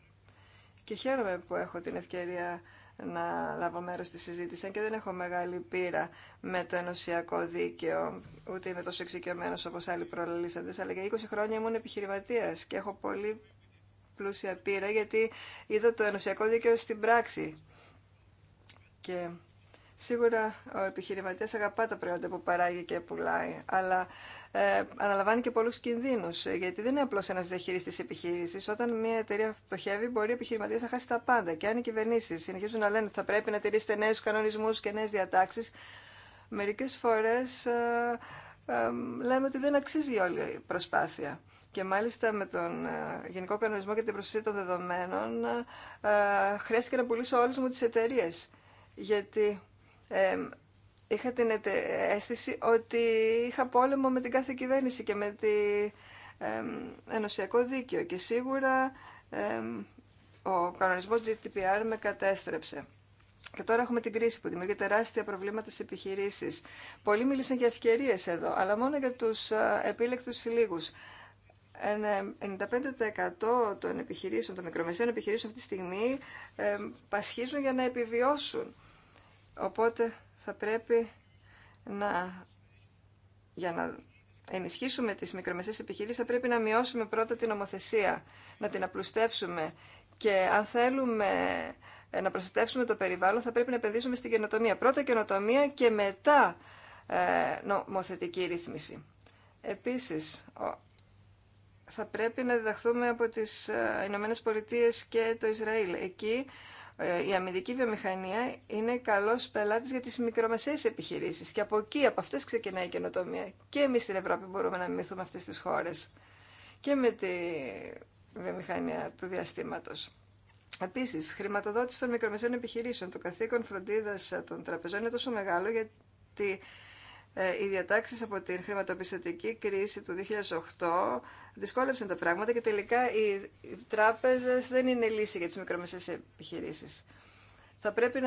Και χαίρομαι που έχω την ευκαιρία να λάβω μέρος στη συζήτηση, αν και δεν έχω μεγάλη πείρα με το ενωσιακό δίκαιο, ούτε είμαι τόσο εξοικειωμένος όπως άλλοι προλαλήσαντες, αλλά για 20 χρόνια ήμουν επιχειρηματίας και έχω πολύ πλούσια πείρα, γιατί είδα το ενωσιακό δίκαιο στην πράξη. Και σίγουρα ο επιχειρηματίας αγαπά τα προϊόντα που παράγει και πουλάει, αλλά ε, αναλαμβάνει και πολλούς κινδύνους, ε, γιατί δεν είναι απλώς ένας διαχειριστής επιχείρησης. Όταν μια εταιρεία φτωχεύει, μπορεί ο επιχειρηματίας να χάσει τα πάντα. Και αν οι κυβερνήσεις συνεχίζουν να λένε ότι θα πρέπει να τηρήσετε νέους κανονισμούς και νέες διατάξεις, μερικές φορές ε, ε, ε λέμε ότι δεν αξίζει όλη η προσπάθεια. Και μάλιστα με τον ε, Γενικό Κανονισμό για την Προστασία των Δεδομένων ε, χρειάστηκε να πουλήσω όλες μου τις εταιρείε. γιατί ε, είχα την αίσθηση ότι είχα πόλεμο με την κάθε κυβέρνηση και με το ε, ενωσιακό δίκαιο και σίγουρα ο κανονισμός GDPR με κατέστρεψε. Και τώρα έχουμε την κρίση που δημιουργεί τεράστια προβλήματα στι επιχειρήσει. Πολλοί μίλησαν για ευκαιρίε εδώ, αλλά μόνο για του επίλεκτου λίγου. 95% των επιχειρήσεων, των μικρομεσαίων επιχειρήσεων αυτή τη στιγμή ε, πασχίζουν για να επιβιώσουν. Οπότε θα πρέπει να, για να ενισχύσουμε τις μικρομεσαίες επιχειρήσεις θα πρέπει να μειώσουμε πρώτα την ομοθεσία, να την απλουστεύσουμε και αν θέλουμε ε, να προστατεύσουμε το περιβάλλον θα πρέπει να επενδύσουμε στην καινοτομία. Πρώτα καινοτομία και μετά ε, νομοθετική ρύθμιση. Επίσης, θα πρέπει να διδαχθούμε από τις ε, Ηνωμένε Πολιτείε και το Ισραήλ. Εκεί ε, η αμυντική βιομηχανία είναι καλός πελάτης για τις μικρομεσαίες επιχειρήσεις και από εκεί, από αυτές ξεκινάει η καινοτομία. Και εμείς στην Ευρώπη μπορούμε να μιμηθούμε αυτές τις χώρες και με τη βιομηχανία του διαστήματος. Επίση, χρηματοδότηση των μικρομεσαίων επιχειρήσεων. Το καθήκον φροντίδα των τραπεζών είναι τόσο μεγάλο γιατί ε, οι διατάξεις από την χρηματοπιστωτική κρίση του 2008 δυσκόλεψαν τα πράγματα και τελικά οι τράπεζες δεν είναι λύση για τις μικρομεσαίες επιχειρήσεις. Θα πρέπει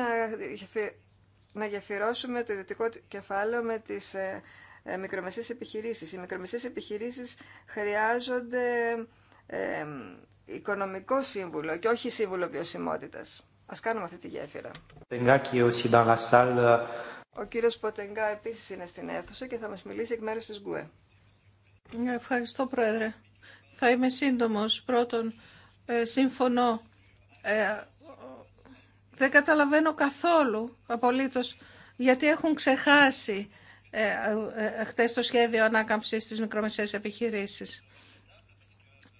να, γεφυρώσουμε το ιδιωτικό κεφάλαιο με τις ε, ε, μικρομεσαίες επιχειρήσεις. Οι μικρομεσαίες επιχειρήσεις χρειάζονται οικονομικό σύμβουλο και όχι σύμβουλο βιωσιμότητας. Ας κάνουμε αυτή τη γέφυρα. Ο κύριος Ποτεγκά επίσης είναι στην αίθουσα και θα μας μιλήσει εκ μέρους της ΓΚΟΕ. Ευχαριστώ Πρόεδρε. Θα είμαι σύντομος. Πρώτον, ε, συμφωνώ. Ε, δεν καταλαβαίνω καθόλου απολύτως γιατί έχουν ξεχάσει ε, ε, ε χτες το σχέδιο ανάκαμψης στις μικρομεσαίες επιχειρήσεις.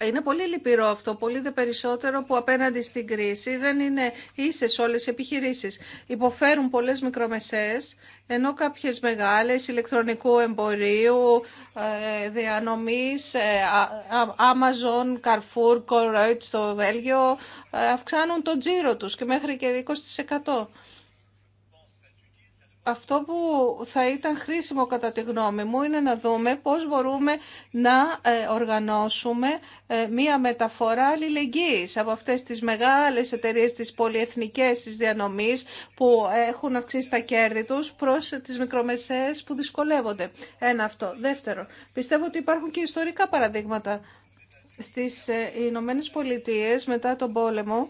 Είναι πολύ λυπηρό αυτό, πολύ δε περισσότερο που απέναντι στην κρίση δεν είναι ίσες όλες οι επιχειρήσεις. Υποφέρουν πολλές μικρομεσαίες, ενώ κάποιες μεγάλες ηλεκτρονικού εμπορίου, ε, διανομής, ε, Amazon, Carrefour, Colruyt στο Βέλγιο, ε, αυξάνουν τον τζίρο τους και μέχρι και 20% αυτό που θα ήταν χρήσιμο κατά τη γνώμη μου είναι να δούμε πώς μπορούμε να ε, οργανώσουμε ε, μία μεταφορά αλληλεγγύης από αυτές τις μεγάλες εταιρείες, τις πολυεθνικές, τις διανομής που έχουν αυξήσει τα κέρδη τους προς τις μικρομεσαίες που δυσκολεύονται. Ένα αυτό. Δεύτερο, πιστεύω ότι υπάρχουν και ιστορικά παραδείγματα στις ε, Ηνωμένε Πολιτείε, μετά τον πόλεμο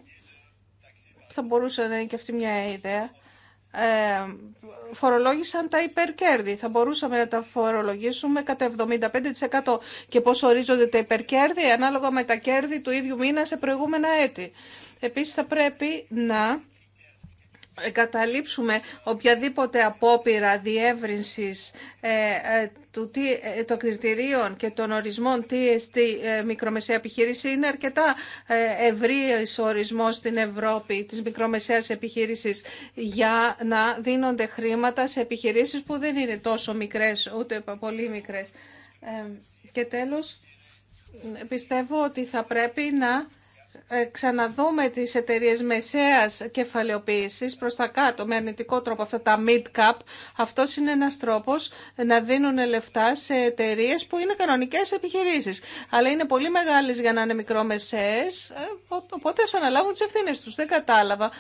θα μπορούσε να είναι και αυτή μια ιδέα ε, φορολόγησαν τα υπερκέρδη. Θα μπορούσαμε να τα φορολογήσουμε κατά 75% και πώς ορίζονται τα υπερκέρδη ανάλογα με τα κέρδη του ίδιου μήνα σε προηγούμενα έτη. Επίσης θα πρέπει να εγκαταλείψουμε οποιαδήποτε απόπειρα διεύρυνσης ε, ε του, ε, των κριτηρίων και των ορισμών ε, μικρομεσαία επιχείρηση είναι αρκετά ε, ευρύς ο ορισμός στην Ευρώπη της μικρομεσαίας επιχείρησης για να δίνονται χρήματα σε επιχειρήσεις που δεν είναι τόσο μικρές ούτε πολύ μικρές. Ε, και τέλος, πιστεύω ότι θα πρέπει να ε, ξαναδούμε τις εταιρείε μεσαίας κεφαλαιοποίησης προς τα κάτω με αρνητικό τρόπο αυτά τα mid-cap. Αυτός είναι ένας τρόπος να δίνουν λεφτά σε εταιρείε που είναι κανονικές επιχειρήσεις. Αλλά είναι πολύ μεγάλες για να είναι μικρό μεσαίες, ε, οπότε ας αναλάβουν τις ευθύνε τους. Δεν κατάλαβα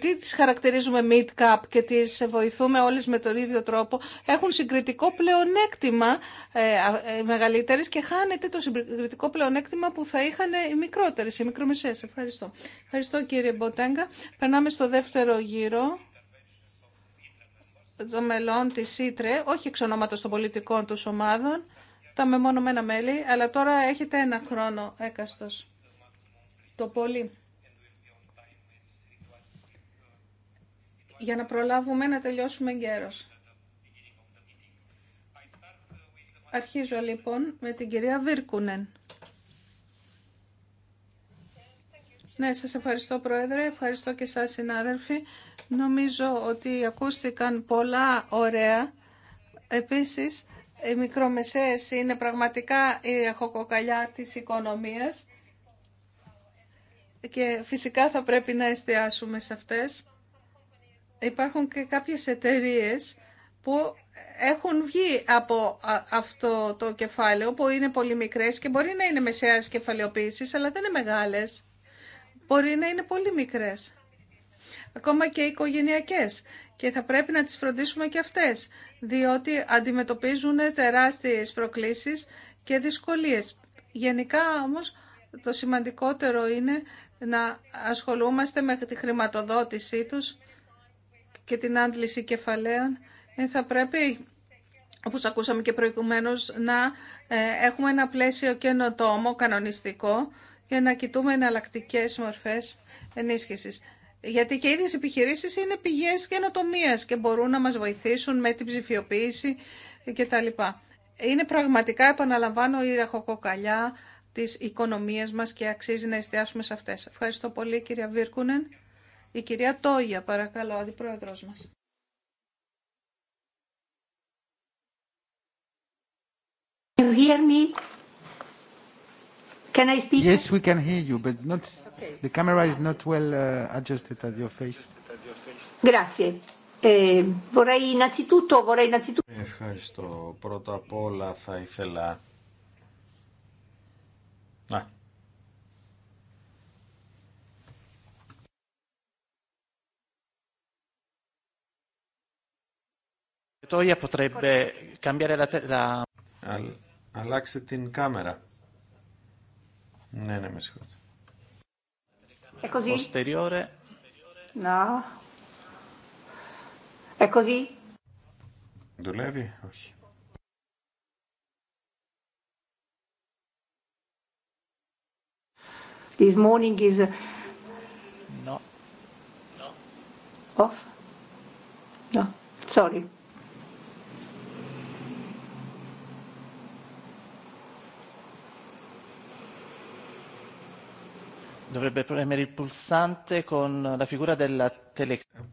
τι τις χαρακτηρίζουμε mid-cap και τις βοηθούμε όλες με τον ίδιο τρόπο. Έχουν συγκριτικό πλεονέκτημα ε, ε μεγαλύτερες και χάνεται το συγκριτικό πλεονέκτημα που θα είχαν οι μικρότερες, Ευχαριστώ. Ευχαριστώ κύριε Μποτέγκα. Περνάμε στο δεύτερο γύρο των μελών της ΣΥΤΡΕ, όχι εξ ονόματο των πολιτικών τους ομάδων, τα μεμονωμένα μέλη, αλλά τώρα έχετε ένα χρόνο έκαστο. Το πολύ. Για να προλάβουμε να τελειώσουμε γέρο. Αρχίζω λοιπόν με την κυρία Βίρκουνεν. Ναι, σας ευχαριστώ Πρόεδρε, ευχαριστώ και σας συνάδελφοι. Νομίζω ότι ακούστηκαν πολλά ωραία. Επίσης, οι μικρομεσαίες είναι πραγματικά η αχοκοκαλιά της οικονομίας και φυσικά θα πρέπει να εστιάσουμε σε αυτές. Υπάρχουν και κάποιες εταιρείες που έχουν βγει από αυτό το κεφάλαιο που είναι πολύ μικρές και μπορεί να είναι μεσαίας κεφαλαιοποίησης αλλά δεν είναι μεγάλες μπορεί να είναι πολύ μικρές. Ακόμα και οικογενειακές. Και θα πρέπει να τις φροντίσουμε και αυτές, διότι αντιμετωπίζουν τεράστιες προκλήσεις και δυσκολίες. Γενικά όμως το σημαντικότερο είναι να ασχολούμαστε με τη χρηματοδότησή τους και την άντληση κεφαλαίων. Ε, θα πρέπει όπως ακούσαμε και προηγουμένως, να ε, έχουμε ένα πλαίσιο καινοτόμο, κανονιστικό για να κοιτούμε εναλλακτικέ μορφές ενίσχυσης. Γιατί και οι ίδιε επιχειρήσεις είναι πηγές καινοτομία και μπορούν να μας βοηθήσουν με την ψηφιοποίηση κτλ. Είναι πραγματικά, επαναλαμβάνω, η ραχοκοκαλιά τη οικονομία μας και αξίζει να εστιάσουμε σε αυτές. Ευχαριστώ πολύ κυρία Βίρκουνεν. Η κυρία Τόγια, παρακαλώ, αντιπρόεδρος μας. Can I speak? Yes, we can hear you, but not okay. the camera is not well uh, adjusted at your face. Grazie. Eh, vorrei innanzitutto, vorrei innanzitutto... Ευχαριστώ. Πρώτα απ' όλα θα ήθελα... Α. Toia potrebbe cambiare la... la... Αλλάξτε την κάμερα. Ναι, ναι, με συγχωρείτε. È così? Posteriore? No. È così? Δουλεύει, όχι. This morning is... No. No. Off? No. Sorry.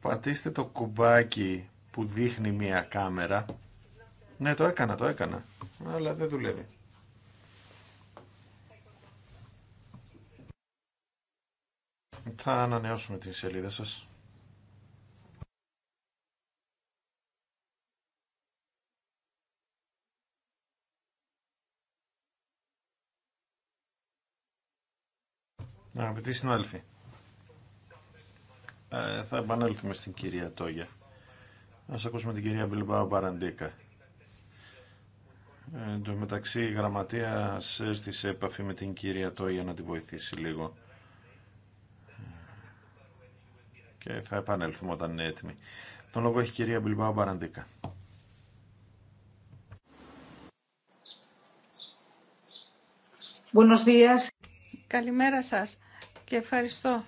Πατήστε το κουμπάκι που δείχνει μια κάμερα. Ναι, το έκανα, το έκανα. Αλλά δεν δουλεύει. Θα ανανεώσουμε την σελίδα σας. Αγαπητοί συνάδελφοι, ε, θα επανέλθουμε στην κυρία Τόγια. Ας ακούσουμε την κυρία Μπιλμπάου Μπαραντίκα. Ε, εν τω μεταξύ η γραμματεία έρθει σε επαφή με την κυρία Τόγια να τη βοηθήσει λίγο. Και θα επανέλθουμε όταν είναι έτοιμη. Τον λόγο έχει η κυρία Μπιλμπάου Μπαραντίκα. Buenos días. Καλημέρα σας και ευχαριστώ.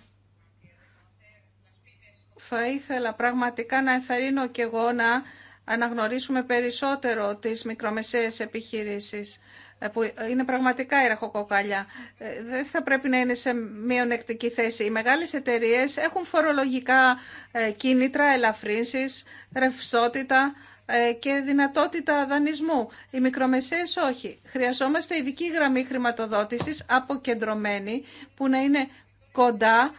Θα ήθελα πραγματικά να ενθαρρύνω και εγώ να αναγνωρίσουμε περισσότερο τις μικρομεσαίες επιχειρήσεις ε, που είναι πραγματικά η ραχοκοκαλιά. Ε, δεν θα πρέπει να είναι σε μειονεκτική θέση. Οι μεγάλες εταιρείες έχουν φορολογικά ε, κίνητρα, ελαφρύνσεις, ρευστότητα ε, και δυνατότητα δανεισμού. Οι μικρομεσαίες όχι. Χρειαζόμαστε ειδική γραμμή χρηματοδότησης αποκεντρωμένη που να είναι κοντά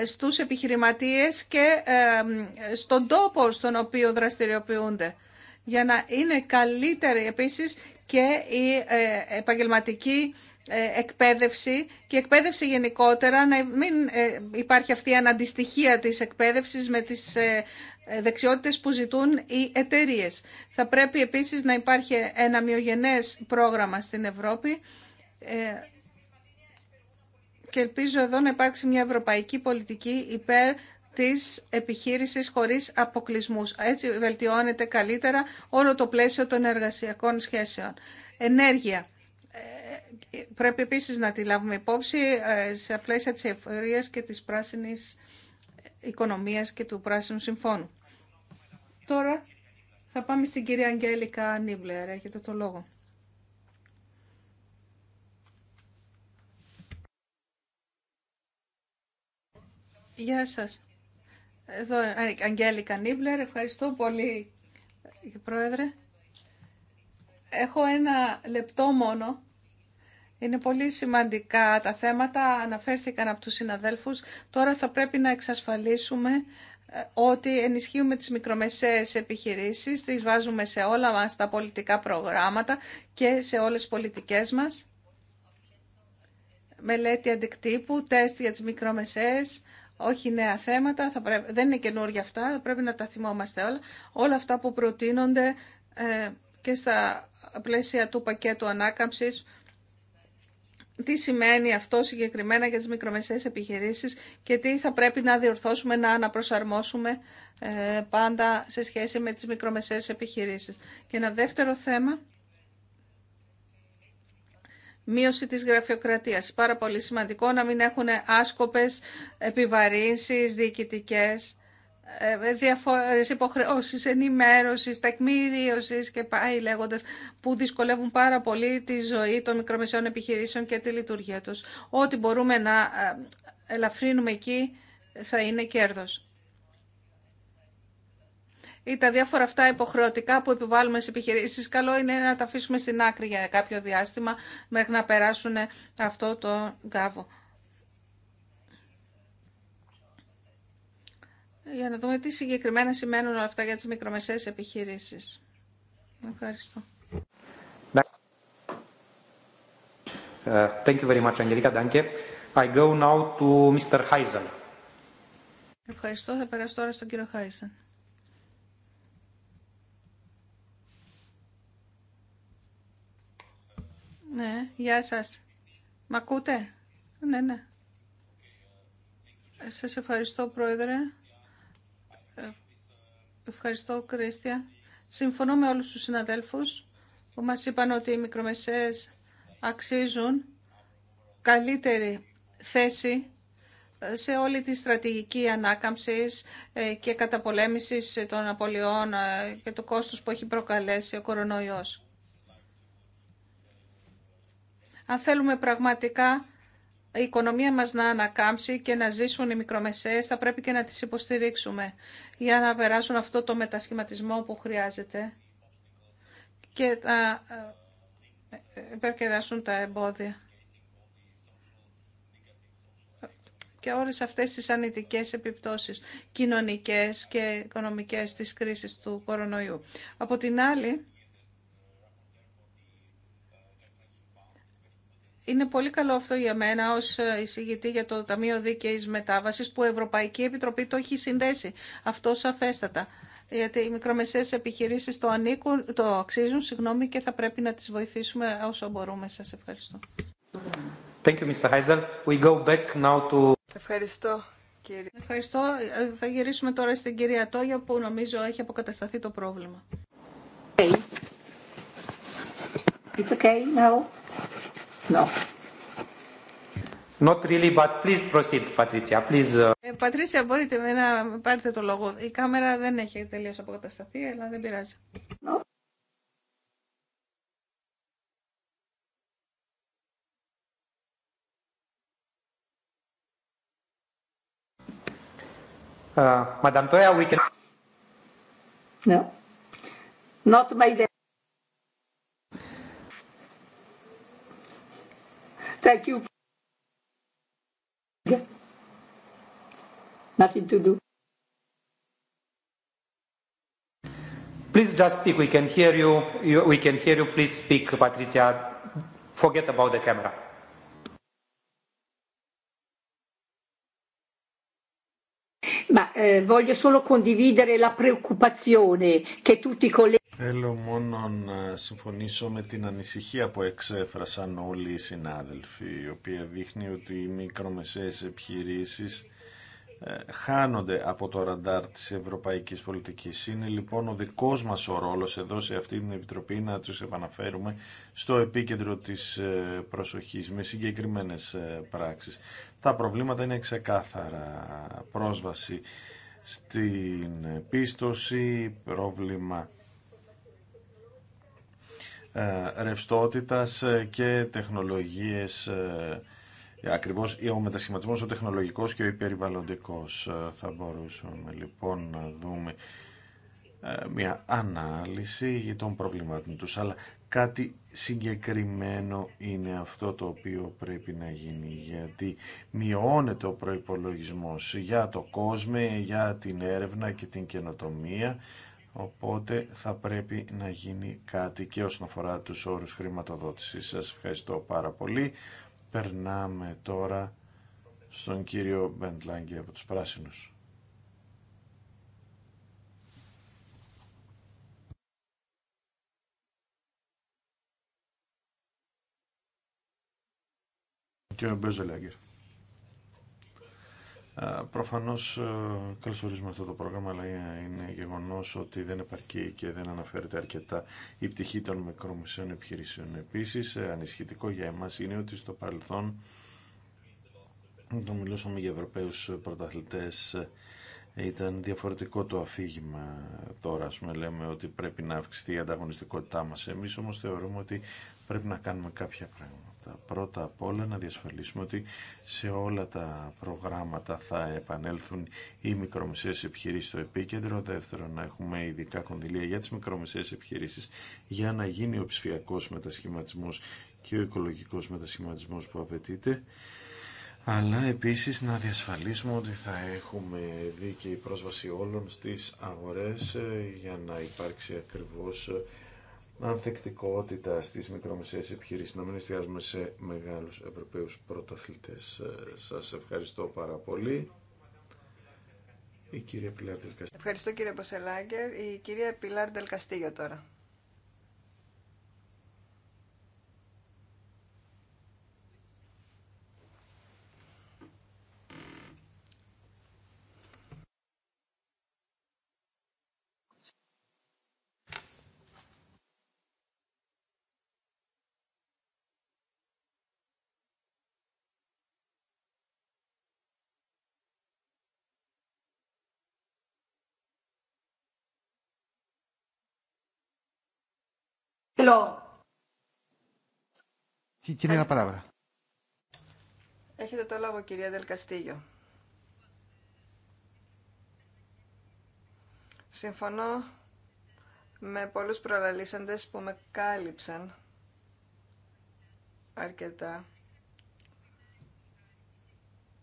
ε, στους επιχειρηματίες και ε, στον τόπο στον οποίο δραστηριοποιούνται. Για να είναι καλύτερη επίσης και η επαγγελματική εκπαίδευση και εκπαίδευση γενικότερα να μην υπάρχει αυτή η αναντιστοιχία της εκπαίδευσης με τις ε, δεξιότητες που ζητούν οι εταιρείε. Θα πρέπει επίσης να υπάρχει ένα μειογενές πρόγραμμα στην Ευρώπη ε, και ελπίζω εδώ να υπάρξει μια ευρωπαϊκή πολιτική υπέρ της επιχείρησης χωρίς αποκλεισμούς. Έτσι βελτιώνεται καλύτερα όλο το πλαίσιο των εργασιακών σχέσεων. Ενέργεια. Ε, πρέπει επίσης να τη λάβουμε υπόψη σε πλαίσια της εφορίας και της πράσινης οικονομίας και του Πράσινου Συμφώνου. Τώρα θα πάμε στην κυρία Αγγέλικα Νίμπλερ. Έχετε το λόγο. Γεια σας. Εδώ, ε, Αγγέλικα Νίμπλερ, ευχαριστώ πολύ, ε, Πρόεδρε. Έχω ένα λεπτό μόνο είναι πολύ σημαντικά τα θέματα, αναφέρθηκαν από τους συναδέλφους. Τώρα θα πρέπει να εξασφαλίσουμε ε, ότι ενισχύουμε τις μικρομεσαίες επιχειρήσεις, τις βάζουμε σε όλα μας τα πολιτικά προγράμματα και σε όλες τις πολιτικές μας. Μελέτη αντικτύπου, τεστ για τις μικρομεσαίες, όχι νέα θέματα, θα δεν είναι καινούργια αυτά, πρέπει να τα θυμόμαστε όλα. Όλα αυτά που προτείνονται ε, και στα πλαίσια του πακέτου ανάκαμψης, τι σημαίνει αυτό συγκεκριμένα για τις μικρομεσαίες επιχειρήσεις και τι θα πρέπει να διορθώσουμε, να αναπροσαρμόσουμε ε, πάντα σε σχέση με τις μικρομεσαίες επιχειρήσεις. Και ένα δεύτερο θέμα, μείωση της γραφειοκρατίας. Πάρα πολύ σημαντικό να μην έχουν άσκοπες επιβαρύνσεις διοικητικές ε, διαφορές υποχρεώσεις ενημέρωσης, τεκμηρίωσης και πάει λέγοντας που δυσκολεύουν πάρα πολύ τη ζωή των μικρομεσαίων επιχειρήσεων και τη λειτουργία τους. Ό,τι μπορούμε να ε, ελαφρύνουμε εκεί θα είναι κέρδος. Ή τα διάφορα αυτά υποχρεωτικά που επιβάλλουμε στις επιχειρήσεις, καλό είναι να τα αφήσουμε στην άκρη για κάποιο διάστημα μέχρι να περάσουν αυτό το γκάβο. για να δούμε τι συγκεκριμένα σημαίνουν όλα αυτά για τις μικρομεσαίες επιχειρήσεις. Ευχαριστώ. Ε, thank you very much, Danke. I go now to Mr. Ευχαριστώ. Θα περάσω τώρα στον κύριο Χάισεν. Ναι, γεια σας. Μ' ακούτε? Ναι, ναι. Σας ευχαριστώ, Πρόεδρε. Ευχαριστώ, Κρίστια. Συμφωνώ με όλους τους συναδέλφους που μας είπαν ότι οι μικρομεσαίες αξίζουν καλύτερη θέση ε, σε όλη τη στρατηγική ανάκαμψης ε, και καταπολέμησης των απολειών ε, και του κόστους που έχει προκαλέσει ο κορονοϊός. Αν θέλουμε πραγματικά η οικονομία μας να ανακάμψει και να ζήσουν οι μικρομεσαίες, θα πρέπει και να τις υποστηρίξουμε για να περάσουν αυτό το μετασχηματισμό που χρειάζεται και να ε, ε, υπερκεράσουν τα εμπόδια. και όλες αυτές τις ανητικές επιπτώσεις κοινωνικές και οικονομικές της κρίσης του κορονοϊού. Από την άλλη, Είναι πολύ καλό αυτό για μένα ως ε, εισηγητή για το Ταμείο δίκαιη μετάβαση που η Ευρωπαϊκή Επιτροπή το έχει συνδέσει. Αυτό σαφέστατα. Γιατί οι μικρομεσαίες επιχειρήσεις το, ανήκουν, το αξίζουν συγγνώμη, και θα πρέπει να τις βοηθήσουμε όσο μπορούμε. Σας ευχαριστώ. Thank you, Mr. We go back now to... Ευχαριστώ. Κύριε. Ευχαριστώ. Ε, θα γυρίσουμε τώρα στην κυρία Τόγια που νομίζω έχει αποκατασταθεί το πρόβλημα. It's okay now. No. Not really, but please proceed, Patricia. Please. Uh, ε, Πατρίσια, μπορείτε να πάρετε το λόγο. Η κάμερα δεν έχει τελείως αποκατασταθεί, αλλά δεν πειράζει. No. Uh, Madame Toya, we can... No. Not my the... Thank you. Nothing to do. Please just speak. We can hear you. We can hear you. Please speak, Patricia. Forget about the camera. Ma eh, voglio solo condividere la preoccupazione che tutti i colleghi Θέλω μόνο να συμφωνήσω με την ανησυχία που εξέφρασαν όλοι οι συνάδελφοι, η οποία δείχνει ότι οι μικρομεσαίες επιχειρήσεις ε, χάνονται από το ραντάρ της ευρωπαϊκής πολιτικής. Είναι λοιπόν ο δικός μας ο ρόλος εδώ σε αυτή την Επιτροπή να τους επαναφέρουμε στο επίκεντρο της ε, προσοχής με συγκεκριμένες ε, πράξεις. Τα προβλήματα είναι ξεκάθαρα πρόσβαση στην πίστοση, πρόβλημα ε, ρευστότητας ε, και τεχνολογίες ε, Ακριβώς ο μετασχηματισμός ο τεχνολογικός και ο περιβαλλοντικός θα μπορούσαμε λοιπόν να δούμε μια ανάλυση των προβλημάτων τους. Αλλά κάτι συγκεκριμένο είναι αυτό το οποίο πρέπει να γίνει γιατί μειώνεται ο προϋπολογισμός για το κόσμο, για την έρευνα και την καινοτομία Οπότε θα πρέπει να γίνει κάτι και όσον αφορά τους όρους χρηματοδότησης. Σας ευχαριστώ πάρα πολύ. Περνάμε τώρα στον κύριο Μπεντλάγκη από τους Πράσινους. Κύριο Προφανώς ε, καλωσορίζουμε αυτό το πρόγραμμα, αλλά είναι γεγονός ότι δεν επαρκεί και δεν αναφέρεται αρκετά η πτυχή των μικρομεσαίων επιχειρήσεων. Επίσης, ε, ανησυχητικό για εμάς είναι ότι στο παρελθόν, το μιλούσαμε για Ευρωπαίους πρωταθλητές, ε, ήταν διαφορετικό το αφήγημα τώρα, ας πούμε, λέμε ότι πρέπει να αυξηθεί η ανταγωνιστικότητά μας. Εμείς όμως θεωρούμε ότι πρέπει να κάνουμε κάποια πράγματα Πρώτα απ' όλα να διασφαλίσουμε ότι σε όλα τα προγράμματα θα επανέλθουν οι μικρομεσαίες επιχειρήσεις στο επίκεντρο. Δεύτερον, να έχουμε ειδικά κονδυλία για τις μικρομεσαίες επιχειρήσεις για να γίνει ο ψηφιακό μετασχηματισμός και ο οικολογικός μετασχηματισμός που απαιτείται αλλά επίσης να διασφαλίσουμε ότι θα έχουμε δίκαιη πρόσβαση όλων στις αγορές ε, για να υπάρξει ακριβώς ε, ανθεκτικότητα στις μικρομεσαίε επιχειρήσει, να μην εστιάζουμε σε μεγάλους Ευρωπαίου πρωταθλητές. Ε, σας ευχαριστώ πάρα πολύ. Η κυρία Πιλάρ Ευχαριστώ κύριε Μποσελάγκερ. Η κυρία Πιλάρ τώρα. Tiene la palabra. Έχετε το λόγο, κυρία Δελκαστήγιο. Συμφωνώ με πολλούς προλαλήσαντες που με κάλυψαν αρκετά.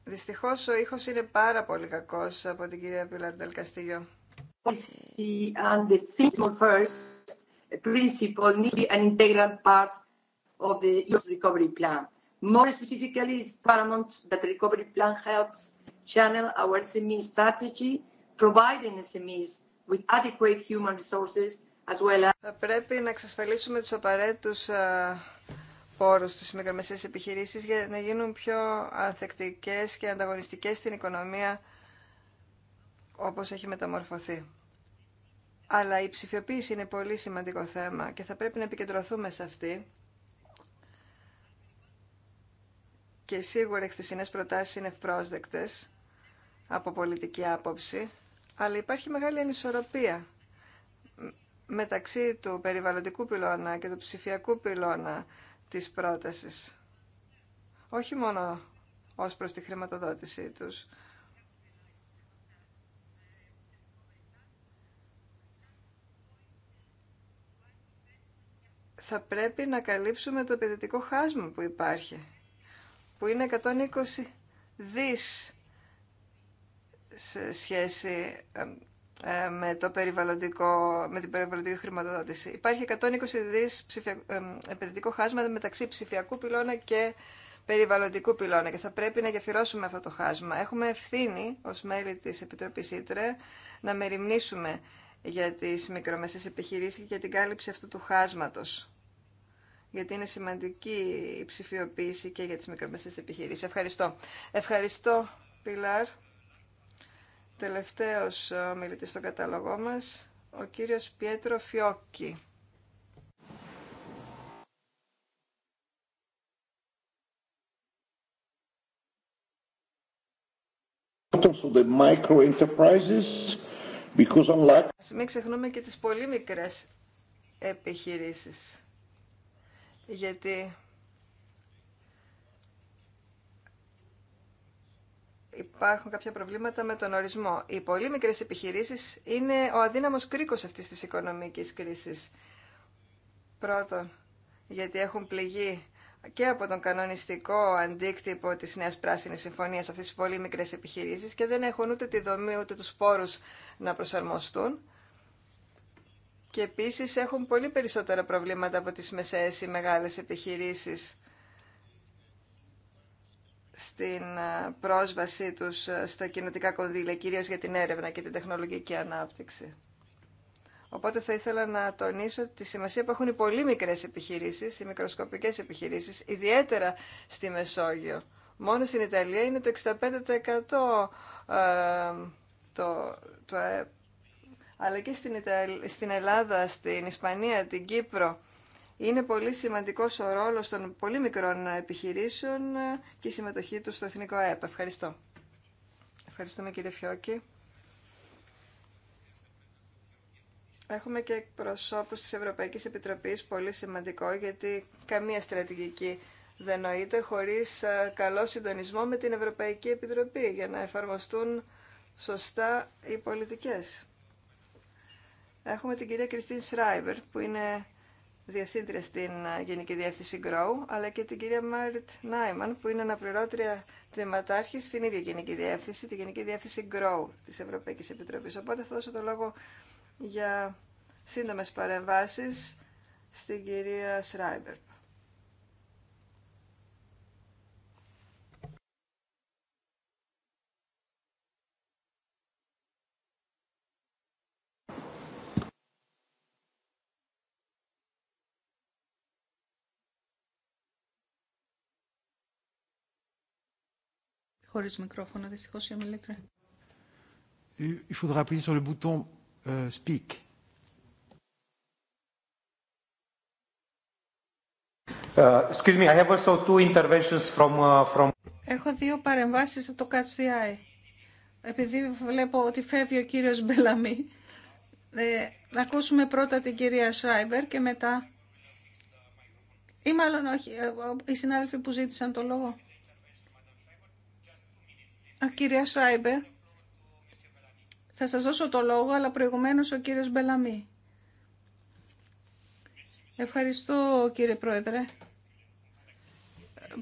Δυστυχώς ο ήχος είναι πάρα πολύ κακός από την κυρία Πιλάρ principle need to be an integral part of the youth recovery plan. More specifically, it's paramount that the recovery plan helps channel our SME strategy, providing SMEs with adequate human resources as well as... Θα πρέπει να εξασφαλίσουμε τους απαραίτητους πόρους στις μικρομεσαίες επιχειρήσεις για να γίνουν πιο ανθεκτικές και ανταγωνιστικές στην οικονομία όπως έχει μεταμορφωθεί. Αλλά η ψηφιοποίηση είναι πολύ σημαντικό θέμα και θα πρέπει να επικεντρωθούμε σε αυτή. Και σίγουρα οι χθεσινές προτάσεις είναι ευπρόσδεκτες από πολιτική άποψη, αλλά υπάρχει μεγάλη ανισορροπία μεταξύ του περιβαλλοντικού πυλώνα και του ψηφιακού πυλώνα της πρότασης. Όχι μόνο ως προς τη χρηματοδότησή τους, θα πρέπει να καλύψουμε το επενδυτικό χάσμα που υπάρχει, που είναι 120 δις σε σχέση με, το περιβαλλοντικό, με την περιβαλλοντική χρηματοδότηση. Υπάρχει 120 δις επενδυτικό χάσμα μεταξύ ψηφιακού πυλώνα και περιβαλλοντικού πυλώνα και θα πρέπει να γεφυρώσουμε αυτό το χάσμα. Έχουμε ευθύνη ως μέλη της Επιτροπής Ήτρε να μεριμνήσουμε για τις μικρομεσαίες επιχειρήσεις και για την κάλυψη αυτού του χάσματος γιατί είναι σημαντική η ψηφιοποίηση και για τις μικρομεσαίες επιχειρήσεις. Ευχαριστώ. Ευχαριστώ, Πιλάρ. Τελευταίος μιλητή στον κατάλογό μας, ο κύριος Πιέτρο Φιόκη. Μην ξεχνούμε και τις πολύ μικρές επιχειρήσεις γιατί υπάρχουν κάποια προβλήματα με τον ορισμό. Οι πολύ μικρές επιχειρήσεις είναι ο αδύναμος κρίκος αυτής της οικονομικής κρίσης. Πρώτον, γιατί έχουν πληγεί και από τον κανονιστικό αντίκτυπο της Νέας Πράσινης Συμφωνίας αυτές τις πολύ μικρές επιχειρήσεις και δεν έχουν ούτε τη δομή ούτε τους πόρους να προσαρμοστούν και επίσης έχουν πολύ περισσότερα προβλήματα από τις μεσαίες ή μεγάλες επιχειρήσεις στην ε, πρόσβασή τους ε, στα κοινοτικά κονδύλια, κυρίως για την έρευνα και την τεχνολογική ανάπτυξη. Οπότε θα ήθελα να τονίσω τη σημασία που έχουν οι πολύ μικρές επιχειρήσεις, οι μικροσκοπικές επιχειρήσεις, ιδιαίτερα στη Μεσόγειο. Μόνο στην Ιταλία είναι το 65% ε, το, το, αλλά και στην, Ιταλ... στην Ελλάδα, στην Ισπανία, την Κύπρο. Είναι πολύ σημαντικός ο ρόλος των πολύ μικρών επιχειρήσεων ε, και η συμμετοχή τους στο Εθνικό ΑΕΠ. Ευχαριστώ. Ευχαριστούμε κύριε Φιώκη. Έχουμε και προσώπους της Ευρωπαϊκής Επιτροπής, πολύ σημαντικό, γιατί καμία στρατηγική δεν νοείται χωρίς ε, καλό συντονισμό με την Ευρωπαϊκή Επιτροπή για να εφαρμοστούν σωστά οι πολιτικές. Έχουμε την κυρία Κριστίν Σράιβερ, που είναι διευθύντρια στην ε, Γενική Διεύθυνση Grow, αλλά και την κυρία Μάριτ Νάιμαν, που είναι αναπληρώτρια τμήματάρχη στην ίδια Γενική Διεύθυνση, τη Γενική Διεύθυνση Grow τη Ευρωπαϊκή Επιτροπή. Οπότε θα δώσω το λόγο για σύντομε παρεμβάσει στην κυρία Σράιβερ. Χωρίς μικρόφωνο, δυστυχώς, η ομιλήτρια. Ε, il faudra appuyer sur le bouton ε, speak. Ε, excuse me, I have also two interventions from, from... Έχω δύο παρεμβάσεις από το ΚΑΤΣΤΙΑΕ. Επειδή βλέπω ότι φεύγει ο κύριος Μπελαμή, ε, να ακούσουμε πρώτα την κυρία Σράιμπερ και μετά... Ή μάλλον όχι, οι συνάδελφοι που ζήτησαν το λόγο. Α, κυρία Σράιμπερ, θα σας δώσω το λόγο, αλλά προηγουμένως ο κύριος Μπελαμή. Ευχαριστώ κύριε Πρόεδρε.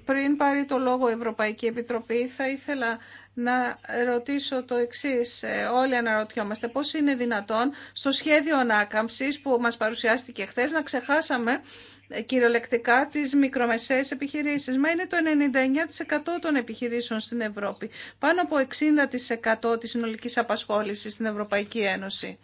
Πριν πάρει το λόγο η Ευρωπαϊκή Επιτροπή, θα ήθελα να ρωτήσω το εξή. Ε, όλοι αναρωτιόμαστε πώς είναι δυνατόν στο σχέδιο ανάκαμψης που μας παρουσιάστηκε χθε να ξεχάσαμε κυριολεκτικά τις μικρομεσαίες επιχειρήσεις. Μα είναι το 99% των επιχειρήσεων στην Ευρώπη. Πάνω από 60% της συνολικής απασχόλησης στην Ευρωπαϊκή Ένωση.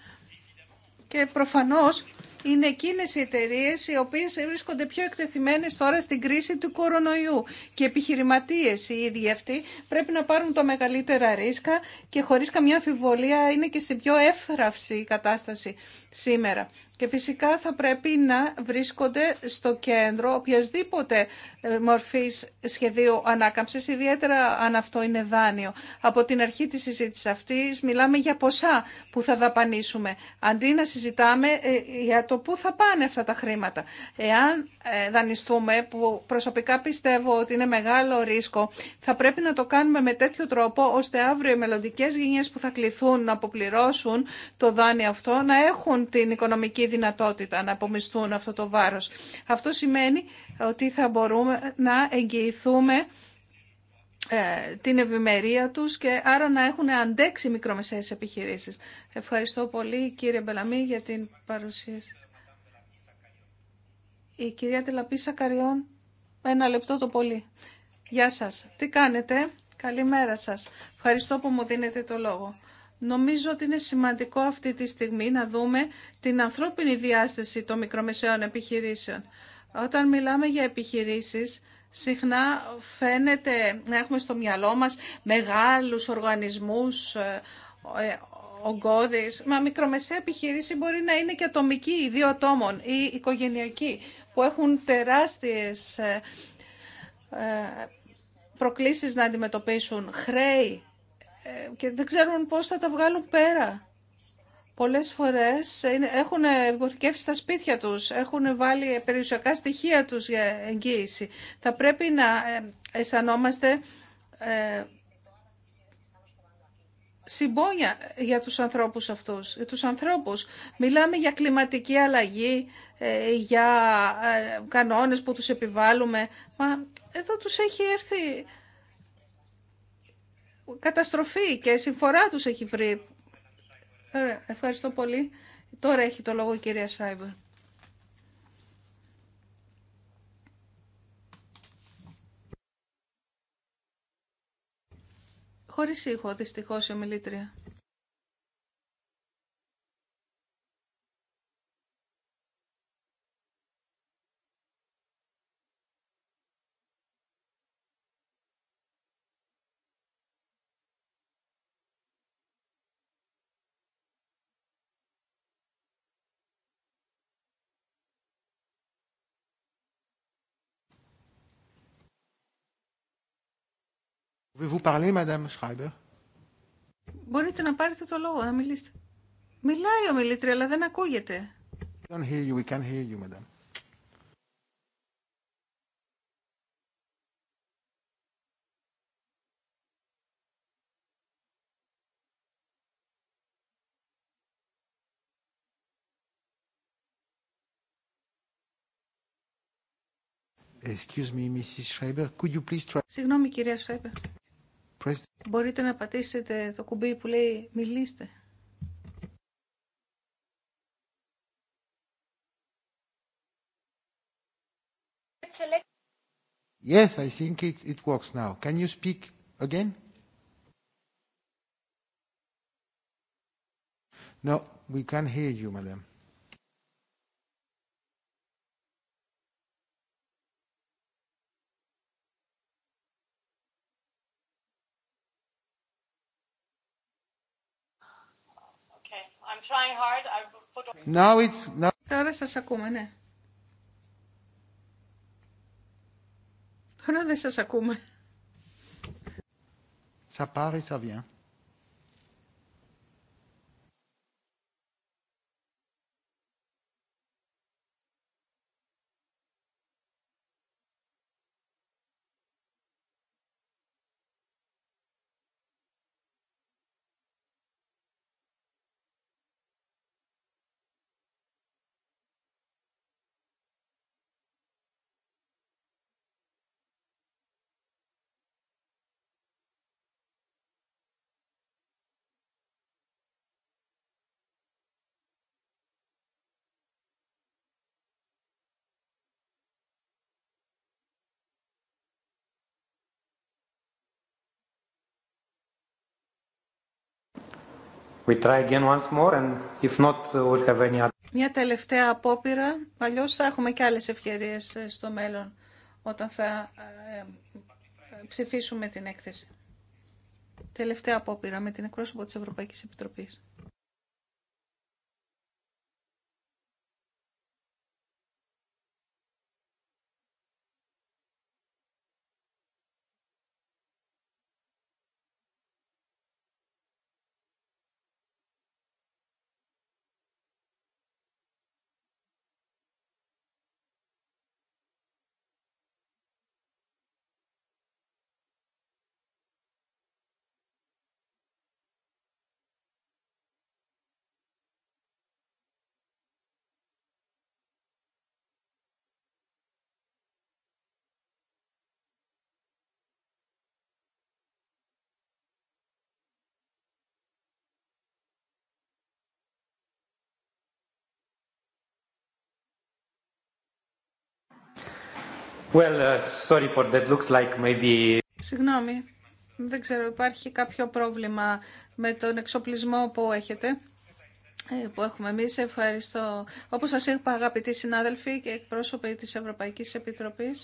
Και προφανώς είναι εκείνε οι εταιρείε οι οποίες βρίσκονται πιο εκτεθειμένες τώρα στην κρίση του κορονοϊού και οι επιχειρηματίες οι ίδιοι αυτοί πρέπει να πάρουν τα μεγαλύτερα ρίσκα και χωρίς καμιά αμφιβολία είναι και στην πιο εύθραυση κατάσταση σήμερα και φυσικά θα πρέπει να βρίσκονται στο κέντρο οποιασδήποτε ε, μορφής σχεδίου ανάκαμψης, ιδιαίτερα αν αυτό είναι δάνειο. Από την αρχή της συζήτησης αυτής μιλάμε για ποσά που θα δαπανίσουμε, αντί να συζητάμε ε, για το πού θα πάνε αυτά τα χρήματα. Εάν ε, δανειστούμε, που προσωπικά πιστεύω ότι είναι μεγάλο ρίσκο, θα πρέπει να το κάνουμε με τέτοιο τρόπο, ώστε αύριο οι μελλοντικέ γενιές που θα κληθούν να αποπληρώσουν το δάνειο αυτό, να έχουν την οικονομική δυνατότητα να απομισθούν αυτό το βάρος. Αυτό σημαίνει ότι θα μπορούμε να εγγυηθούμε ε, την ευημερία τους και άρα να έχουν αντέξει μικρομεσαίες επιχειρήσεις. Ευχαριστώ πολύ κύριε Μπελαμή για την παρουσία σας. Η κυρία Τελαπίσα Καριών, ένα λεπτό το πολύ. Γεια σας. Τι κάνετε. Καλημέρα σας. Ευχαριστώ που μου δίνετε το λόγο. Νομίζω ότι είναι σημαντικό αυτή τη στιγμή να δούμε την ανθρώπινη διάσταση των μικρομεσαίων επιχειρήσεων. Όταν μιλάμε για επιχειρήσεις, συχνά φαίνεται να έχουμε στο μυαλό μας μεγάλους οργανισμούς, ε, ε, ογκώδεις. Μα μικρομεσαία επιχειρήση μπορεί να είναι και ατομική, δύο ατόμων ή οικογενειακή, που έχουν τεράστιες ε, προκλήσεις να αντιμετωπίσουν, χρέη, ε, και δεν ξέρουν πώς θα τα βγάλουν πέρα. Πολλές φορές έχουν υποθηκεύσει τα σπίτια τους, έχουν βάλει περιουσιακά στοιχεία τους για εγγύηση. Θα πρέπει να ε, αισθανόμαστε ε, συμπόνια για τους ανθρώπους αυτούς, για τους ανθρώπους. Μιλάμε για κλιματική αλλαγή, για κανόνες που τους επιβάλλουμε, μα εδώ τους έχει έρθει καταστροφή και συμφορά τους έχει βρει. Ε, ευχαριστώ πολύ. Τώρα έχει το λόγο η κυρία Σάιβερ. Χωρίς ήχο, δυστυχώς, η ομιλήτρια. vous parler, Madame Schreiber? Μπορείτε να πάρετε το λόγο, να μιλήσετε. Μιλάει ο μιλήτρια, αλλά δεν ακούγεται. We don't hear you. We can't hear you, Madame. Excuse me, Mrs. Schreiber, could you please try... Συγγνώμη, κυρία Schreiber. Μπορείτε να πατήσετε το κουμπί που λέει «Μιλήστε». Yes, I think it, it works now. Can you speak again? No, we can't hear you, madam. trying it's... Τώρα σας ακούμε, ναι. Τώρα δεν σας ακούμε. Ça πάρει, ça Μια τελευταία απόπειρα, αλλιώς θα έχουμε και άλλες ευκαιρίες ε, στο μέλλον όταν θα ε, ε, ψηφίσουμε την έκθεση. Τελευταία απόπειρα με την εκπρόσωπο της Ευρωπαϊκής Επιτροπής. Well, uh, sorry for that. Looks like maybe... Συγγνώμη, δεν ξέρω, υπάρχει κάποιο πρόβλημα με τον εξοπλισμό που έχετε, ε, που έχουμε εμεί. Ευχαριστώ. Όπως σα είπα, αγαπητοί συνάδελφοι και εκπρόσωποι τη Ευρωπαϊκή Επιτροπή.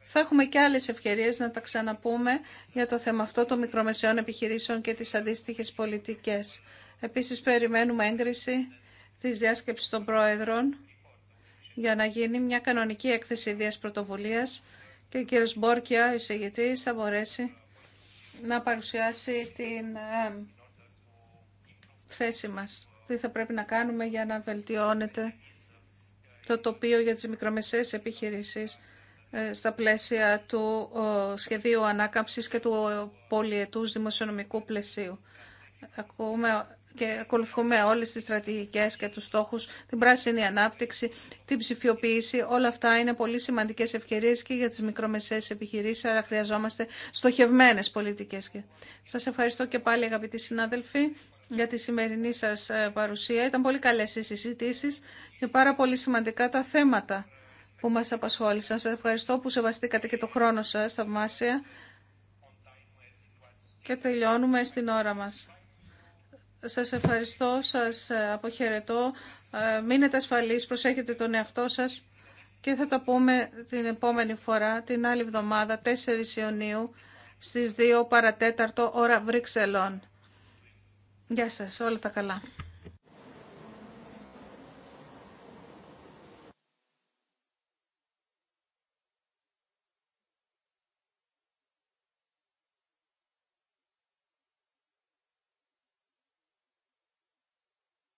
θα έχουμε και άλλες ευκαιρίε να τα ξαναπούμε για το θέμα αυτό των μικρομεσαίων επιχειρήσεων και τι αντίστοιχε πολιτικέ. Επίση, περιμένουμε έγκριση της διάσκεψης των Πρόεδρων για να γίνει μια κανονική έκθεση ιδίας πρωτοβουλίας και ο κύριος Μπόρκια, εισηγητής, θα μπορέσει να παρουσιάσει την θέση μας. Τι θα πρέπει να κάνουμε για να βελτιώνεται το τοπίο για τις μικρομεσαίες επιχειρήσεις ε, στα πλαίσια του σχεδίου ανάκαμψης και του πολιετούς δημοσιονομικού πλαισίου. Ακούμε και ακολουθούμε όλες τις στρατηγικές και τους στόχους, την πράσινη ανάπτυξη, την ψηφιοποίηση. Όλα αυτά είναι πολύ σημαντικές ευκαιρίες και για τις μικρομεσαίες επιχειρήσεις, αλλά χρειαζόμαστε στοχευμένες πολιτικές. Σας ευχαριστώ και πάλι αγαπητοί συνάδελφοι για τη σημερινή σας ε, παρουσία. Ήταν πολύ καλές οι συζητήσεις και πάρα πολύ σημαντικά τα θέματα που μας απασχόλησαν. Σας ευχαριστώ που σεβαστήκατε και το χρόνο σας, θαυμάσια. Και τελειώνουμε στην ώρα μας. Σας ευχαριστώ, σας ε, αποχαιρετώ. Ε, μείνετε ασφαλείς, προσέχετε τον εαυτό σας και θα τα πούμε την επόμενη φορά, την άλλη εβδομάδα, 4 Ιουνίου, στις 2 παρατέταρτο ώρα Βρυξελών. Γεια σας, όλα τα καλά.